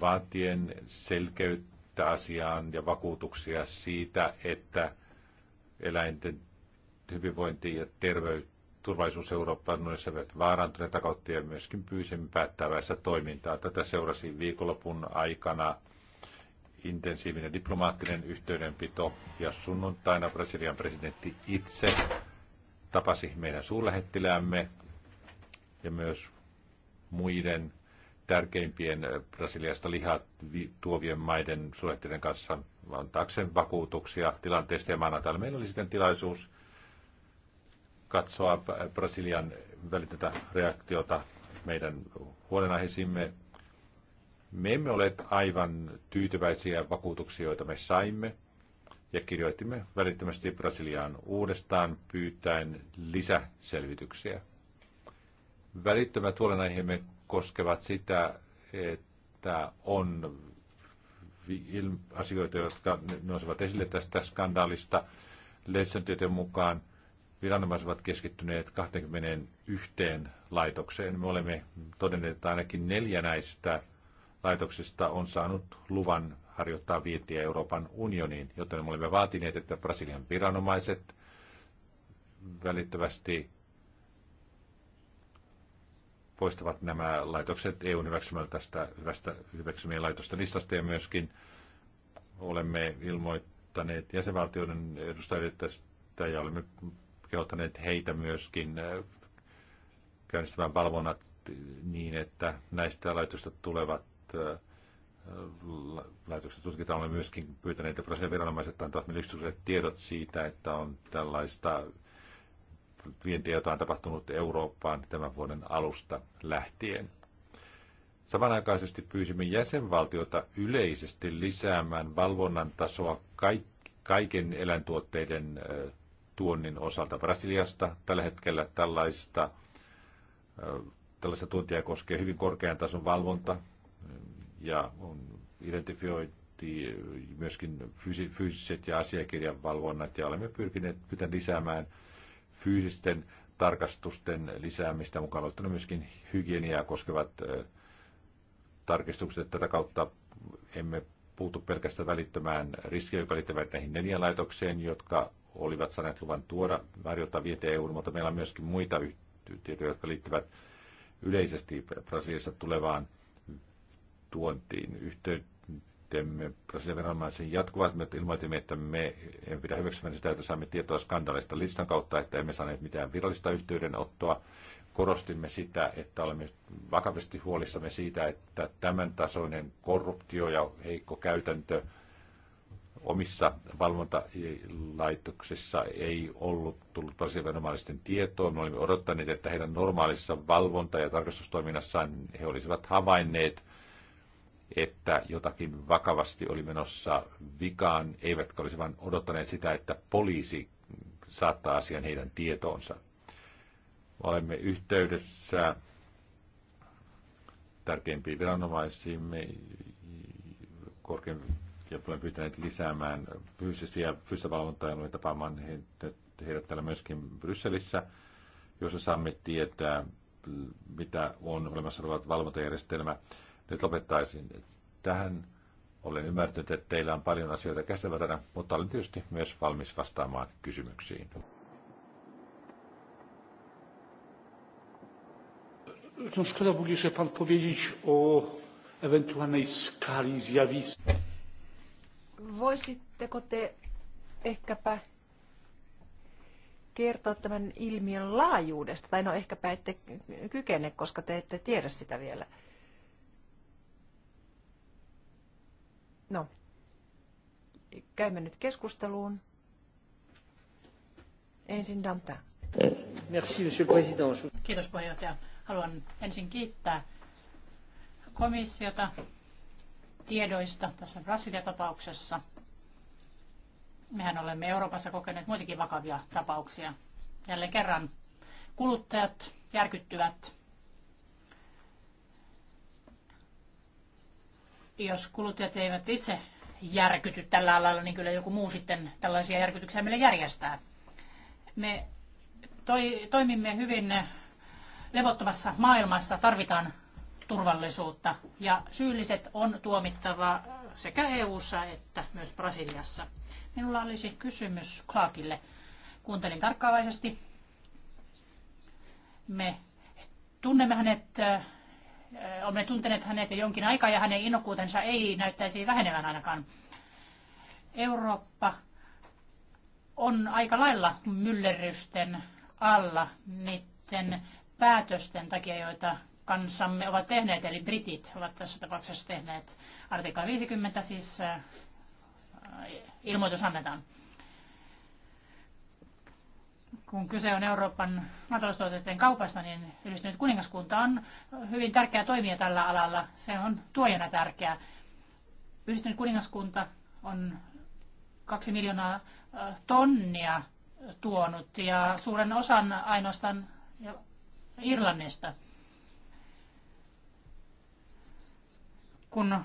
vaatien selkeyttä asiaan ja vakuutuksia siitä, että eläinten hyvinvointi ja terveys, turvallisuus Euroopan noissa ovat vaarantuneita kautta ja myöskin pyysin päättäväistä toimintaa. Tätä seurasi viikonlopun aikana intensiivinen diplomaattinen yhteydenpito ja sunnuntaina Brasilian presidentti itse tapasi meidän suurlähettiläämme ja myös muiden tärkeimpien Brasiliasta lihat tuovien maiden suhteiden kanssa antaakseen vakuutuksia tilanteesta ja maanantaina. Meillä oli sitten tilaisuus katsoa Brasilian välitöntä reaktiota meidän huolenaiheisimme. Me emme ole aivan tyytyväisiä vakuutuksia, joita me saimme, ja kirjoitimme välittömästi Brasiliaan uudestaan pyytäen lisäselvityksiä. Välittömät huolenaiheemme koskevat sitä, että on asioita, jotka nousevat esille tästä skandaalista. Lehdistön mukaan viranomaiset ovat keskittyneet 21 laitokseen. Me olemme todenneet, että ainakin neljä näistä laitoksista on saanut luvan harjoittaa vientiä Euroopan unioniin, joten me olemme vaatineet, että Brasilian viranomaiset välittävästi poistavat nämä laitokset EUn hyväksymältä tästä hyvästä hyväksymien laitosta listasta ja myöskin olemme ilmoittaneet jäsenvaltioiden edustajille tästä ja olemme kehottaneet heitä myöskin äh, käynnistämään valvonnat niin, että näistä laitoista tulevat äh, laitokset tutkitaan. Olemme myöskin pyytäneet, että Brasilian viranomaiset antavat meille tiedot siitä, että on tällaista vientiä, jota on tapahtunut Eurooppaan tämän vuoden alusta lähtien. Samanaikaisesti pyysimme jäsenvaltiota yleisesti lisäämään valvonnan tasoa kaiken eläintuotteiden tuonnin osalta Brasiliasta. Tällä hetkellä tällaista, tällaista tuontia koskee hyvin korkean tason valvonta ja on identifioitu myöskin fyysiset ja asiakirjan valvonnat ja olemme pyrkineet pyytän lisäämään fyysisten tarkastusten lisäämistä, mukaan ottana myöskin hygieniaa koskevat tarkistukset. Tätä kautta emme puutu pelkästään välittömään riskiä, joka liittyvät näihin neljän laitokseen, jotka olivat saaneet luvan tuoda varjota viete EU, mutta meillä on myöskin muita tietoja, jotka liittyvät yleisesti Brasiliassa tulevaan tuontiin. Yhteyt, suhteemme Brasilian viranomaisiin jatkuvat. Me ilmoitimme, että me emme pidä hyväksymään sitä, että saamme tietoa skandaalista listan kautta, että emme saaneet mitään virallista yhteydenottoa. Korostimme sitä, että olemme vakavasti huolissamme siitä, että tämän tasoinen korruptio ja heikko käytäntö omissa valvontalaitoksissa ei ollut tullut varsinviranomaisten tietoon. Me olimme odottaneet, että heidän normaalissa valvonta- ja tarkastustoiminnassaan he olisivat havainneet että jotakin vakavasti oli menossa vikaan, eivätkä olisi vain odottaneet sitä, että poliisi saattaa asian heidän tietoonsa. Olemme yhteydessä tärkeimpiin viranomaisiimme, korkein ja olen pyytäneet lisäämään fyysisiä fyysivalvontaa ja olen tapaamaan heidät täällä myöskin Brysselissä, jossa saamme tietää, mitä on olemassa olevat valvontajärjestelmä nyt lopettaisin tähän. Olen ymmärtänyt, että teillä on paljon asioita käsiteltävänä, mutta olen tietysti myös valmis vastaamaan kysymyksiin. No szkoda byłoby pan powiedzieć o ewentualnej skali zjawiska. Voisitteko te ehkäpä kertoa tämän ilmiön laajuudesta? Tai no ehkäpä ette kykene, koska te ette tiedä sitä vielä. No, käymme nyt keskusteluun. Ensin Danta. Merci, monsieur le président. Kiitos puheenjohtaja. Haluan ensin kiittää komissiota tiedoista tässä Brasilia-tapauksessa. Mehän olemme Euroopassa kokeneet muitakin vakavia tapauksia. Jälleen kerran kuluttajat järkyttyvät Jos kuluttajat eivät itse järkyty tällä alalla, niin kyllä joku muu sitten tällaisia järkytyksiä meille järjestää. Me toi, toimimme hyvin levottomassa maailmassa, tarvitaan turvallisuutta ja syylliset on tuomittava sekä EU:ssa että myös Brasiliassa. Minulla olisi kysymys Clarkille. Kuuntelin tarkkaavaisesti. Me tunnemme hänet äh, olemme tunteneet hänet jo jonkin aikaa ja hänen innokkuutensa ei näyttäisi vähenevän ainakaan. Eurooppa on aika lailla myllerrysten alla niiden päätösten takia, joita kansamme ovat tehneet, eli britit ovat tässä tapauksessa tehneet. Artikla 50 siis ilmoitus annetaan kun kyse on Euroopan maataloustuotteiden kaupasta, niin yhdistynyt kuningaskunta on hyvin tärkeä toimija tällä alalla. Se on tuojana tärkeä. Yhdistynyt kuningaskunta on kaksi miljoonaa tonnia tuonut ja suuren osan ainoastaan Irlannista. Kun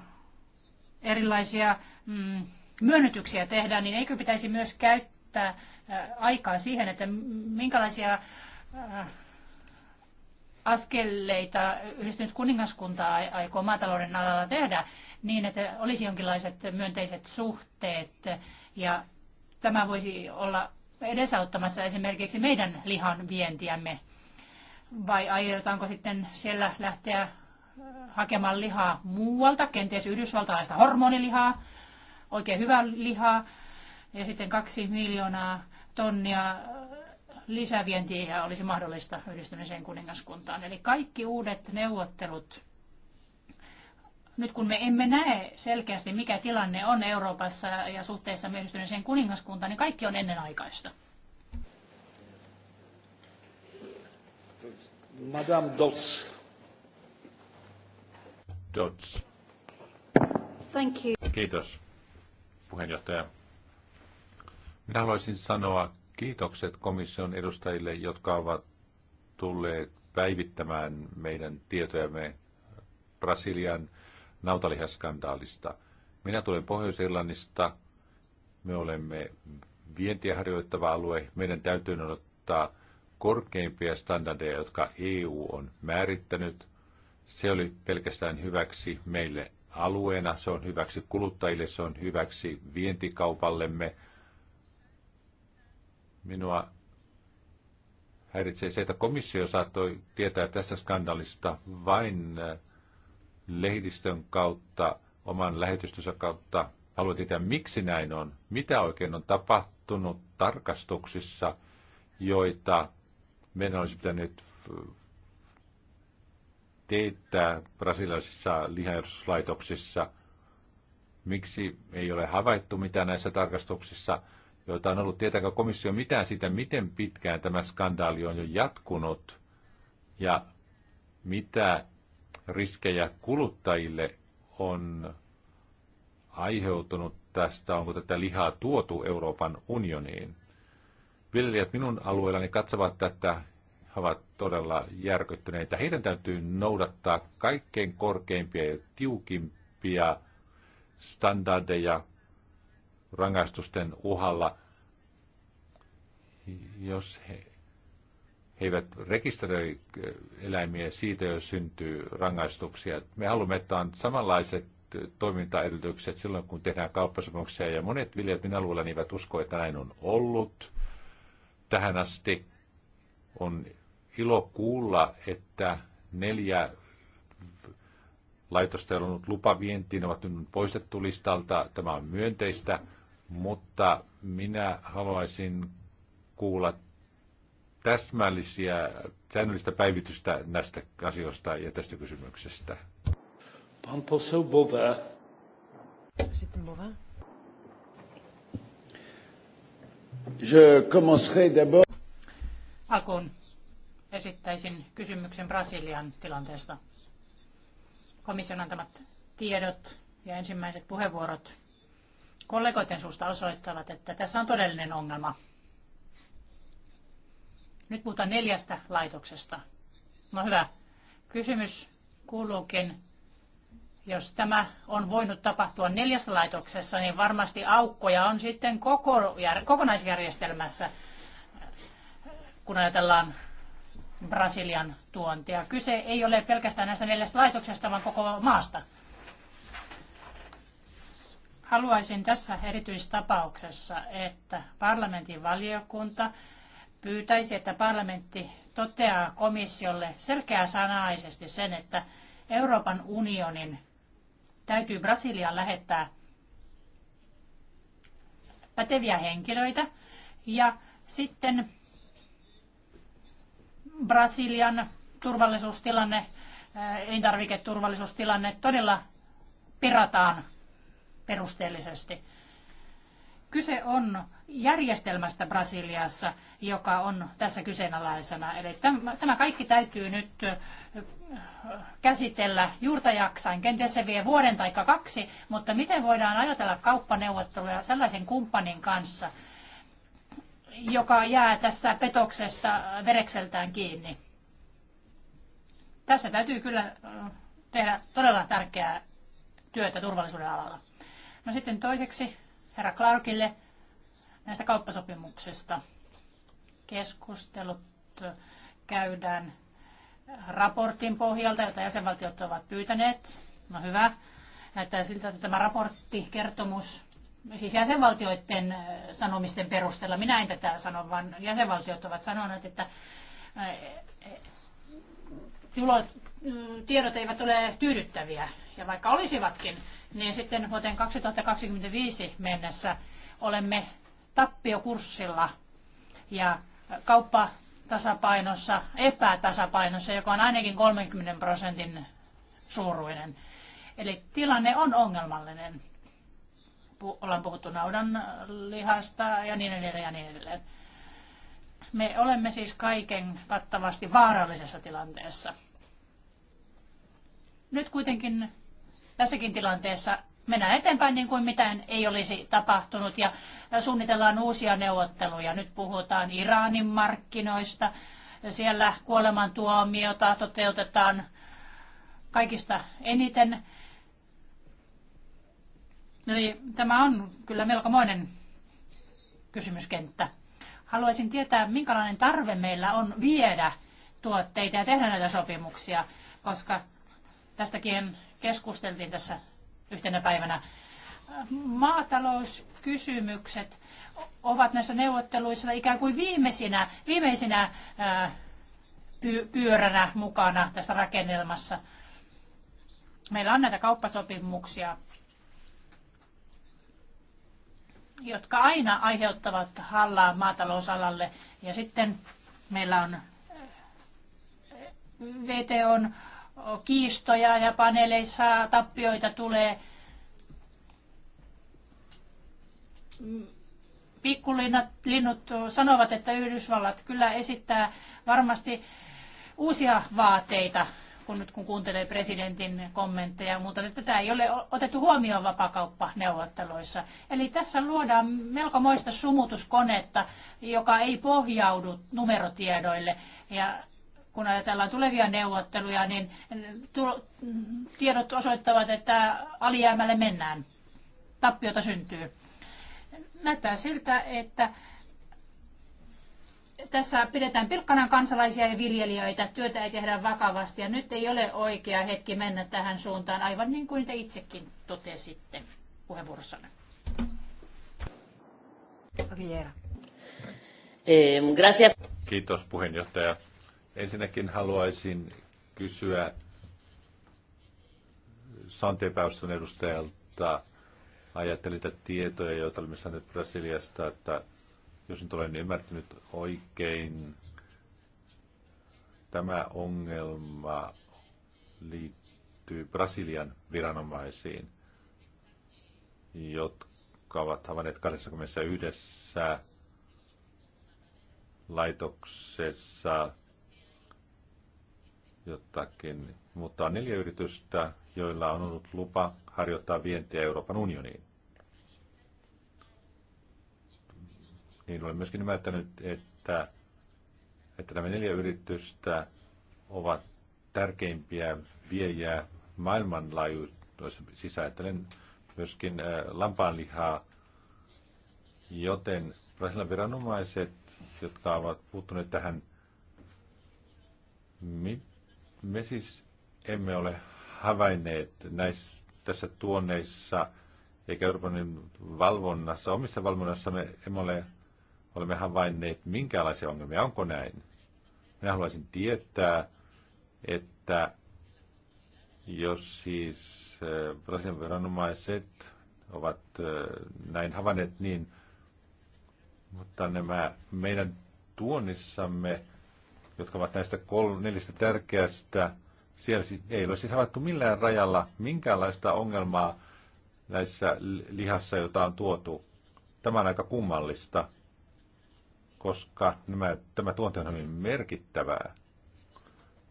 erilaisia mm, myönnytyksiä tehdään, niin eikö pitäisi myös käyttää käyttää äh, aikaa siihen, että minkälaisia äh, askeleita yhdistynyt kuningaskunta aikoo maatalouden alalla tehdä niin, että olisi jonkinlaiset myönteiset suhteet ja tämä voisi olla edesauttamassa esimerkiksi meidän lihan vientiämme? Vai aiotaanko sitten siellä lähteä äh, hakemaan lihaa muualta, kenties yhdysvaltalaista hormonilihaa, oikein hyvää lihaa, ja sitten kaksi miljoonaa tonnia lisävientiä olisi mahdollista yhdistyneeseen kuningaskuntaan. Eli kaikki uudet neuvottelut, nyt kun me emme näe selkeästi, mikä tilanne on Euroopassa ja suhteessa yhdistyneeseen kuningaskuntaan, niin kaikki on ennenaikaista. Madame Dots. Dots. Thank you. Kiitos, puheenjohtaja. Minä haluaisin sanoa kiitokset komission edustajille, jotka ovat tulleet päivittämään meidän tietojamme Brasilian nautalihaskandaalista. Minä tulen Pohjois-Irlannista. Me olemme vientiä harjoittava alue. Meidän täytyy noudattaa korkeimpia standardeja, jotka EU on määrittänyt. Se oli pelkästään hyväksi meille alueena, se on hyväksi kuluttajille, se on hyväksi vientikaupallemme – Minua häiritsee se, että komissio saattoi tietää tästä skandaalista vain äh, lehdistön kautta, oman lähetystönsä kautta. Haluan tietää, miksi näin on, mitä oikein on tapahtunut tarkastuksissa, joita meidän olisi pitänyt äh, teettää brasilialaisissa lihajärjestyslaitoksissa. Miksi ei ole havaittu mitään näissä tarkastuksissa – joita on ollut. Tietääkö komissio mitään siitä, miten pitkään tämä skandaali on jo jatkunut ja mitä riskejä kuluttajille on aiheutunut tästä, onko tätä lihaa tuotu Euroopan unioniin. Viljelijät minun alueellani katsovat tätä, he ovat todella järkyttyneitä. Heidän täytyy noudattaa kaikkein korkeimpia ja tiukimpia standardeja rangaistusten uhalla, jos he, he eivät rekisteröi eläimiä siitä, jos syntyy rangaistuksia. Me haluamme, että on samanlaiset toimintaedellytykset silloin, kun tehdään kauppasopimuksia, ja monet viljelijät minä alueella eivät usko, että näin on ollut tähän asti. On ilo kuulla, että neljä laitosta on ollut lupavientiin, ovat nyt poistettu listalta. Tämä on myönteistä mutta minä haluaisin kuulla täsmällisiä, säännöllistä päivitystä näistä asioista ja tästä kysymyksestä. Pan poseł Sitten Je commencerai d'abord. Alkuun esittäisin kysymyksen Brasilian tilanteesta. Komission antamat tiedot ja ensimmäiset puheenvuorot kollegoiden suusta osoittavat, että tässä on todellinen ongelma. Nyt puhutaan neljästä laitoksesta. No hyvä. Kysymys kuuluukin, jos tämä on voinut tapahtua neljässä laitoksessa, niin varmasti aukkoja on sitten koko, kokonaisjärjestelmässä, kun ajatellaan Brasilian tuontia. Kyse ei ole pelkästään näistä neljästä laitoksesta, vaan koko maasta. Haluaisin tässä erityistapauksessa, että parlamentin valiokunta pyytäisi, että parlamentti toteaa komissiolle selkeäsanaisesti sen, että Euroopan unionin täytyy Brasiliaan lähettää päteviä henkilöitä ja sitten Brasilian turvallisuustilanne, elintarviketurvallisuustilanne todella pirataan perusteellisesti. Kyse on järjestelmästä Brasiliassa, joka on tässä kyseenalaisena. Eli tämä kaikki täytyy nyt käsitellä jaksain. Kenties se vie vuoden tai kaksi, mutta miten voidaan ajatella kauppaneuvotteluja sellaisen kumppanin kanssa, joka jää tässä petoksesta verekseltään kiinni? Tässä täytyy kyllä tehdä todella tärkeää työtä turvallisuuden alalla. No sitten toiseksi herra Clarkille näistä kauppasopimuksista. Keskustelut käydään raportin pohjalta, jota jäsenvaltiot ovat pyytäneet. No hyvä. Näyttää siltä, että tämä raportti, kertomus, siis jäsenvaltioiden äh, sanomisten perusteella, minä en tätä sano, vaan jäsenvaltiot ovat sanoneet, että äh, äh, tiedot eivät ole tyydyttäviä. Ja vaikka olisivatkin, niin sitten vuoteen 2025 mennessä olemme tappiokurssilla ja kauppa tasapainossa, epätasapainossa, joka on ainakin 30 prosentin suuruinen. Eli tilanne on ongelmallinen. Ollaan puhuttu naudan lihasta ja niin edelleen ja niin edelleen. Me olemme siis kaiken kattavasti vaarallisessa tilanteessa. Nyt kuitenkin tässäkin tilanteessa mennään eteenpäin niin kuin mitään ei olisi tapahtunut ja suunnitellaan uusia neuvotteluja. Nyt puhutaan Iranin markkinoista, siellä kuolemantuomiota toteutetaan kaikista eniten. Eli tämä on kyllä melkomoinen kysymyskenttä. Haluaisin tietää, minkälainen tarve meillä on viedä tuotteita ja tehdä näitä sopimuksia, koska tästäkin keskusteltiin tässä yhtenä päivänä. Maatalouskysymykset ovat näissä neuvotteluissa ikään kuin viimeisinä, viimeisinä pyöränä mukana tässä rakennelmassa. Meillä on näitä kauppasopimuksia, jotka aina aiheuttavat hallaa maatalousalalle. Ja sitten meillä on VTOn kiistoja ja paneeleissa tappioita tulee. Pikkulinnut sanovat, että Yhdysvallat kyllä esittää varmasti uusia vaateita, kun nyt kun kuuntelee presidentin kommentteja, mutta tätä ei ole otettu huomioon vapakauppaneuvotteluissa. Eli tässä luodaan melkomoista sumutuskonetta, joka ei pohjaudu numerotiedoille. Ja kun ajatellaan tulevia neuvotteluja, niin mm, mm, tiedot osoittavat, että alijäämälle mennään. Tappiota syntyy. Näyttää siltä, että tässä pidetään pilkkanan kansalaisia ja viljelijöitä, työtä ei tehdä vakavasti ja nyt ei ole oikea hetki mennä tähän suuntaan, aivan niin kuin te itsekin totesitte puheenvuorossanne. Eh, Kiitos puheenjohtaja. Ensinnäkin haluaisin kysyä Santepäystön edustajalta. Ajattelin tätä tietoja, joita olemme saaneet Brasiliasta, että jos nyt olen ymmärtänyt oikein, tämä ongelma liittyy Brasilian viranomaisiin, jotka ovat havainneet 21 laitoksessa jotakin, mutta on neljä yritystä, joilla on ollut lupa harjoittaa vientiä Euroopan unioniin. Niin olen myöskin ymmärtänyt, että, että nämä neljä yritystä ovat tärkeimpiä viejää maailmanlaajuisesti sisäätelen myöskin äh, lampaanlihaa, joten Brasilian viranomaiset, jotka ovat puuttuneet tähän, mit, me siis emme ole havainneet näissä, tässä tuonneissa eikä Euroopan valvonnassa, omissa valvonnassa me emme ole, olemme havainneet minkälaisia ongelmia. Onko näin? Minä haluaisin tietää, että jos siis äh, Brasilian viranomaiset ovat äh, näin havainneet, niin mutta nämä meidän tuonnissamme jotka ovat näistä kolme, neljästä tärkeästä. Siellä ei ole siis havaittu millään rajalla minkäänlaista ongelmaa näissä lihassa, jota on tuotu. Tämä on aika kummallista, koska nämä, tämä tuonti on hyvin merkittävää.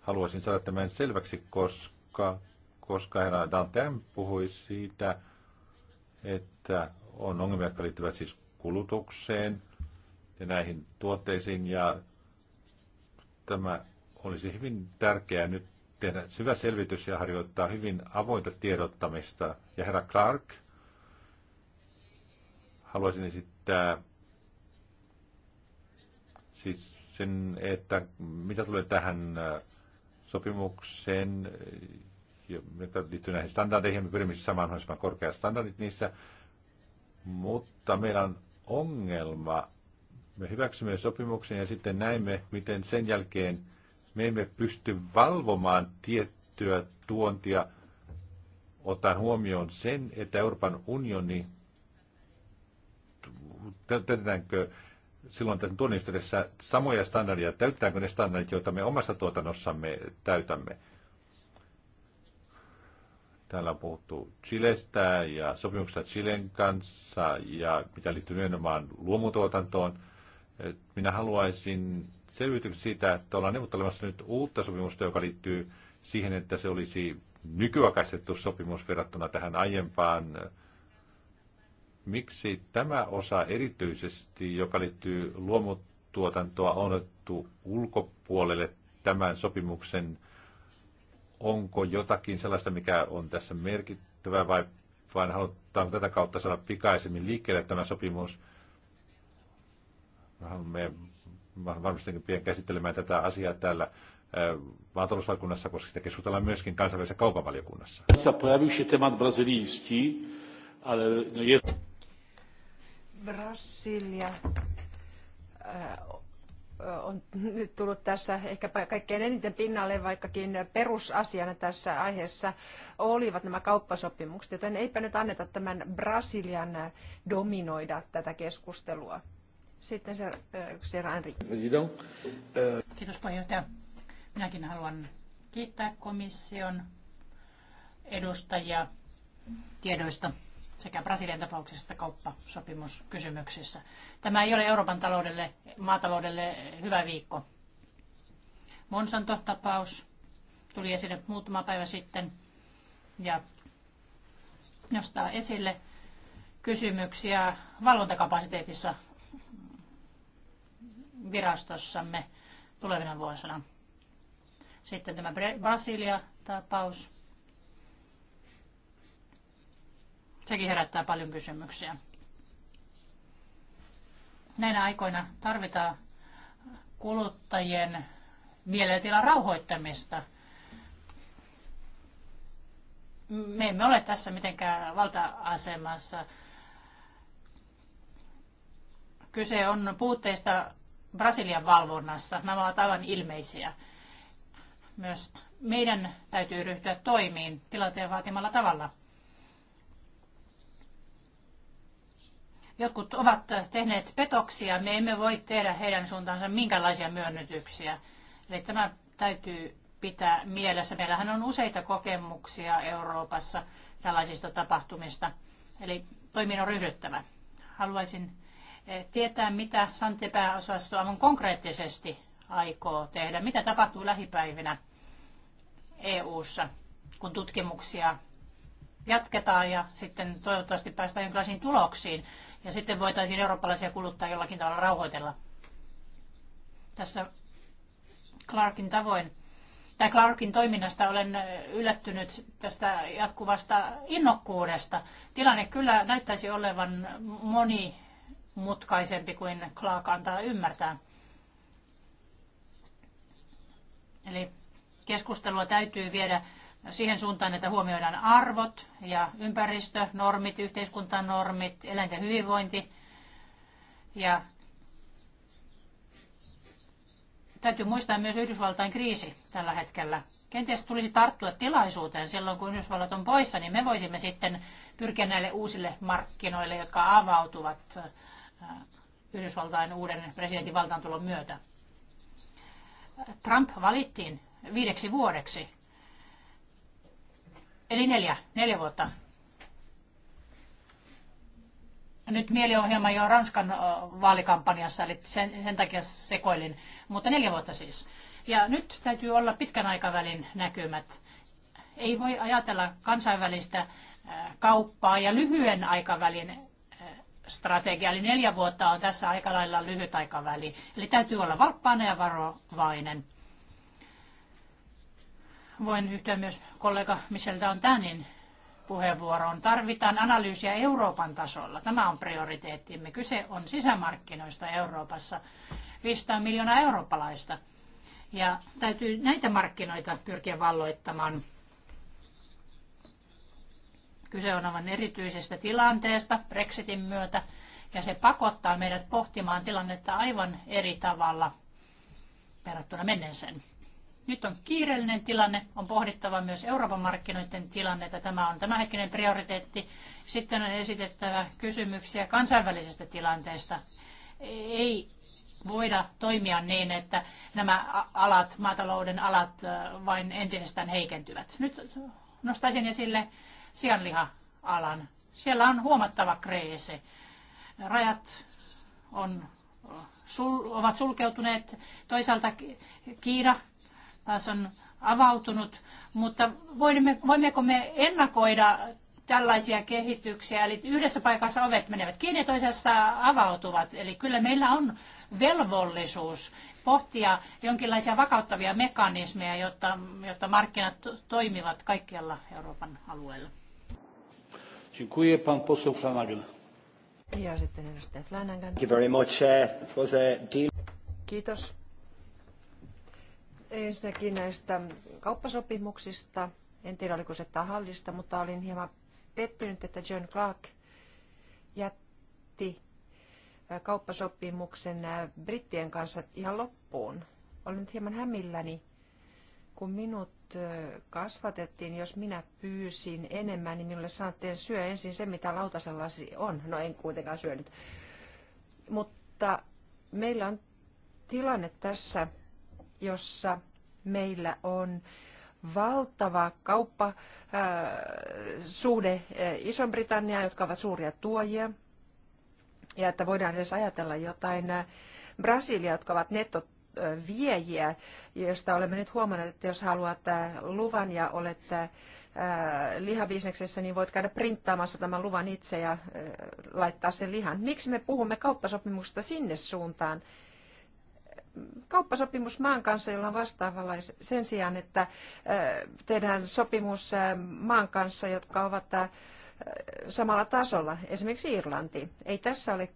Haluaisin saada tämän selväksi, koska, koska herra Dantem puhui siitä, että on ongelmia, jotka liittyvät siis kulutukseen ja näihin tuotteisiin ja tämä olisi hyvin tärkeää nyt tehdä syvä selvitys ja harjoittaa hyvin avointa tiedottamista. Ja herra Clark, haluaisin esittää siis sen, että mitä tulee tähän äh, sopimukseen, äh, joka liittyy näihin standardeihin, me pyrimme samaan siis mahdollisimman korkeat standardit niissä, mutta meillä on ongelma me hyväksymme sopimuksen ja sitten näemme, miten sen jälkeen me emme pysty valvomaan tiettyä tuontia, ottaen huomioon sen, että Euroopan unioni, täytetäänkö silloin tässä tuonnin yhteydessä samoja standardeja, täyttääkö ne standardit, joita me omassa tuotannossamme täytämme. Täällä on puhuttu Chilestä ja sopimuksesta Chilen kanssa ja mitä liittyy nimenomaan luomutuotantoon – minä haluaisin selvityksen siitä, että ollaan neuvottelemassa nyt uutta sopimusta, joka liittyy siihen, että se olisi nykyaikaistettu sopimus verrattuna tähän aiempaan. Miksi tämä osa erityisesti, joka liittyy luomutuotantoa, on otettu ulkopuolelle tämän sopimuksen? Onko jotakin sellaista, mikä on tässä merkittävä vai vain halutaan tätä kautta saada pikaisemmin liikkeelle tämä sopimus? Me varmasti pian käsittelemään tätä asiaa täällä maatalousvaliokunnassa, koska sitä keskustellaan myöskin kansainvälisessä kaupavaliokunnassa. No Brasilia on nyt tullut tässä ehkä kaikkein eniten pinnalle, vaikkakin perusasiana tässä aiheessa olivat nämä kauppasopimukset, joten eipä nyt anneta tämän Brasilian dominoida tätä keskustelua. Sitten se, äh, äh. Kiitos puheenjohtaja. Minäkin haluan kiittää komission edustajia tiedoista sekä Brasilian että kauppasopimuskysymyksissä. Tämä ei ole Euroopan taloudelle, maataloudelle hyvä viikko. Monsanto-tapaus tuli esille muutama päivä sitten ja nostaa esille kysymyksiä valvontakapasiteetissa virastossamme tulevina vuosina. Sitten tämä Brasilia-tapaus. Sekin herättää paljon kysymyksiä. Näinä aikoina tarvitaan kuluttajien mielentilan rauhoittamista. Me emme ole tässä mitenkään valta-asemassa. Kyse on puutteista Brasilian valvonnassa. Nämä ovat aivan ilmeisiä. Myös meidän täytyy ryhtyä toimiin tilanteen vaatimalla tavalla. Jotkut ovat tehneet petoksia, me emme voi tehdä heidän suuntaansa minkälaisia myönnytyksiä. Eli tämä täytyy pitää mielessä. Meillähän on useita kokemuksia Euroopassa tällaisista tapahtumista, eli toimiin on ryhdyttävä. Haluaisin tietää, mitä Santipääosasto aivan konkreettisesti aikoo tehdä. Mitä tapahtuu lähipäivinä EU-ssa, kun tutkimuksia jatketaan ja sitten toivottavasti päästään jonkinlaisiin tuloksiin ja sitten voitaisiin eurooppalaisia kuluttaa jollakin tavalla rauhoitella. Tässä Clarkin tavoin tai Clarkin toiminnasta olen yllättynyt tästä jatkuvasta innokkuudesta. Tilanne kyllä näyttäisi olevan moni mutkaisempi kuin Clark antaa ymmärtää. Eli keskustelua täytyy viedä siihen suuntaan, että huomioidaan arvot ja ympäristö, normit, yhteiskuntanormit, eläinten hyvinvointi. Ja täytyy muistaa myös Yhdysvaltain kriisi tällä hetkellä. Kenties tulisi tarttua tilaisuuteen silloin, kun Yhdysvallat on poissa, niin me voisimme sitten pyrkiä näille uusille markkinoille, jotka avautuvat Äh, Yhdysvaltain uuden presidentin valtaantulon myötä. Trump valittiin viideksi vuodeksi, eli neljä, neljä vuotta. Nyt mieliohjelma jo Ranskan vaalikampanjassa, eli sen, sen takia sekoilin, mutta neljä vuotta siis. Ja nyt täytyy olla pitkän aikavälin näkymät. Ei voi ajatella kansainvälistä kauppaa ja lyhyen aikavälin strategia, eli neljä vuotta on tässä aika lailla lyhyt aikaväli. Eli täytyy olla valppaana ja varovainen. Voin yhtyä myös kollega Michel Dantanin puheenvuoroon. Tarvitaan analyysiä Euroopan tasolla. Tämä on prioriteettimme. Kyse on sisämarkkinoista Euroopassa. 500 miljoonaa eurooppalaista. Ja täytyy näitä markkinoita pyrkiä valloittamaan Kyse on aivan erityisestä tilanteesta Brexitin myötä ja se pakottaa meidät pohtimaan tilannetta aivan eri tavalla verrattuna menneeseen. Nyt on kiireellinen tilanne, on pohdittava myös Euroopan markkinoiden tilannetta. Tämä on tämänhetkinen prioriteetti. Sitten on esitettävä kysymyksiä kansainvälisestä tilanteesta. Ei voida toimia niin, että nämä alat, maatalouden alat äh, vain entisestään heikentyvät. Nyt nostaisin esille sianliha-alan. Siellä on huomattava kreese. Rajat on, sul, ovat sulkeutuneet. Toisaalta Kiina taas on avautunut, mutta voimme, voimmeko me ennakoida tällaisia kehityksiä, eli yhdessä paikassa ovet menevät kiinni ja toisessa avautuvat. Eli kyllä meillä on velvollisuus pohtia jonkinlaisia vakauttavia mekanismeja, jotta, jotta markkinat toimivat kaikkialla Euroopan alueella. Dziękuję, pan poseł Flanagan. Ja sitten edustaja Flanagan. Thank you very much. It was a deal. Kiitos. Ensinnäkin näistä kauppasopimuksista. En tiedä, oliko se tahallista, mutta olin hieman pettynyt, että John Clark jätti kauppasopimuksen brittien kanssa ihan loppuun. Olen nyt hieman hämilläni, kun minut kasvatettiin, jos minä pyysin enemmän, niin minulle sanottiin, syö ensin se, mitä lautasellasi on. No en kuitenkaan syönyt. Mutta meillä on tilanne tässä, jossa meillä on valtava kauppasuhde Iso-Britanniaan, jotka ovat suuria tuojia. Ja että voidaan edes ajatella jotain Brasilia, jotka ovat nettot viejiä, josta olemme nyt huomanneet, että jos haluat äh, luvan ja olet äh, lihabisneksessä, niin voit käydä printtaamassa tämän luvan itse ja äh, laittaa sen lihan. Miksi me puhumme kauppasopimuksesta sinne suuntaan? kauppasopimus maan kanssa, jolla on sen sijaan, että tehdään sopimus maan kanssa, jotka ovat samalla tasolla, esimerkiksi Irlanti. Ei tässä ole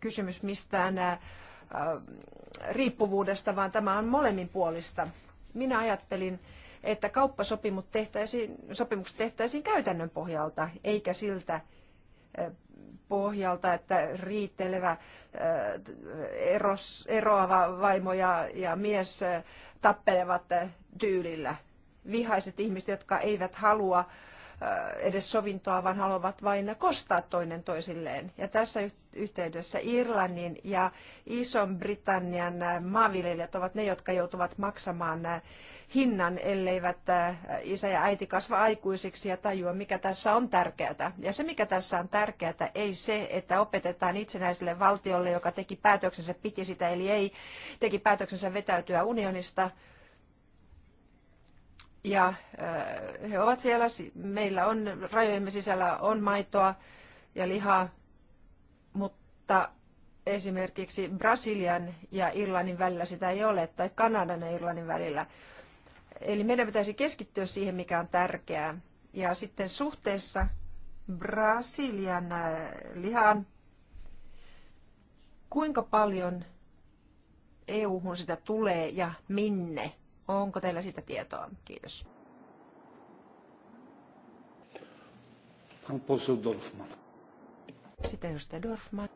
kysymys mistään Äh, riippuvuudesta, vaan tämä on molemmin puolista. Minä ajattelin, että kauppasopimukset tehtäisiin, tehtäisiin käytännön pohjalta, eikä siltä äh, pohjalta, että riittelevä äh, eros, eroava vaimo ja, ja mies tappelevat tyylillä. Vihaiset ihmiset, jotka eivät halua äh, Äh, edes sovintoa, vaan haluavat vain kostaa toinen toisilleen. Ja tässä yhteydessä Irlannin ja Ison-Britannian äh, maanviljelijät ovat ne, jotka joutuvat maksamaan äh, hinnan, elleivät isä ja äiti kasva aikuisiksi ja tajua, mikä tässä on tärkeää. Ja se, mikä tässä on tärkeää, ei se, että opetetaan itsenäiselle valtiolle, joka teki päätöksensä, piti sitä, eli ei teki päätöksensä vetäytyä unionista, ja äh, he ovat siellä, meillä on rajojemme sisällä on maitoa ja lihaa, mutta esimerkiksi Brasilian ja Irlannin välillä sitä ei ole, tai Kanadan ja Irlannin välillä. Eli meidän pitäisi keskittyä siihen, mikä on tärkeää. Ja sitten suhteessa Brasilian äh, lihaan, kuinka paljon EU-hun sitä tulee ja minne? Onko teillä sitä tietoa? Kiitos. Sitten edustaja Dorfman.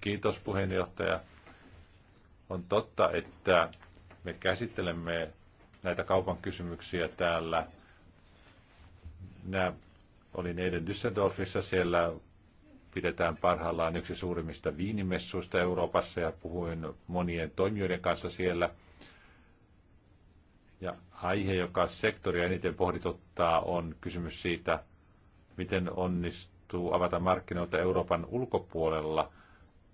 Kiitos puheenjohtaja. On totta, että me käsittelemme näitä kaupan kysymyksiä täällä. Nämä olin eilen Düsseldorfissa siellä pidetään parhaillaan yksi suurimmista viinimessuista Euroopassa ja puhuin monien toimijoiden kanssa siellä. Ja aihe, joka sektoria eniten pohdituttaa, on kysymys siitä, miten onnistuu avata markkinoita Euroopan ulkopuolella,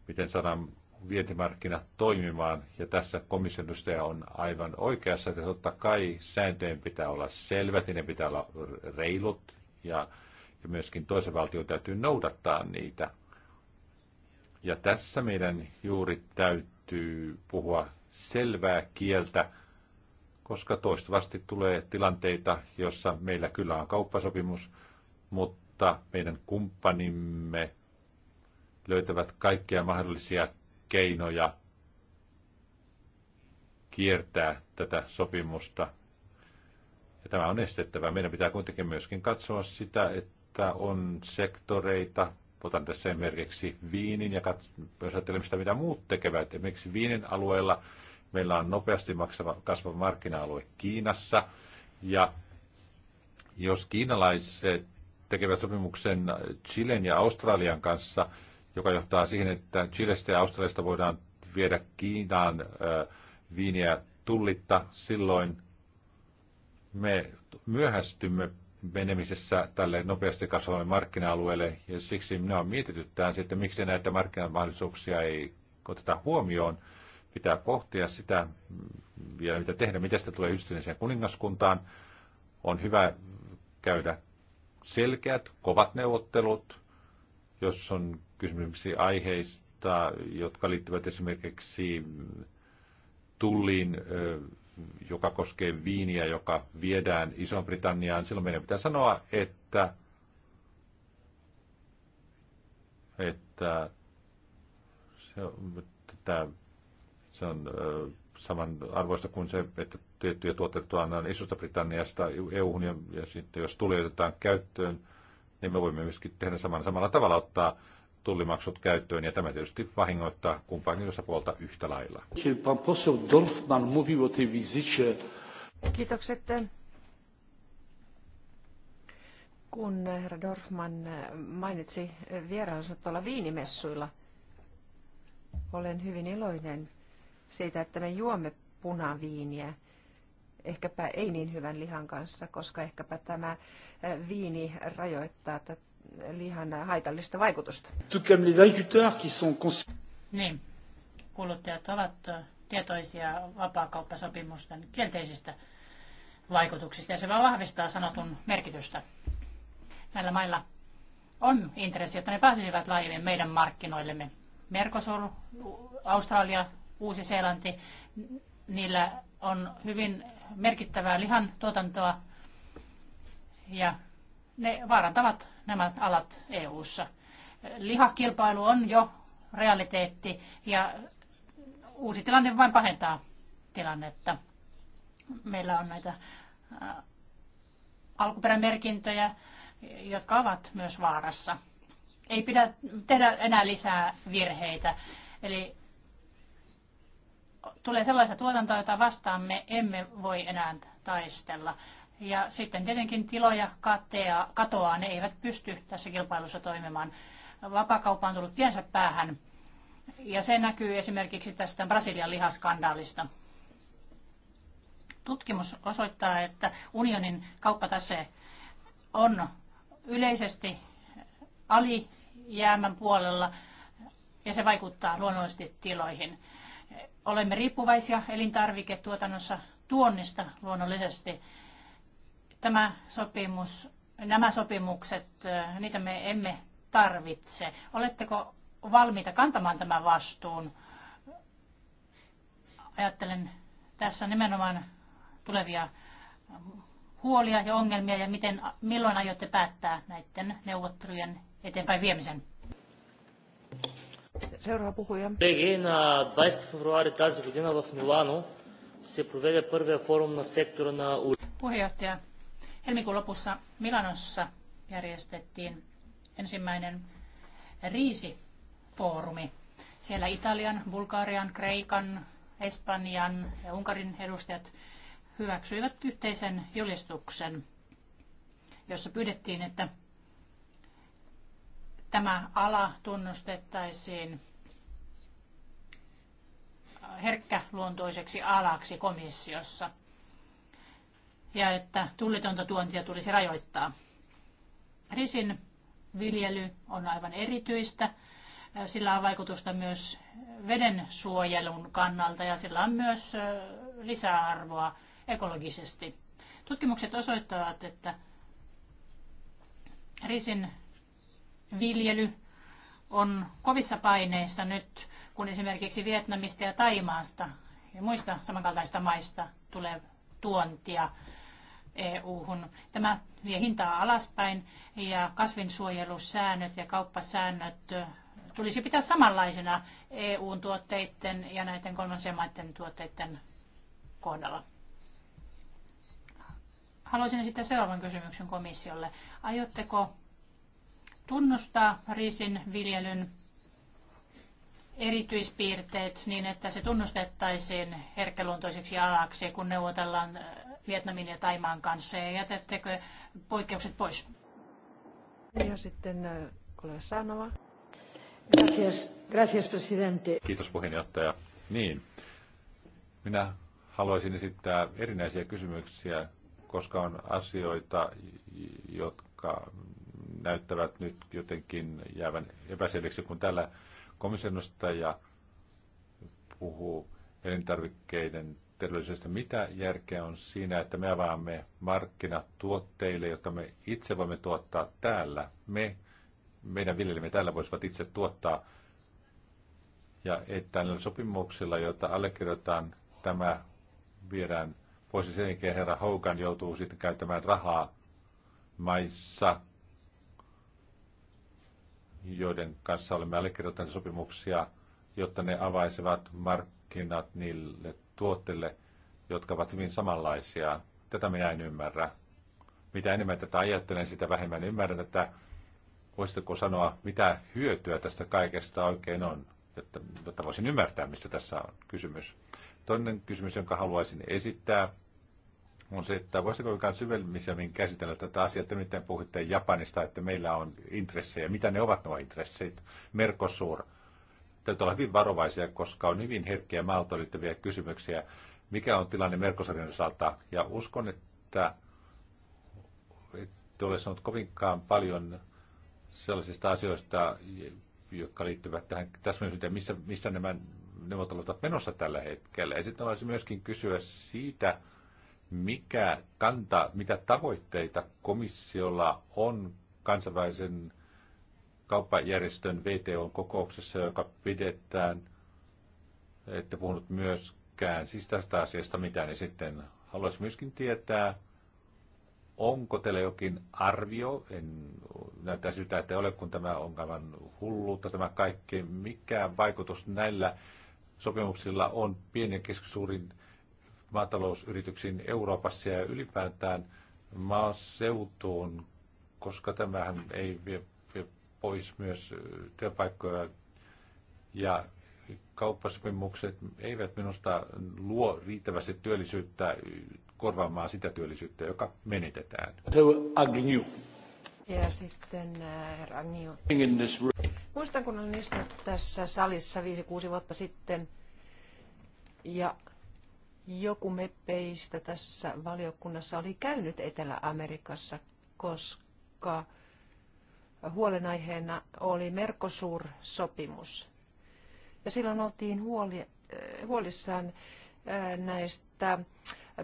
miten saadaan vientimarkkinat toimimaan. Ja tässä komission on aivan oikeassa, että totta kai sääntöjen pitää olla selvät, ja ne pitää olla reilut ja ja myöskin toisen valtion täytyy noudattaa niitä. Ja tässä meidän juuri täytyy puhua selvää kieltä, koska toistuvasti tulee tilanteita, jossa meillä kyllä on kauppasopimus, mutta meidän kumppanimme löytävät kaikkia mahdollisia keinoja kiertää tätä sopimusta. Ja tämä on estettävä. Meidän pitää kuitenkin myöskin katsoa sitä, että että on sektoreita, otan tässä esimerkiksi viinin ja jos ajattelemme sitä, mitä muut tekevät. Esimerkiksi viinin alueella meillä on nopeasti maksava, kasvava markkina-alue Kiinassa. Ja jos kiinalaiset tekevät sopimuksen Chilen ja Australian kanssa, joka johtaa siihen, että Chilestä ja Australiasta voidaan viedä Kiinaan viiniä tullitta, silloin me myöhästymme menemisessä tälle nopeasti kasvavalle markkina-alueelle, ja siksi minä olen mietityttään sitten, miksi näitä markkinamahdollisuuksia ei oteta huomioon. Pitää pohtia sitä mm, vielä, mitä tehdä, miten sitä tulee ystävälliseen kuningaskuntaan. On hyvä käydä selkeät, kovat neuvottelut, jos on kysymyksiä aiheista, jotka liittyvät esimerkiksi tulliin joka koskee viiniä, joka viedään Iso-Britanniaan, silloin meidän pitää sanoa, että, että se, että se on arvoista kuin se, että tiettyjä tuotteita tuodaan Isosta Britanniasta eu ja, ja sitten jos tulee otetaan käyttöön, niin me voimme myöskin tehdä saman, samalla tavalla ottaa tullimaksut käyttöön, ja tämä tietysti vahingoittaa kumpaankin osapuolta yhtä lailla. Kiitokset. Kun herra Dorfman mainitsi vieraansa tuolla viinimessuilla, olen hyvin iloinen siitä, että me juomme punaviiniä ehkäpä ei niin hyvän lihan kanssa, koska ehkäpä tämä viini rajoittaa tätä lihan haitallista vaikutusta. niin. Kuluttajat ovat tietoisia vapaakauppasopimusten kielteisistä vaikutuksista ja se vaan vahvistaa sanotun merkitystä. Näillä mailla on intressi, että ne pääsisivät laajemmin meidän markkinoillemme. Mercosur, Australia, Uusi-Seelanti, niillä on hyvin merkittävää lihan tuotantoa ja ne vaarantavat nämä alat EU:ssa. Lihakilpailu on jo realiteetti ja uusi tilanne vain pahentaa tilannetta. Meillä on näitä äh, alkuperämerkintöjä, jotka ovat myös vaarassa. Ei pidä tehdä enää lisää virheitä. Eli tulee sellaista tuotantoa, jota vastaan me emme voi enää taistella. Ja sitten tietenkin tiloja katea, katoaa, ne eivät pysty tässä kilpailussa toimimaan. Vapakauppa on tullut tiensä päähän ja se näkyy esimerkiksi tästä Brasilian lihaskandaalista. Tutkimus osoittaa, että unionin kauppatase on yleisesti alijäämän puolella ja se vaikuttaa luonnollisesti tiloihin. Olemme riippuvaisia elintarviketuotannossa tuonnista luonnollisesti Tämä sopimus, nämä sopimukset, eh, niitä me emme tarvitse. Oletteko valmiita kantamaan tämän vastuun? Ajattelen tässä nimenomaan tulevia huolia ja ongelmia ja miten, milloin aiotte päättää näiden neuvottelujen eteenpäin viemisen? Seuraava puhuja. На 20 februari tässä vuonna Milano se се проведе първия форум на сектора на Puheenjohtaja, Helmikuun lopussa Milanossa järjestettiin ensimmäinen riisifoorumi. Siellä Italian, Bulgarian, Kreikan, Espanjan ja Unkarin edustajat hyväksyivät yhteisen julistuksen, jossa pyydettiin, että tämä ala tunnustettaisiin herkkäluontoiseksi alaksi komissiossa – ja että tullitonta tuontia tulisi rajoittaa. Risin viljely on aivan erityistä. Sillä on vaikutusta myös veden suojelun kannalta ja sillä on myös lisäarvoa ekologisesti. Tutkimukset osoittavat, että risin viljely on kovissa paineissa nyt, kun esimerkiksi Vietnamista ja Taimaasta ja muista samankaltaista maista tulee tuontia EU-hun. Tämä vie hintaa alaspäin ja kasvinsuojelusäännöt ja kauppasäännöt tulisi pitää samanlaisena EUn tuotteiden ja näiden kolmansien maiden tuotteiden kohdalla. Haluaisin esittää seuraavan kysymyksen komissiolle. Aiotteko tunnustaa riisin viljelyn erityispiirteet niin, että se tunnustettaisiin herkkäluontoiseksi alaksi, kun neuvotellaan Vietnamin ja Taimaan kanssa ja jätettekö poikkeukset pois? Ja sitten äh, kollega Sanova. Gracias, gracias presidente. Kiitos puheenjohtaja. Niin, minä haluaisin esittää erinäisiä kysymyksiä, koska on asioita, jotka näyttävät nyt jotenkin jäävän epäselviksi, kun tällä ja puhuu elintarvikkeiden terveellisyydestä, mitä järkeä on siinä, että me avaamme markkinat tuotteille, jotka me itse voimme tuottaa täällä. Me, meidän viljelijämme täällä voisivat itse tuottaa. Ja että näillä sopimuksilla, joita allekirjoitetaan, tämä viedään pois. Sen jälkeen herra Hogan joutuu sitten käyttämään rahaa maissa, joiden kanssa olemme allekirjoittaneet sopimuksia, jotta ne avaisevat markkinat niille tuotteille, jotka ovat hyvin samanlaisia. Tätä minä en ymmärrä. Mitä enemmän tätä ajattelen, sitä vähemmän ymmärrän tätä. voisitko sanoa, mitä hyötyä tästä kaikesta oikein on, jotta, jotta voisin ymmärtää, mistä tässä on kysymys. Toinen kysymys, jonka haluaisin esittää, on se, että voisitko jokaan syvemmin käsitellä tätä asiaa, että miten puhutte Japanista, että meillä on intressejä. Mitä ne ovat nuo intressit? Mercosur, täytyy olla hyvin varovaisia, koska on hyvin herkkiä maalta liittyviä kysymyksiä. Mikä on tilanne Merkosarjan osalta? Ja uskon, että ette ole sanonut kovinkaan paljon sellaisista asioista, jotka liittyvät tähän täsmällisyyteen, missä, missä nämä neuvottelut ovat menossa tällä hetkellä. Ja sitten olisi myöskin kysyä siitä, mikä kanta, mitä tavoitteita komissiolla on kansainvälisen kauppajärjestön VTOn kokouksessa, joka pidetään. Ette puhunut myöskään siis tästä asiasta mitään, niin sitten haluaisin myöskin tietää, onko teillä jokin arvio, en näyttää siltä, että ei ole, kun tämä on aivan hulluutta tämä kaikki, mikä vaikutus näillä sopimuksilla on pienen keskisuurin maatalousyrityksiin Euroopassa ja ylipäätään maaseutuun, koska tämähän ei vie pois myös työpaikkoja ja kauppasopimukset eivät minusta luo riittävästi työllisyyttä korvaamaan sitä työllisyyttä, joka menetetään. Ja sitten äh, herra Agnew. Muistan, kun olen istunut tässä salissa 5-6 vuotta sitten ja joku meppeistä tässä valiokunnassa oli käynyt Etelä-Amerikassa, koska huolenaiheena oli Mercosur-sopimus. Ja silloin oltiin huoli, eh, huolissaan eh, näistä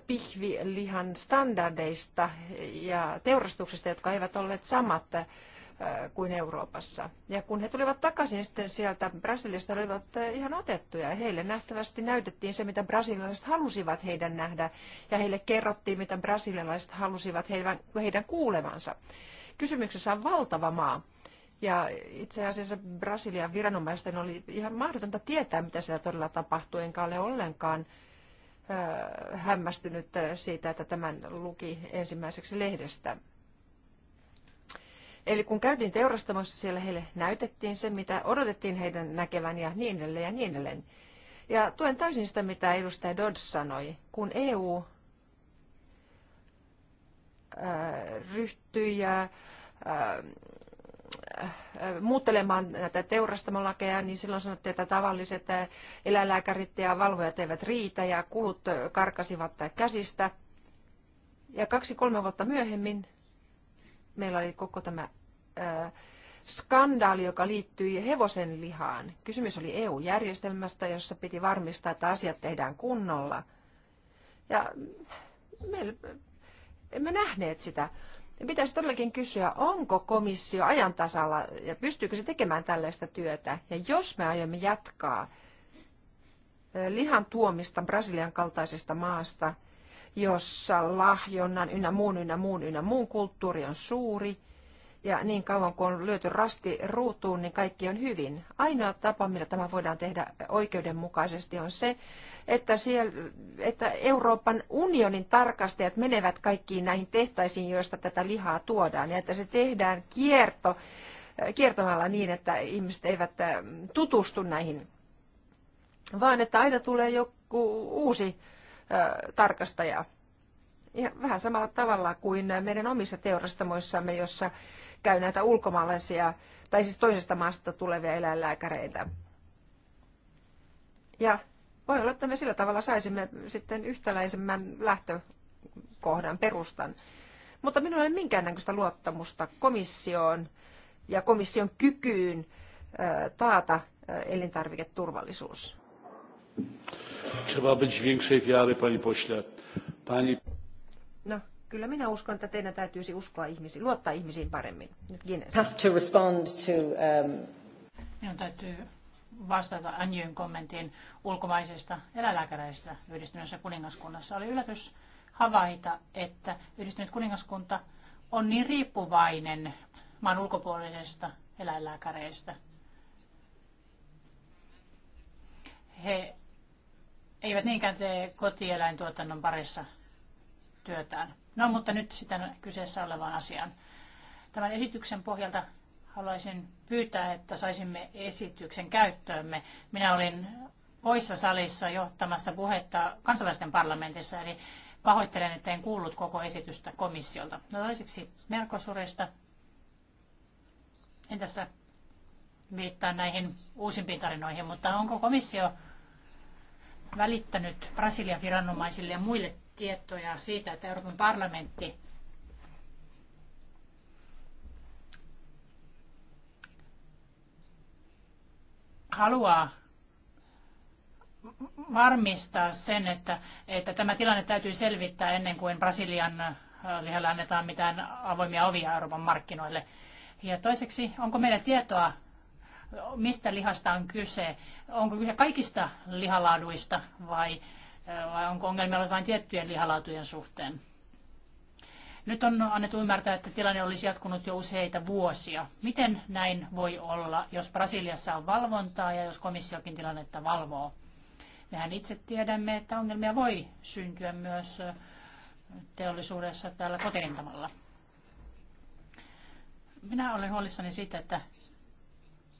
pihvilihan standardeista ja teurastuksista, jotka eivät olleet samat eh, kuin Euroopassa. Ja kun he tulivat takaisin niin sitten sieltä, Brasiliasta olivat ihan otettuja. Heille nähtävästi näytettiin se, mitä brasilialaiset halusivat heidän nähdä, ja heille kerrottiin, mitä brasilialaiset halusivat heidän, heidän kuulevansa. Kysymyksessä on valtava maa. Ja itse asiassa Brasilian viranomaisten oli ihan mahdotonta tietää, mitä siellä todella tapahtui enkä ole ollenkaan hämmästynyt siitä, että tämän luki ensimmäiseksi lehdestä. Eli kun käytiin teurastamossa, siellä heille näytettiin se, mitä odotettiin heidän näkevän ja niin edelleen ja niin edelleen. Ja tuen täysin sitä, mitä edustaja Dodds sanoi. Kun EU Äh, ryhtyi äh, äh, muuttelemaan näitä teurastamolakeja, niin silloin sanottiin, että tavalliset eläinlääkärit ja valvojat eivät riitä ja kulut karkasivat käsistä. Ja kaksi-kolme vuotta myöhemmin meillä oli koko tämä skandaali, joka liittyi hevosen lihaan. Kysymys oli EU-järjestelmästä, jossa piti varmistaa, että asiat tehdään kunnolla. Ja meillä emme nähneet sitä. Pitäisi todellakin kysyä, onko komissio ajan tasalla ja pystyykö se tekemään tällaista työtä. Ja jos me aiomme jatkaa eh, lihan tuomista Brasilian kaltaisesta maasta, jossa lahjonnan ynnä muun ynnä muun ynnä muun kulttuuri on suuri – ja niin kauan kun on lyöty rasti ruutuun, niin kaikki on hyvin. Ainoa tapa, millä tämä voidaan tehdä oikeudenmukaisesti, on se, että, siellä, että Euroopan unionin tarkastajat menevät kaikkiin näihin tehtaisiin, joista tätä lihaa tuodaan, ja että se tehdään kierto, kiertomalla niin, että ihmiset eivät tutustu näihin, vaan että aina tulee joku uusi tarkastaja ja vähän samalla tavalla kuin meidän omissa teurastamoissamme, jossa käy näitä ulkomaalaisia, tai siis toisesta maasta tulevia eläinlääkäreitä. Ja voi olla, että me sillä tavalla saisimme sitten yhtäläisemmän lähtökohdan perustan. Mutta minulla ei ole minkäännäköistä luottamusta komissioon ja komission kykyyn taata elintarviketurvallisuus. Trzeba być większej wiary, pani pośle. Pani... No, kyllä minä uskon, että teidän täytyisi uskoa ihmisiin, luottaa ihmisiin paremmin. Nyt Guinness. Have to respond to, um... Minun täytyy vastata Anjyn kommenttiin ulkomaisista eläinlääkäreistä yhdistyneessä kuningaskunnassa. Oli yllätys havaita, että yhdistynyt kuningaskunta on niin riippuvainen maan ulkopuolisesta eläinlääkäreistä. He eivät niinkään tee kotieläintuotannon parissa työtään. No mutta nyt sitä kyseessä olevaan asiaan. Tämän esityksen pohjalta haluaisin pyytää, että saisimme esityksen käyttöömme. Minä olin poissa salissa johtamassa puhetta kansalaisten parlamentissa, eli pahoittelen, että en kuullut koko esitystä komissiolta. No toiseksi Merkosurista. En tässä viittaa näihin uusimpiin tarinoihin, mutta onko komissio välittänyt Brasilian viranomaisille ja muille tietoja siitä, että Euroopan parlamentti haluaa varmistaa sen, että, että tämä tilanne täytyy selvittää ennen kuin Brasilian äh, lihalle annetaan mitään avoimia ovia Euroopan markkinoille. Ja toiseksi, onko meillä tietoa, mistä lihasta on kyse? Onko kyse kaikista lihalaaduista vai vai onko ongelmia ollut vain tiettyjen lihalaatujen suhteen? Nyt on annettu ymmärtää, että tilanne olisi jatkunut jo useita vuosia. Miten näin voi olla, jos Brasiliassa on valvontaa ja jos komissiokin tilannetta valvoo? Mehän itse tiedämme, että ongelmia voi syntyä myös teollisuudessa täällä kotirintamalla. Minä olen huolissani siitä, että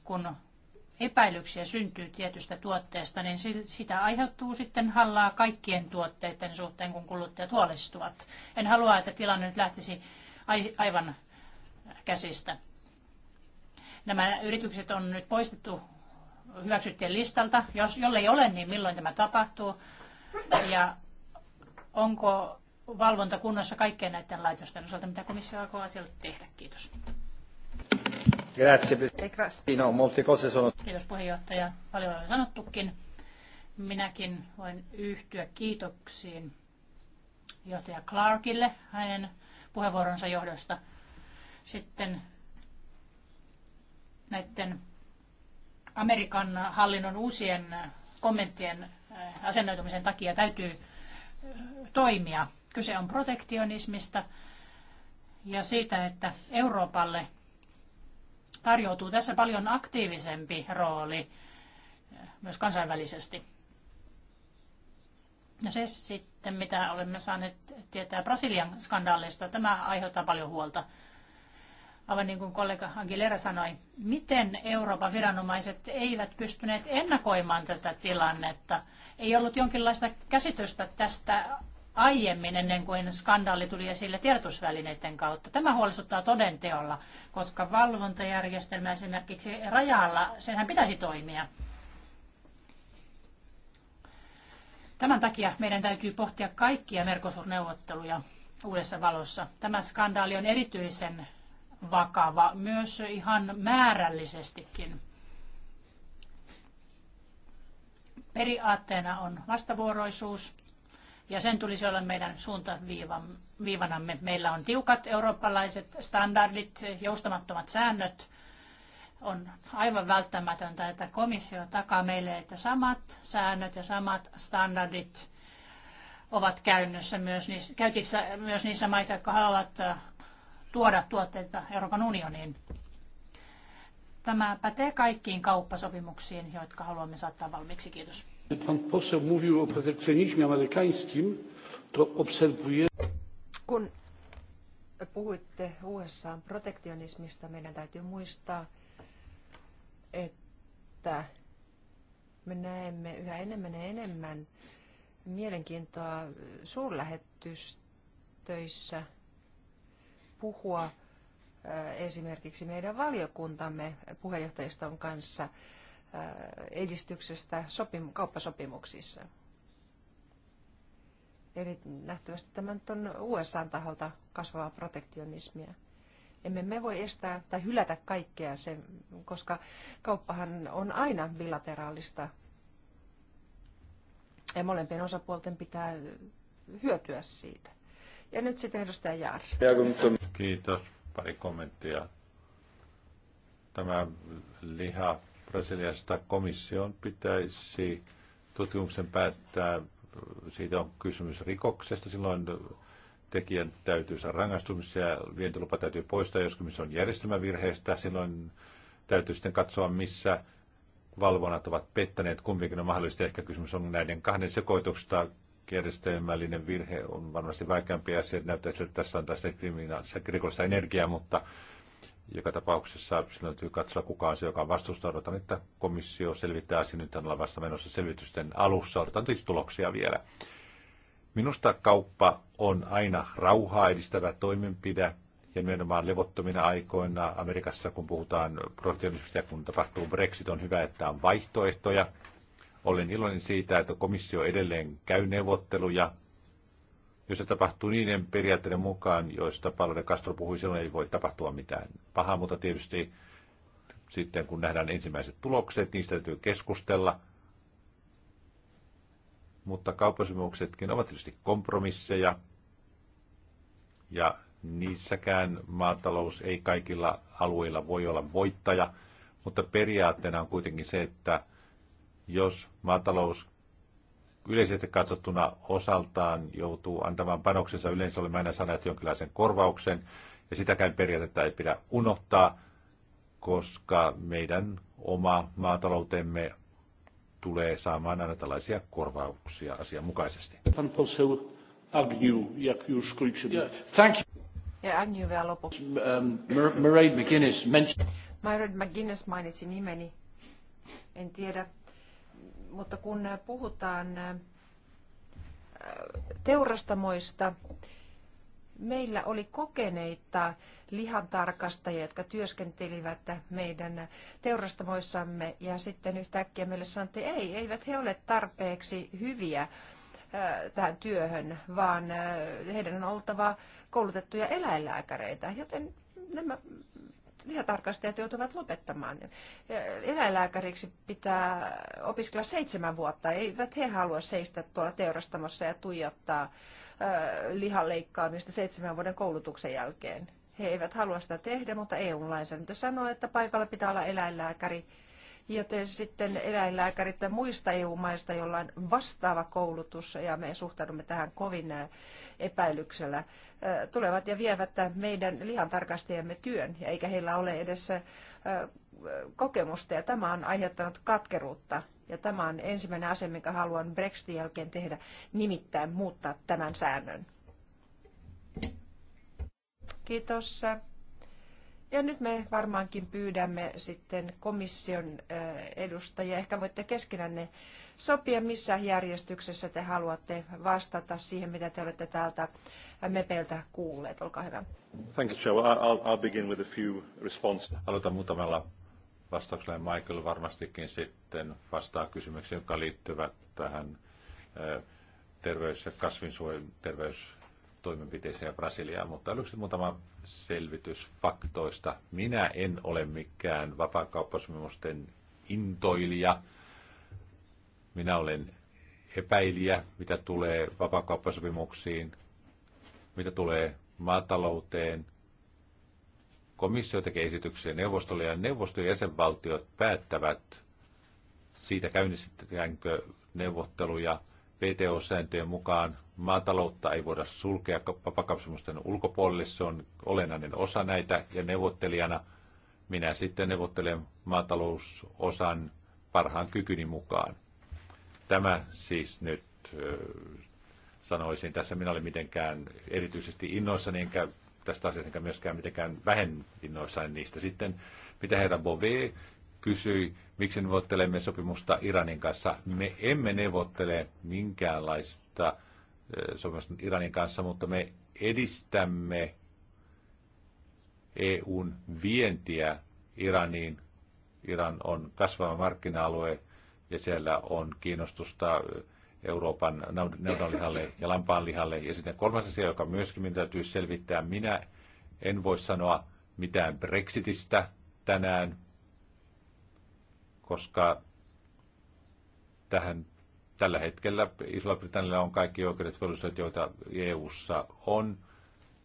kun epäilyksiä syntyy tietystä tuotteesta, niin sitä aiheutuu sitten hallaa kaikkien tuotteiden suhteen, kun kuluttajat huolestuvat. En halua, että tilanne nyt lähtisi aivan käsistä. Nämä yritykset on nyt poistettu hyväksyttyjen listalta. Jos, jollei ole, niin milloin tämä tapahtuu? Ja onko valvonta kunnossa kaikkien näiden laitosten osalta, mitä komissio aikoo asialle tehdä? Kiitos. Grazie, Presidente. No, molte cose sono... Kiitos puheenjohtaja. Paljon on sanottukin. Minäkin voin yhtyä kiitoksiin johtaja Clarkille hänen puheenvuoronsa johdosta. Sitten näiden Amerikan hallinnon uusien kommenttien äh, asennoitumisen takia täytyy äh, toimia. Kyse on protektionismista ja siitä, että Euroopalle tarjoutuu tässä paljon aktiivisempi rooli eh, myös kansainvälisesti. No se sitten, mitä olemme saaneet tietää Brasilian skandaalista, tämä aiheuttaa paljon huolta. Aivan niin kuin kollega Aguilera sanoi, miten Euroopan viranomaiset eivät pystyneet ennakoimaan tätä tilannetta? Ei ollut jonkinlaista käsitystä tästä aiemmin ennen kuin skandaali tuli esille tiedotusvälineiden kautta. Tämä huolestuttaa todenteolla, koska valvontajärjestelmä esimerkiksi rajalla, senhän pitäisi toimia. Tämän takia meidän täytyy pohtia kaikkia Mercosur-neuvotteluja uudessa valossa. Tämä skandaali on erityisen vakava, myös ihan määrällisestikin. Periaatteena on vastavuoroisuus, ja sen tulisi olla meidän suuntaviivanamme. Meillä on tiukat eurooppalaiset standardit, joustamattomat säännöt. On aivan välttämätöntä, että komissio takaa meille, että samat säännöt ja samat standardit ovat käynnissä myös niissä, käytissä myös niissä maissa, jotka haluavat äh, tuoda tuotteita Euroopan unioniin. Tämä pätee kaikkiin kauppasopimuksiin, jotka haluamme saattaa valmiiksi. Kiitos. Pan poseł mówił o protekcjonizmie amerykańskim, to obserwuję... Kun puhuitte USAn protektionismista, meidän täytyy muistaa, että me näemme yhä enemmän ja enemmän mielenkiintoa suurlähetystöissä puhua esimerkiksi meidän valiokuntamme puheenjohtajiston kanssa – Äh, edistyksestä sopim- kauppasopimuksissa. Eli nähtävästi tämä nyt on USAn taholta kasvavaa protektionismia. Emme me voi estää tai hylätä kaikkea sen, koska kauppahan on aina bilateraalista. Ja molempien osapuolten pitää hyötyä siitä. Ja nyt sitten edustaja Jaar. Kiitos. Pari kommenttia. Tämä liha Brasiliasta komission pitäisi tutkimuksen päättää, siitä on kysymys rikoksesta, silloin tekijän täytyy saada rangaistumisia ja vientilupa täytyy poistaa, jos kysymys on järjestelmävirheestä, silloin täytyy sitten katsoa, missä valvonnat ovat pettäneet, kumpikin on mahdollista. Ehkä kysymys on näiden kahden sekoituksesta. Järjestelmällinen virhe on varmasti vaikeampi asia, että näyttää, että tässä on tästä kriminaalista rikollista energiaa, mutta joka tapauksessa silloin täytyy katsoa, kukaan se, joka on vastuussa. Odotan, että komissio selvittää asian. Nyt ollaan vasta menossa selvitysten alussa. Odotan tietysti tuloksia vielä. Minusta kauppa on aina rauhaa edistävä toimenpide ja nimenomaan levottomina aikoina Amerikassa, kun puhutaan protektionismista ja kun tapahtuu Brexit, on hyvä, että on vaihtoehtoja. Olen iloinen siitä, että komissio edelleen käy neuvotteluja jos se tapahtuu niiden periaatteiden mukaan, joista Pablo de Castro puhui, silloin ei voi tapahtua mitään pahaa, mutta tietysti sitten kun nähdään ensimmäiset tulokset, niistä täytyy keskustella. Mutta kauppasopimuksetkin ovat tietysti kompromisseja, ja niissäkään maatalous ei kaikilla alueilla voi olla voittaja, mutta periaatteena on kuitenkin se, että jos maatalous yleisesti katsottuna osaltaan joutuu antamaan panoksensa. Yleensä olemme aina saaneet jonkinlaisen korvauksen, ja sitäkään periaatetta ei pidä unohtaa, koska meidän oma maataloutemme tulee saamaan aina tällaisia korvauksia asianmukaisesti. Pan poseł Agnew, jak już kończymy. Thank you. Ja Agnew vielä lopuksi. Um, Mairead McGuinness mentioned... Mairead McGuinness mainitsi nimeni. En tiedä, mutta kun puhutaan äh, teurastamoista, meillä oli kokeneita lihantarkastajia, jotka työskentelivät meidän teurastamoissamme ja sitten yhtäkkiä meille sanottiin, että ei, eivät he ole tarpeeksi hyviä äh, tähän työhön, vaan äh, heidän on oltava koulutettuja eläinlääkäreitä, joten nämä lihatarkastajat joutuvat lopettamaan. Eläinlääkäriksi pitää opiskella seitsemän vuotta. Eivät he halua seistä tuolla teurastamossa ja tuijottaa lihan leikkaamista seitsemän vuoden koulutuksen jälkeen. He eivät halua sitä tehdä, mutta EU-lainsäädäntö sanoo, että paikalla pitää olla eläinlääkäri joten sitten eläinlääkärit muista EU-maista, joilla on vastaava koulutus, ja me suhtaudumme tähän kovin epäilyksellä, tulevat ja vievät meidän lihantarkastajamme työn, eikä heillä ole edes kokemusta, ja tämä on aiheuttanut katkeruutta. Ja tämä on ensimmäinen asia, minkä haluan Brexitin jälkeen tehdä, nimittäin muuttaa tämän säännön. Kiitos. Ja nyt me varmaankin pyydämme sitten komission edustajia, ehkä voitte keskenänne sopia, missä järjestyksessä te haluatte vastata siihen, mitä te olette täältä MEPeltä kuulleet. Olkaa hyvä. Thank you, Chair. I'll, I'll begin with a few responses. Aloitan muutamalla vastauksella. Michael varmastikin sitten vastaa kysymyksiin, jotka liittyvät tähän terveys- ja kasvinsuojelun terveys toimenpiteisiä Brasiliaan, mutta aluksi muutama selvitys faktoista. Minä en ole mikään vapaakauppasopimusten intoilija. Minä olen epäilijä, mitä tulee vapaakauppasopimuksiin, mitä tulee maatalouteen. Komissio tekee esityksiä neuvostolle ja neuvoston jäsenvaltiot päättävät siitä käynnistetäänkö neuvotteluja – VTO-sääntöjen mukaan maataloutta ei voida sulkea vapakauppasopimusten ulkopuolelle. Se on olennainen osa näitä ja neuvottelijana minä sitten neuvottelen maatalousosan parhaan kykyni mukaan. Tämä siis nyt sanoisin. Tässä minä olin mitenkään erityisesti innoissani, enkä tästä asiasta enkä myöskään mitenkään vähän innoissani niistä. Sitten mitä herra Bove kysyi, Miksi neuvottelemme sopimusta Iranin kanssa? Me emme neuvottele minkäänlaista sopimusta Iranin kanssa, mutta me edistämme EUn vientiä Iraniin. Iran on kasvava markkina-alue ja siellä on kiinnostusta Euroopan neudanlihalle ja lampaanlihalle. Ja sitten kolmas asia, joka myöskin minun täytyy selvittää. Minä en voi sanoa mitään Brexitistä tänään koska tähän tällä hetkellä Iso-Britannialla on kaikki oikeudet velvollisuudet, joita EU:ssa on,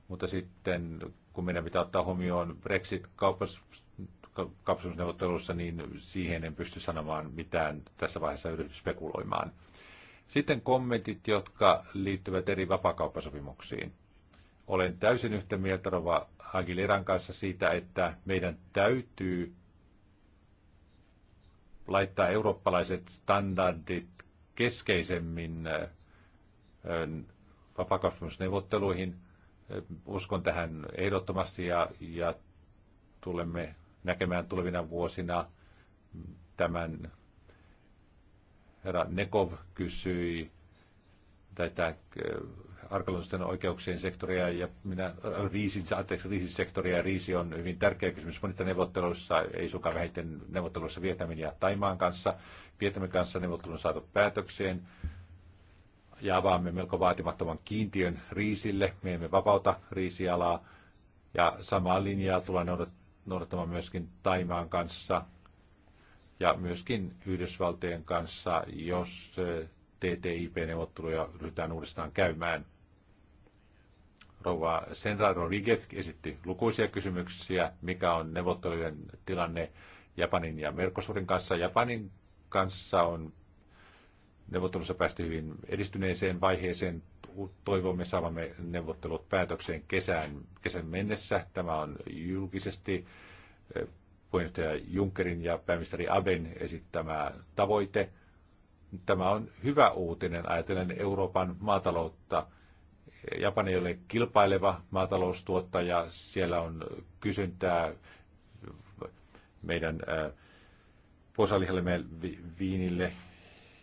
mutta sitten kun meidän pitää ottaa huomioon Brexit-kauppasopimusneuvottelussa, niin siihen en pysty sanomaan mitään tässä vaiheessa yritys spekuloimaan. Sitten kommentit, jotka liittyvät eri vapakauppasopimuksiin. Olen täysin yhtä mieltä Rova Aguileran kanssa siitä, että meidän täytyy laittaa eurooppalaiset standardit keskeisemmin vapakauppasneuvotteluihin. Uskon tähän ehdottomasti ja, ja tulemme näkemään tulevina vuosina tämän. Herra Nekov kysyi tätä arkaluontoisten oikeuksien sektoria ja minä, riisin, anteeksi, sektoria ja riisi on hyvin tärkeä kysymys monissa neuvotteluissa, ei sukaan vähiten neuvotteluissa Vietnamin ja Taimaan kanssa. Vietnamin kanssa neuvottelun on saatu päätökseen ja avaamme melko vaatimattoman kiintiön riisille. Me emme vapauta riisialaa ja samaa linjaa tullaan noudattamaan myöskin Taimaan kanssa ja myöskin Yhdysvaltojen kanssa, jos eh, TTIP-neuvotteluja ryhdytään uudestaan käymään. Rouva Senra Rodriguez esitti lukuisia kysymyksiä, mikä on neuvottelujen tilanne Japanin ja Mercosurin kanssa. Japanin kanssa on neuvottelussa päästy hyvin edistyneeseen vaiheeseen. Toivomme saavamme neuvottelut päätökseen kesän, kesän mennessä. Tämä on julkisesti eh, puheenjohtaja Junckerin ja pääministeri Aben esittämä tavoite. Tämä on hyvä uutinen ajatellen Euroopan maataloutta – Japani ei ole kilpaileva maataloustuottaja, siellä on kysyntää meidän posalihalle, viinille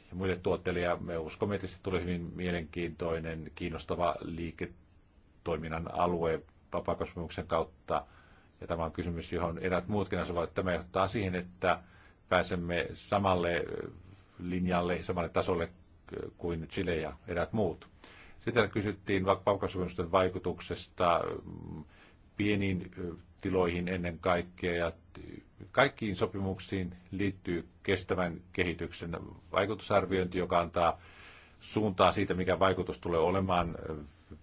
ja muille tuotteille, ja me uskomme, että se tulee hyvin mielenkiintoinen, kiinnostava liiketoiminnan alue vapaakasvimuksen kautta. Ja tämä on kysymys, johon erät muutkin asuvat. Tämä johtaa siihen, että pääsemme samalle linjalle, samalle tasolle kuin Chile ja erät muut. Sitten kysyttiin palkkasopimusten vaikutuksesta mm, pieniin tiloihin ennen kaikkea ja kaikkiin sopimuksiin liittyy kestävän kehityksen vaikutusarviointi, joka antaa suuntaa siitä, mikä vaikutus tulee olemaan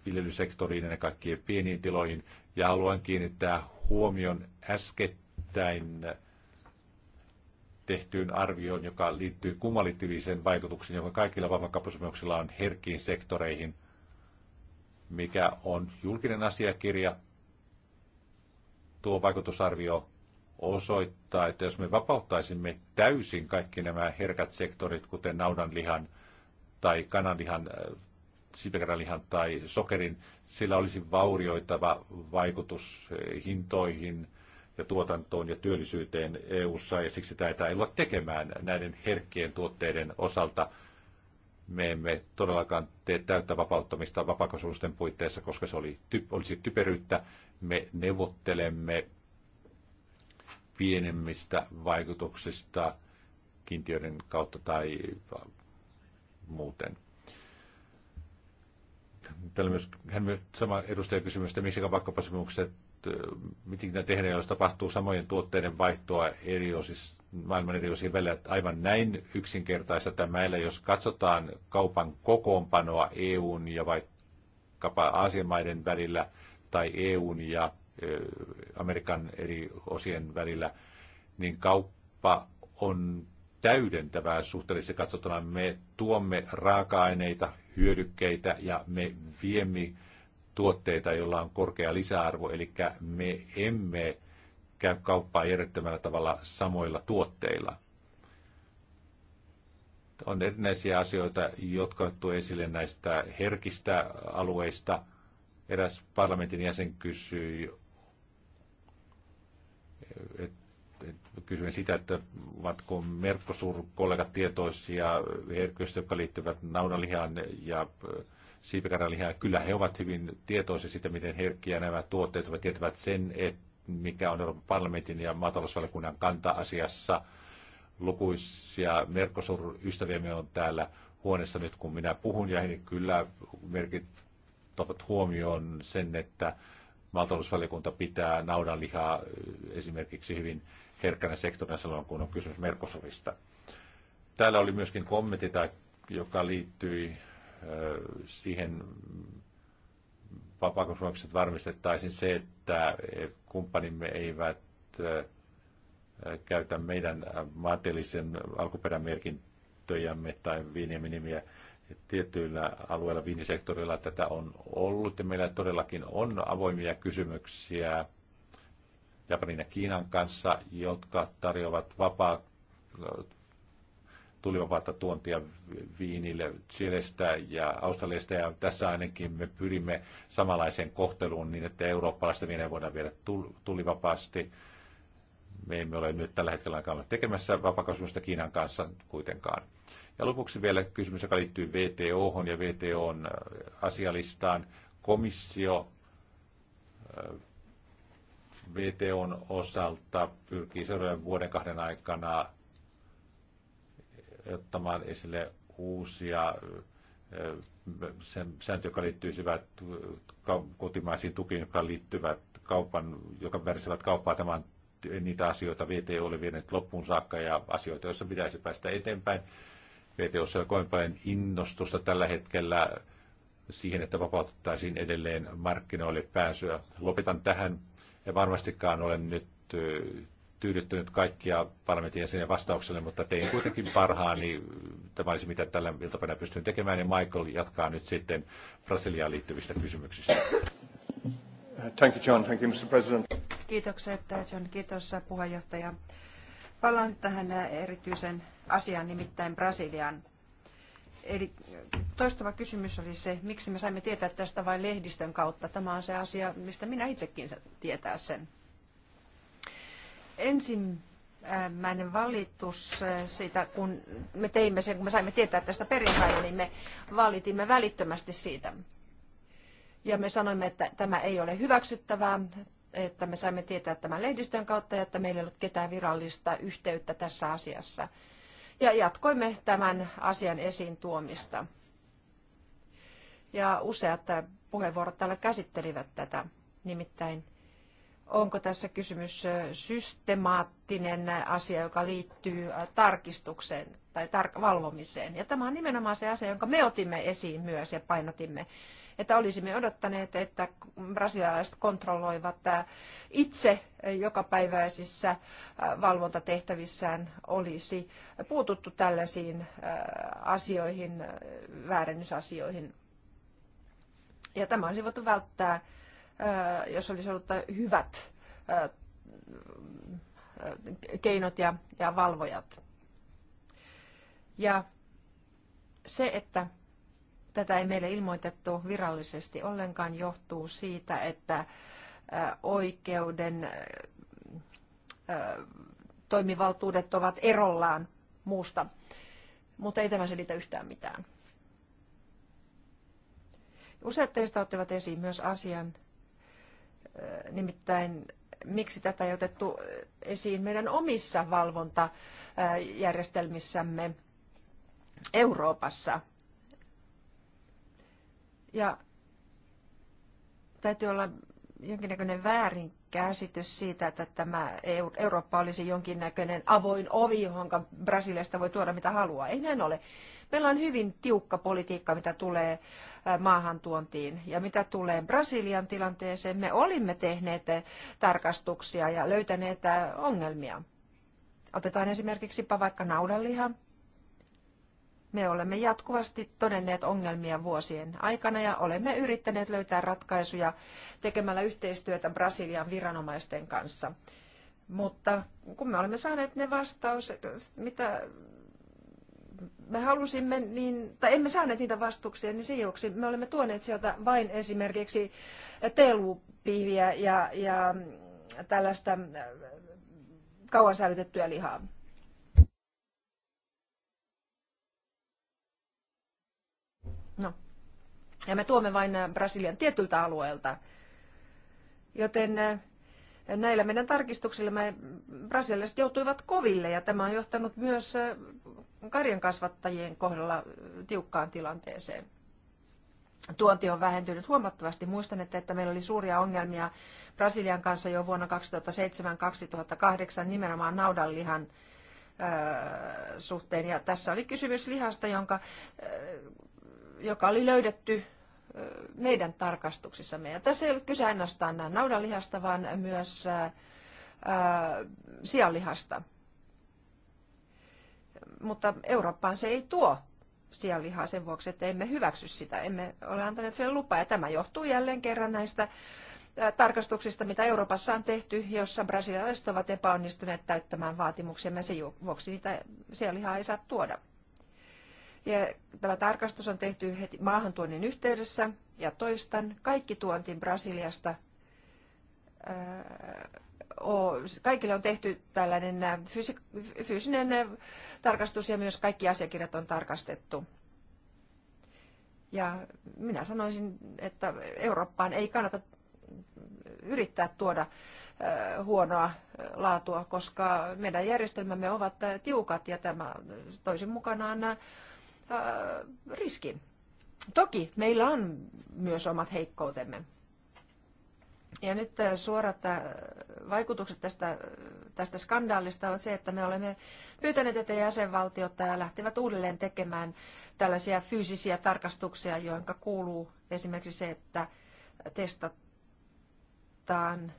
viljelysektoriin ennen kaikkea pieniin tiloihin. Ja haluan kiinnittää huomion äskettäin tehtyyn arvioon, joka liittyy kumulatiiviseen vaikutukseen, joka kaikilla vapakauppasopimuksilla on herkkiin sektoreihin mikä on julkinen asiakirja. Tuo vaikutusarvio osoittaa, että jos me vapauttaisimme täysin kaikki nämä herkät sektorit, kuten naudanlihan tai kananlihan, äh, sipikaralihan tai sokerin, sillä olisi vaurioitava vaikutus hintoihin ja tuotantoon ja työllisyyteen EU-ssa, ja siksi tätä ei tekemään näiden herkkien tuotteiden osalta – me emme todellakaan tee täyttä vapauttamista vapaakosulusten puitteissa, koska se oli, olisi typeryyttä. Me neuvottelemme pienemmistä vaikutuksista kiintiöiden kautta tai muuten. Täällä myös, hän myös sama edustaja kysymys, että miksi vaikkapa sopimukset, miten tehdään, jos tapahtuu samojen tuotteiden vaihtoa eri osissa maailman erilaisia osien välillä. Aivan näin yksinkertaista tämä ei Jos katsotaan kaupan kokoonpanoa EUn ja vaikkapa Aasian maiden välillä tai EUn ja Amerikan eri osien välillä, niin kauppa on täydentävää suhteellisesti katsottuna. Me tuomme raaka-aineita, hyödykkeitä ja me viemme tuotteita, joilla on korkea lisäarvo, eli me emme käy kauppaa järjettömällä tavalla samoilla tuotteilla. On erinäisiä asioita, jotka on esille näistä herkistä alueista. Eräs parlamentin jäsen kysyi, että kysyin sitä, että ovatko Merkosur-kollegat tietoisia herkyistä, jotka liittyvät naudanlihaan ja äh, siipikarjalihaan. Kyllä he ovat hyvin tietoisia siitä, miten herkkiä nämä tuotteet ovat, tietävät sen, että mikä on Euroopan parlamentin ja maatalousvaliokunnan kanta asiassa. Lukuisia Mercosur-ystäviämme on täällä huoneessa nyt, kun minä puhun, ja he kyllä merkittävät huomioon sen, että maatalousvaliokunta pitää naudanlihaa äh, esimerkiksi hyvin herkkänä sektorina silloin, kun on kysymys Mercosurista. Täällä oli myöskin kommentti, joka liittyi äh, siihen, vapaakosopimukset varmistettaisiin se, että kumppanimme eivät käytä meidän maantieteellisen alkuperämerkintöjämme tai viinien nimiä tietyillä alueilla viinisektorilla tätä on ollut ja meillä todellakin on avoimia kysymyksiä Japanin ja Kiinan kanssa, jotka tarjoavat vapaa tulivapaata tuontia viinille Chilestä ja Australiasta. Ja tässä ainakin me pyrimme samanlaiseen kohteluun niin, että eurooppalaista viinejä voidaan viedä tulivapaasti. Me emme ole nyt tällä hetkellä aikaan tekemässä vapakasvusta Kiinan kanssa kuitenkaan. Ja lopuksi vielä kysymys, joka liittyy VTO ja VTOn äh, asialistaan. Komissio VTOn äh, osalta pyrkii seuraavan vuoden kahden aikana ottamaan esille uusia sen sääntöjä, jotka liittyisivät kotimaisiin tukiin, jotka liittyvät kaupan, joka värsivät kauppaa tämän niitä asioita VTO oli vienyt loppuun saakka ja asioita, joissa pitäisi päästä eteenpäin. VTOssa on koin paljon innostusta tällä hetkellä siihen, että vapautettaisiin edelleen markkinoille pääsyä. Lopetan tähän. En varmastikaan ole nyt tyydyttynyt kaikkia parlamentin jäsenen vastaukselle, mutta tein kuitenkin parhaani. Tämä olisi mitä tällä iltapäivänä pystyn tekemään, ja Michael jatkaa nyt sitten Brasiliaan liittyvistä kysymyksistä. Thank you, John. Thank you, Mr. President. Kiitokset, John. Kiitos, puheenjohtaja. Palaan tähän erityisen asiaan, nimittäin Brasilian. Eli toistuva kysymys oli se, miksi me saimme tietää tästä vain lehdistön kautta. Tämä on se asia, mistä minä itsekin tietää sen ensimmäinen valitus siitä, kun me teimme sen, kun me saimme tietää tästä perjantaina, niin me valitimme välittömästi siitä. Ja me sanoimme, että tämä ei ole hyväksyttävää, että me saimme tietää tämän lehdistön kautta ja että meillä ei ollut ketään virallista yhteyttä tässä asiassa. Ja jatkoimme tämän asian esiin tuomista. Ja useat puheenvuorot täällä käsittelivät tätä, nimittäin onko tässä kysymys systemaattinen asia, joka liittyy tarkistukseen tai tar- valvomiseen. Ja tämä on nimenomaan se asia, jonka me otimme esiin myös ja painotimme, että olisimme odottaneet, että brasilialaiset kontrolloivat itse jokapäiväisissä valvontatehtävissään olisi puututtu tällaisiin asioihin, väärennysasioihin. Ja tämä olisi voitu välttää Äh, jos olisi ollut äh, hyvät äh, keinot ja, ja valvojat. Ja se, että tätä ei meille ilmoitettu virallisesti ollenkaan, johtuu siitä, että oikeuden toimivaltuudet ovat erollaan muusta, mutta ei tämä selitä yhtään mitään. Useat teistä ottivat esiin myös asian, Nimittäin miksi tätä ei otettu esiin meidän omissa valvontajärjestelmissämme Euroopassa. Ja täytyy olla jonkinnäköinen väärin käsitys siitä, että tämä Eurooppa olisi jonkinnäköinen avoin ovi, johon Brasiliasta voi tuoda mitä haluaa. Ei näin ole. Meillä on hyvin tiukka politiikka, mitä tulee maahantuontiin ja mitä tulee Brasilian tilanteeseen. Me olimme tehneet tarkastuksia ja löytäneet ongelmia. Otetaan esimerkiksi vaikka naudanliha. Me olemme jatkuvasti todenneet ongelmia vuosien aikana ja olemme yrittäneet löytää ratkaisuja tekemällä yhteistyötä Brasilian viranomaisten kanssa. Mutta kun me olemme saaneet ne vastaukset, mitä me halusimme, niin, tai emme saaneet niitä vastuuksia, niin siihen, me olemme tuoneet sieltä vain esimerkiksi teelupiiviä ja, ja tällaista kauan säilytettyä lihaa. No, ja me tuomme vain äh, Brasilian tietyltä alueelta. Joten äh, näillä meidän tarkistuksilla me brasilialaiset joutuivat koville ja tämä on johtanut myös äh, karjan kasvattajien kohdalla tiukkaan tilanteeseen. Tuonti on vähentynyt huomattavasti. Muistan, että, meillä oli suuria ongelmia Brasilian kanssa jo vuonna 2007-2008 nimenomaan naudanlihan suhteen. Ja tässä oli kysymys lihasta, jonka joka oli löydetty meidän tarkastuksissamme. Ja tässä ei ollut kyse ainoastaan naudanlihasta, vaan myös sianlihasta. Mutta Eurooppaan se ei tuo sianlihaa sen vuoksi, että emme hyväksy sitä, emme ole antaneet sen lupaa. Ja tämä johtuu jälleen kerran näistä tarkastuksista, mitä Euroopassa on tehty, jossa brasilialaiset ovat epäonnistuneet täyttämään vaatimuksia, ja sen vuoksi niitä sianlihaa ei saa tuoda. Ja tämä tarkastus on tehty heti maahantuonnin yhteydessä ja toistan, kaikki tuonti Brasiliasta, kaikille on tehty tällainen fyysinen tarkastus ja myös kaikki asiakirjat on tarkastettu. Ja minä sanoisin, että Eurooppaan ei kannata yrittää tuoda huonoa laatua, koska meidän järjestelmämme ovat tiukat ja tämä toisin mukanaan Äh, riskin. Toki meillä on myös omat heikkoutemme. Ja nyt äh, suorat äh, vaikutukset tästä, tästä skandaalista on se, että me olemme pyytäneet, että jäsenvaltiot lähtevät uudelleen tekemään tällaisia fyysisiä tarkastuksia, joihin kuuluu esimerkiksi se, että testataan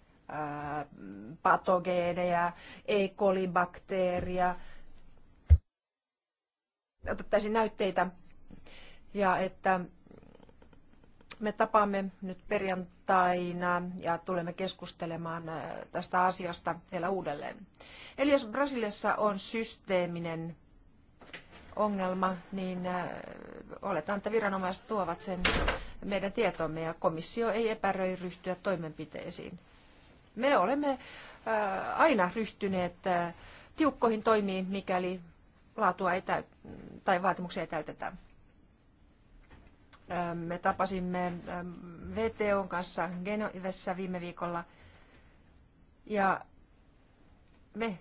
patogeeneja, E. coli-bakteeria, otettaisiin näytteitä ja että me tapaamme nyt perjantaina ja tulemme keskustelemaan äh, tästä asiasta vielä uudelleen. Eli jos Brasiliassa on systeeminen ongelma, niin äh, oletaan, että viranomaiset tuovat sen meidän tietomme ja komissio ei epäröi ryhtyä toimenpiteisiin. Me olemme äh, aina ryhtyneet tiukkoihin toimiin, mikäli laatua ei täy, tai vaatimuksia ei täytetä. Me tapasimme VTOn kanssa Genovessa viime viikolla ja me,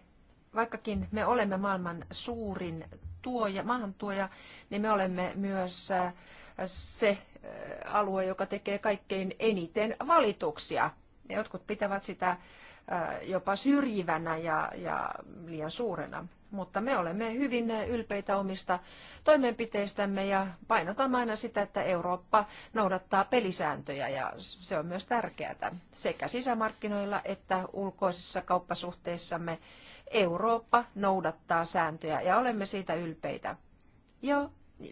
vaikkakin me olemme maailman suurin tuoja, maahantuoja, niin me olemme myös se alue, joka tekee kaikkein eniten valituksia. Jotkut pitävät sitä jopa syrjivänä ja, ja liian suurena. Mutta me olemme hyvin ylpeitä omista toimenpiteistämme ja painotamme aina sitä, että Eurooppa noudattaa pelisääntöjä ja se on myös tärkeää sekä sisämarkkinoilla että ulkoisissa kauppasuhteissamme. Eurooppa noudattaa sääntöjä ja olemme siitä ylpeitä. Jo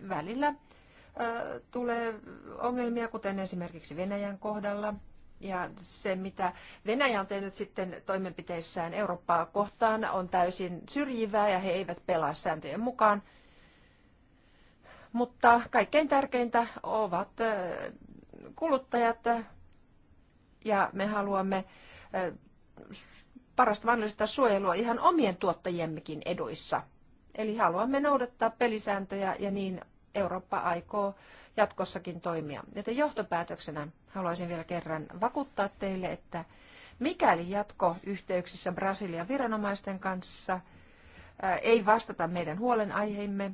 välillä tulee ongelmia, kuten esimerkiksi Venäjän kohdalla – ja se, mitä Venäjä on tehnyt sitten toimenpiteissään Eurooppaa kohtaan, on täysin syrjivää ja he eivät pelaa sääntöjen mukaan. Mutta kaikkein tärkeintä ovat kuluttajat ja me haluamme parasta mahdollista suojelua ihan omien tuottajiemmekin eduissa. Eli haluamme noudattaa pelisääntöjä ja niin Eurooppa aikoo jatkossakin toimia. Joten johtopäätöksenä haluaisin vielä kerran vakuuttaa teille, että mikäli jatko yhteyksissä Brasilian viranomaisten kanssa ei vastata meidän huolenaiheimme,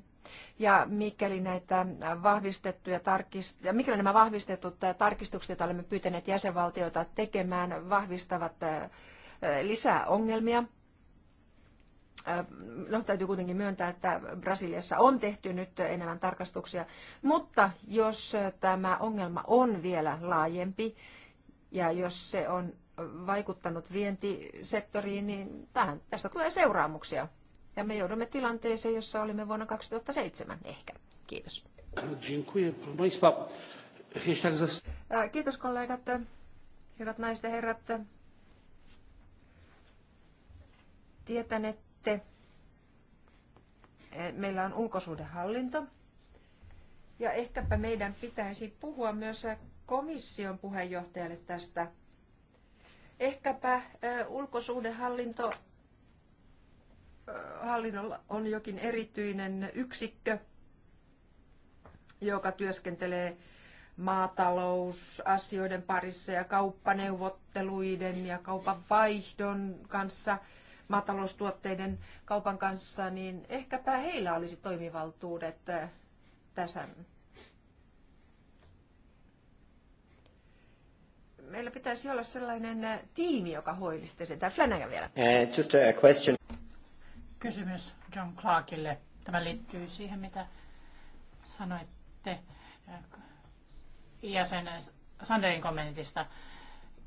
ja mikäli, näitä vahvistettuja tarkist- ja mikäli nämä vahvistetut tarkistukset, joita olemme pyytäneet jäsenvaltioita tekemään, vahvistavat lisää ongelmia, Äh, no, täytyy kuitenkin myöntää, että Brasiliassa on tehty nyt enemmän tarkastuksia, mutta jos tämä ongelma on vielä laajempi ja jos se on vaikuttanut vientisektoriin, niin tähän, tästä tulee seuraamuksia. Ja me joudumme tilanteeseen, jossa olimme vuonna 2007 ehkä. Kiitos. Äh, kiitos kollegat, hyvät naiset ja herrat. Tietän, että sitten eh, meillä on ulkosuhdehallinto. Ja ehkäpä meidän pitäisi puhua myös eh, komission puheenjohtajalle tästä. Ehkäpä eh, ulkosuhdehallinto hallinnolla on jokin erityinen yksikkö, joka työskentelee maatalousasioiden parissa ja kauppaneuvotteluiden ja kaupan vaihdon kanssa – maataloustuotteiden kaupan kanssa, niin ehkäpä heillä olisi toimivaltuudet eh, tässä. Meillä pitäisi olla sellainen eh, tiimi, joka hoilisi sitä. Flanagan vielä. Uh, just a question. Kysymys John Clarkille. Tämä liittyy siihen, mitä sanoitte jäsen Sanderin kommentista.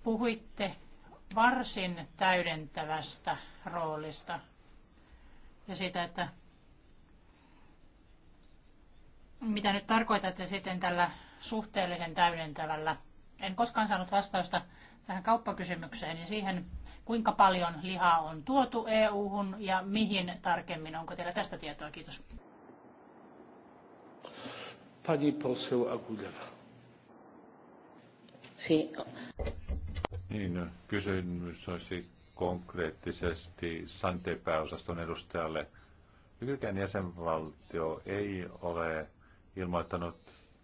Puhuitte varsin täydentävästä roolista ja siitä, että mitä nyt tarkoitatte sitten tällä suhteellisen täydentävällä. En koskaan saanut vastausta tähän kauppakysymykseen ja siihen, kuinka paljon lihaa on tuotu EU-hun ja mihin tarkemmin. Onko teillä tästä tietoa? Kiitos. Pani poseł Agudela. Niin, kysymys olisi konkreettisesti Sante-pääosaston edustajalle. Yksikään jäsenvaltio ei ole ilmoittanut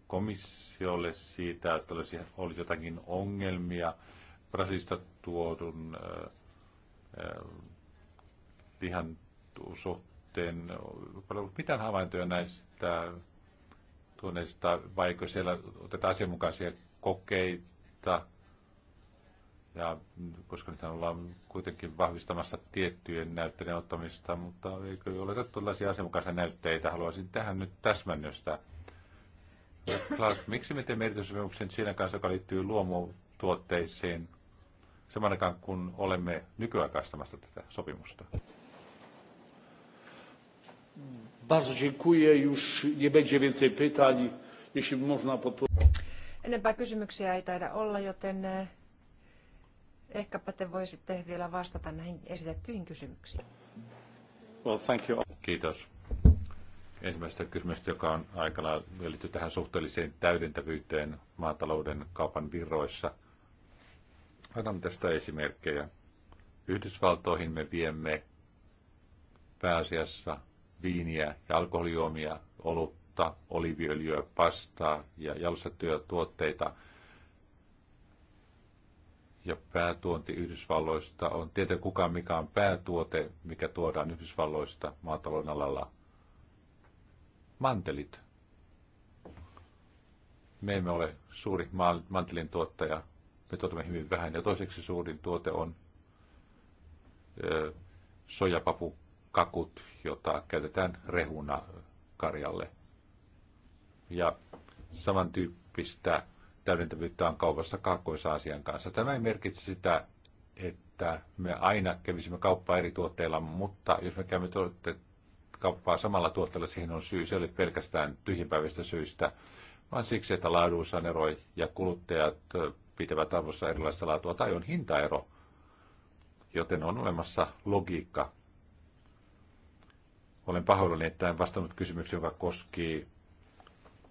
komissiolle siitä, että olisi ollut jotakin ongelmia Brasilista tuodun lihan suhteen. Mitään havaintoja näistä tuoneista, vaiko siellä otetaan asianmukaisia kokeita, ja koska nyt ollaan kuitenkin vahvistamassa tiettyjen näytteiden ottamista, mutta eikö ole tällaisia asianmukaisia näytteitä? Haluaisin tähän nyt täsmännystä. Clark, miksi me teemme erityisemmuksen siinä kanssa, joka liittyy luomutuotteisiin, samanaikaan kun olemme nykyaikaistamassa tätä sopimusta? Bardzo dziękuję. Już nie będzie więcej pytań. Jeśli można... Enempää kysymyksiä ei taida olla, joten e, Ehkäpä te voisitte vielä vastata näihin esitettyihin kysymyksiin. Well, thank you. Kiitos. Ensimmäistä kysymystä, joka on aikana liittyy tähän suhteelliseen täydentävyyteen maatalouden kaupan virroissa. Annan tästä esimerkkejä. Yhdysvaltoihin me viemme pääasiassa viiniä ja alkoholijuomia, olutta, oliviöljyä, pastaa ja jalostettuja tuotteita – ja päätuonti Yhdysvalloista on tietenkin kukaan mikä on päätuote, mikä tuodaan Yhdysvalloista maatalouden alalla. Mantelit. Me emme ole suuri mantelin tuottaja. Me tuotamme hyvin vähän. Ja toiseksi suurin tuote on ö, sojapapukakut, jota käytetään rehuna karjalle. Ja samantyyppistä on kaupassa kaakkoisaasian kanssa. Tämä ei merkitse sitä, että me aina kävisimme kauppaa eri tuotteilla, mutta jos me käymme tuotte kauppaa samalla tuotteella, siihen on syy. Se oli pelkästään tyhjinpäiväistä syistä, vaan siksi, että laaduissa on ero ja kuluttajat pitävät arvossa erilaista laatua tai on hintaero, joten on olemassa logiikka. Olen pahoillani, että en vastannut kysymykseen, joka koski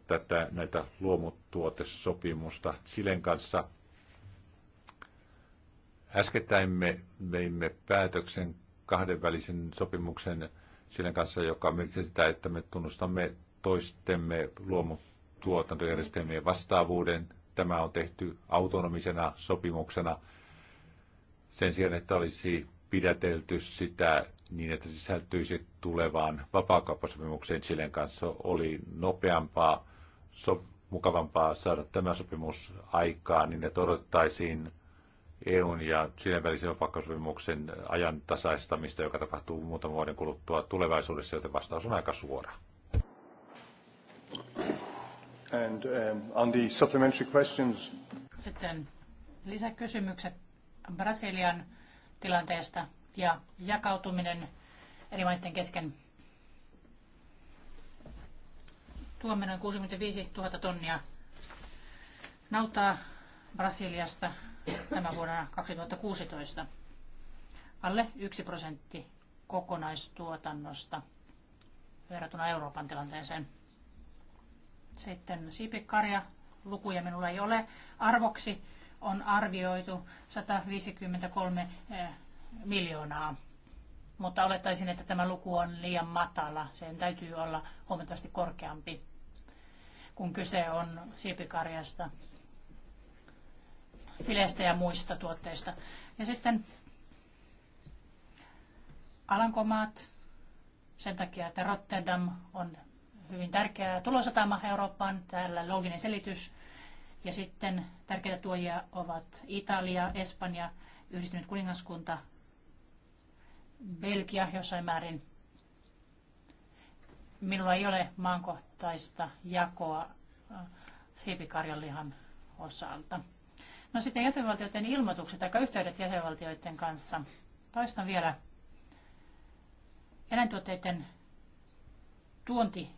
tätä, näitä luomutuotesopimusta Chilen kanssa. Äskettäin me veimme päätöksen kahdenvälisen sopimuksen Chilen kanssa, joka merkitsee sitä, että me tunnustamme toistemme luomutuotantojärjestelmien vastaavuuden. Tämä on tehty autonomisena sopimuksena sen sijaan, että olisi pidätelty sitä niin, että sisältyisi tulevaan vapaakauppasopimukseen Chilen kanssa, oli nopeampaa so- mukavampaa saada tämä sopimus aikaan, niin että odottaisiin EUn ja Chilen välisen vapaakauppasopimuksen ajan tasaistamista, joka tapahtuu muutaman vuoden kuluttua tulevaisuudessa, joten vastaus on aika suora. And, um, on the supplementary questions. Sitten lisäkysymykset Brasilian tilanteesta ja jakautuminen eri maiden kesken. Tuomme noin 65 000 tonnia nautaa Brasiliasta tämän vuonna 2016. Alle 1 prosentti kokonaistuotannosta verrattuna Euroopan tilanteeseen. Sitten siipikarja lukuja minulla ei ole. Arvoksi on arvioitu 153 eh, miljoonaa, mutta olettaisin, että tämä luku on liian matala. Sen täytyy olla huomattavasti korkeampi kun kyse on siipikarjasta, filestä ja muista tuotteista. Ja sitten Alankomaat, sen takia, että Rotterdam on hyvin tärkeä tulosatama Eurooppaan, täällä looginen selitys. Ja sitten tärkeitä tuojia ovat Italia, Espanja, Yhdistynyt kuningaskunta, Belgia jossain määrin Minulla ei ole maankohtaista jakoa äh, siipikarjanlihan osalta. No sitten jäsenvaltioiden ilmoitukset tai yhteydet jäsenvaltioiden kanssa. Toistan vielä eläintuotteiden tuonti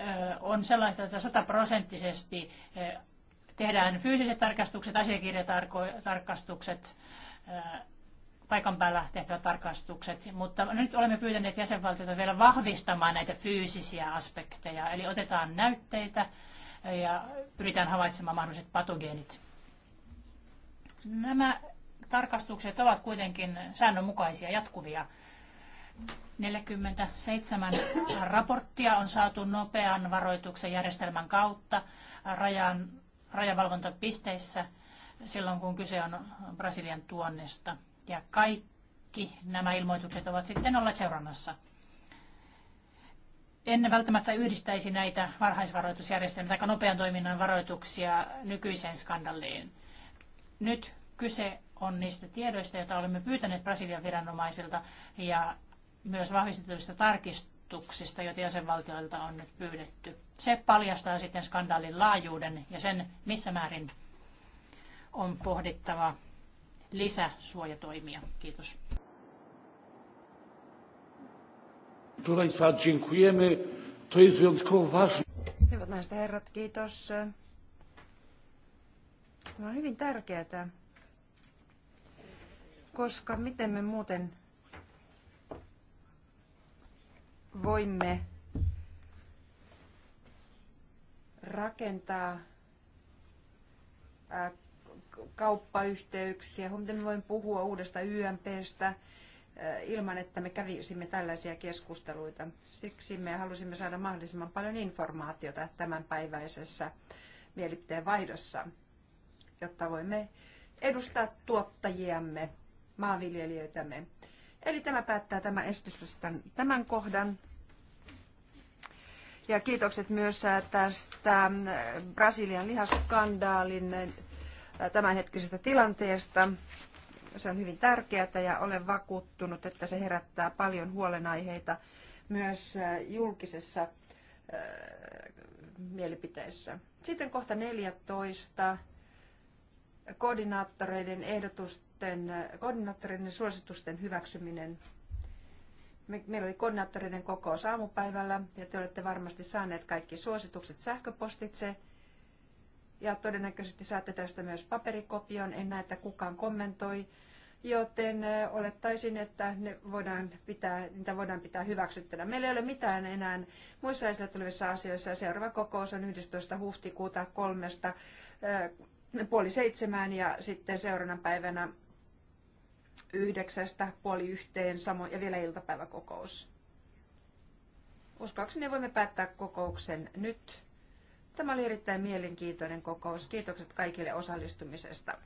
äh, on sellaista, että sataprosenttisesti äh, tehdään fyysiset tarkastukset, asiakirjatarkastukset, paikan päällä tehtävät tarkastukset, mutta nyt olemme pyytäneet jäsenvaltioita vielä vahvistamaan näitä fyysisiä aspekteja, eli otetaan näytteitä ja pyritään havaitsemaan mahdolliset patogeenit. Nämä tarkastukset ovat kuitenkin säännönmukaisia, jatkuvia. 47 raporttia on saatu nopean varoituksen järjestelmän kautta rajan, rajavalvontapisteissä silloin, kun kyse on Brasilian tuonnesta. Ja kaikki nämä ilmoitukset ovat sitten olleet seurannassa. En välttämättä yhdistäisi näitä varhaisvaroitusjärjestelmiä tai nopean toiminnan varoituksia nykyiseen skandaliin. Nyt kyse on niistä tiedoista, joita olemme pyytäneet Brasilian viranomaisilta ja myös vahvistetuista tarkistuksista, joita jäsenvaltioilta on nyt pyydetty. Se paljastaa sitten skandaalin laajuuden ja sen, missä määrin on pohdittava lisäsuojatoimia. Kiitos. Hyvät naiset ja herrat, kiitos. Tämä on hyvin tärkeää, koska miten me muuten voimme rakentaa kauppayhteyksiä, miten me voimme puhua uudesta YMPstä eh, ilman, että me kävisimme tällaisia keskusteluita. Siksi me halusimme saada mahdollisimman paljon informaatiota tämänpäiväisessä mielipiteen vaihdossa, jotta voimme edustaa tuottajiamme, maanviljelijöitämme. Eli tämä päättää tämä esitys tämän kohdan. Ja kiitokset myös eh, tästä mm, Brasilian lihaskandaalin eh, Äh, tämänhetkisestä tilanteesta. Se on hyvin tärkeää ja olen vakuuttunut, että se herättää paljon huolenaiheita myös äh, julkisessa äh, mielipiteessä. Sitten kohta 14 koordinaattoreiden ehdotusten, koordinaattoreiden suositusten hyväksyminen. Meillä oli koordinaattoreiden kokous aamupäivällä ja te olette varmasti saaneet kaikki suositukset sähköpostitse ja todennäköisesti saatte tästä myös paperikopion. En näe, että kukaan kommentoi, joten olettaisin, että ne voidaan pitää, niitä voidaan pitää hyväksyttynä. Meillä ei ole mitään enää muissa esille tulevissa asioissa ja seuraava kokous on 11. huhtikuuta kolmesta puoli seitsemään ja sitten seuraavana päivänä yhdeksästä puoli yhteen samoin ja vielä iltapäiväkokous. Uskoakseni voimme päättää kokouksen nyt. Tämä oli erittäin mielenkiintoinen kokous. Kiitokset kaikille osallistumisesta.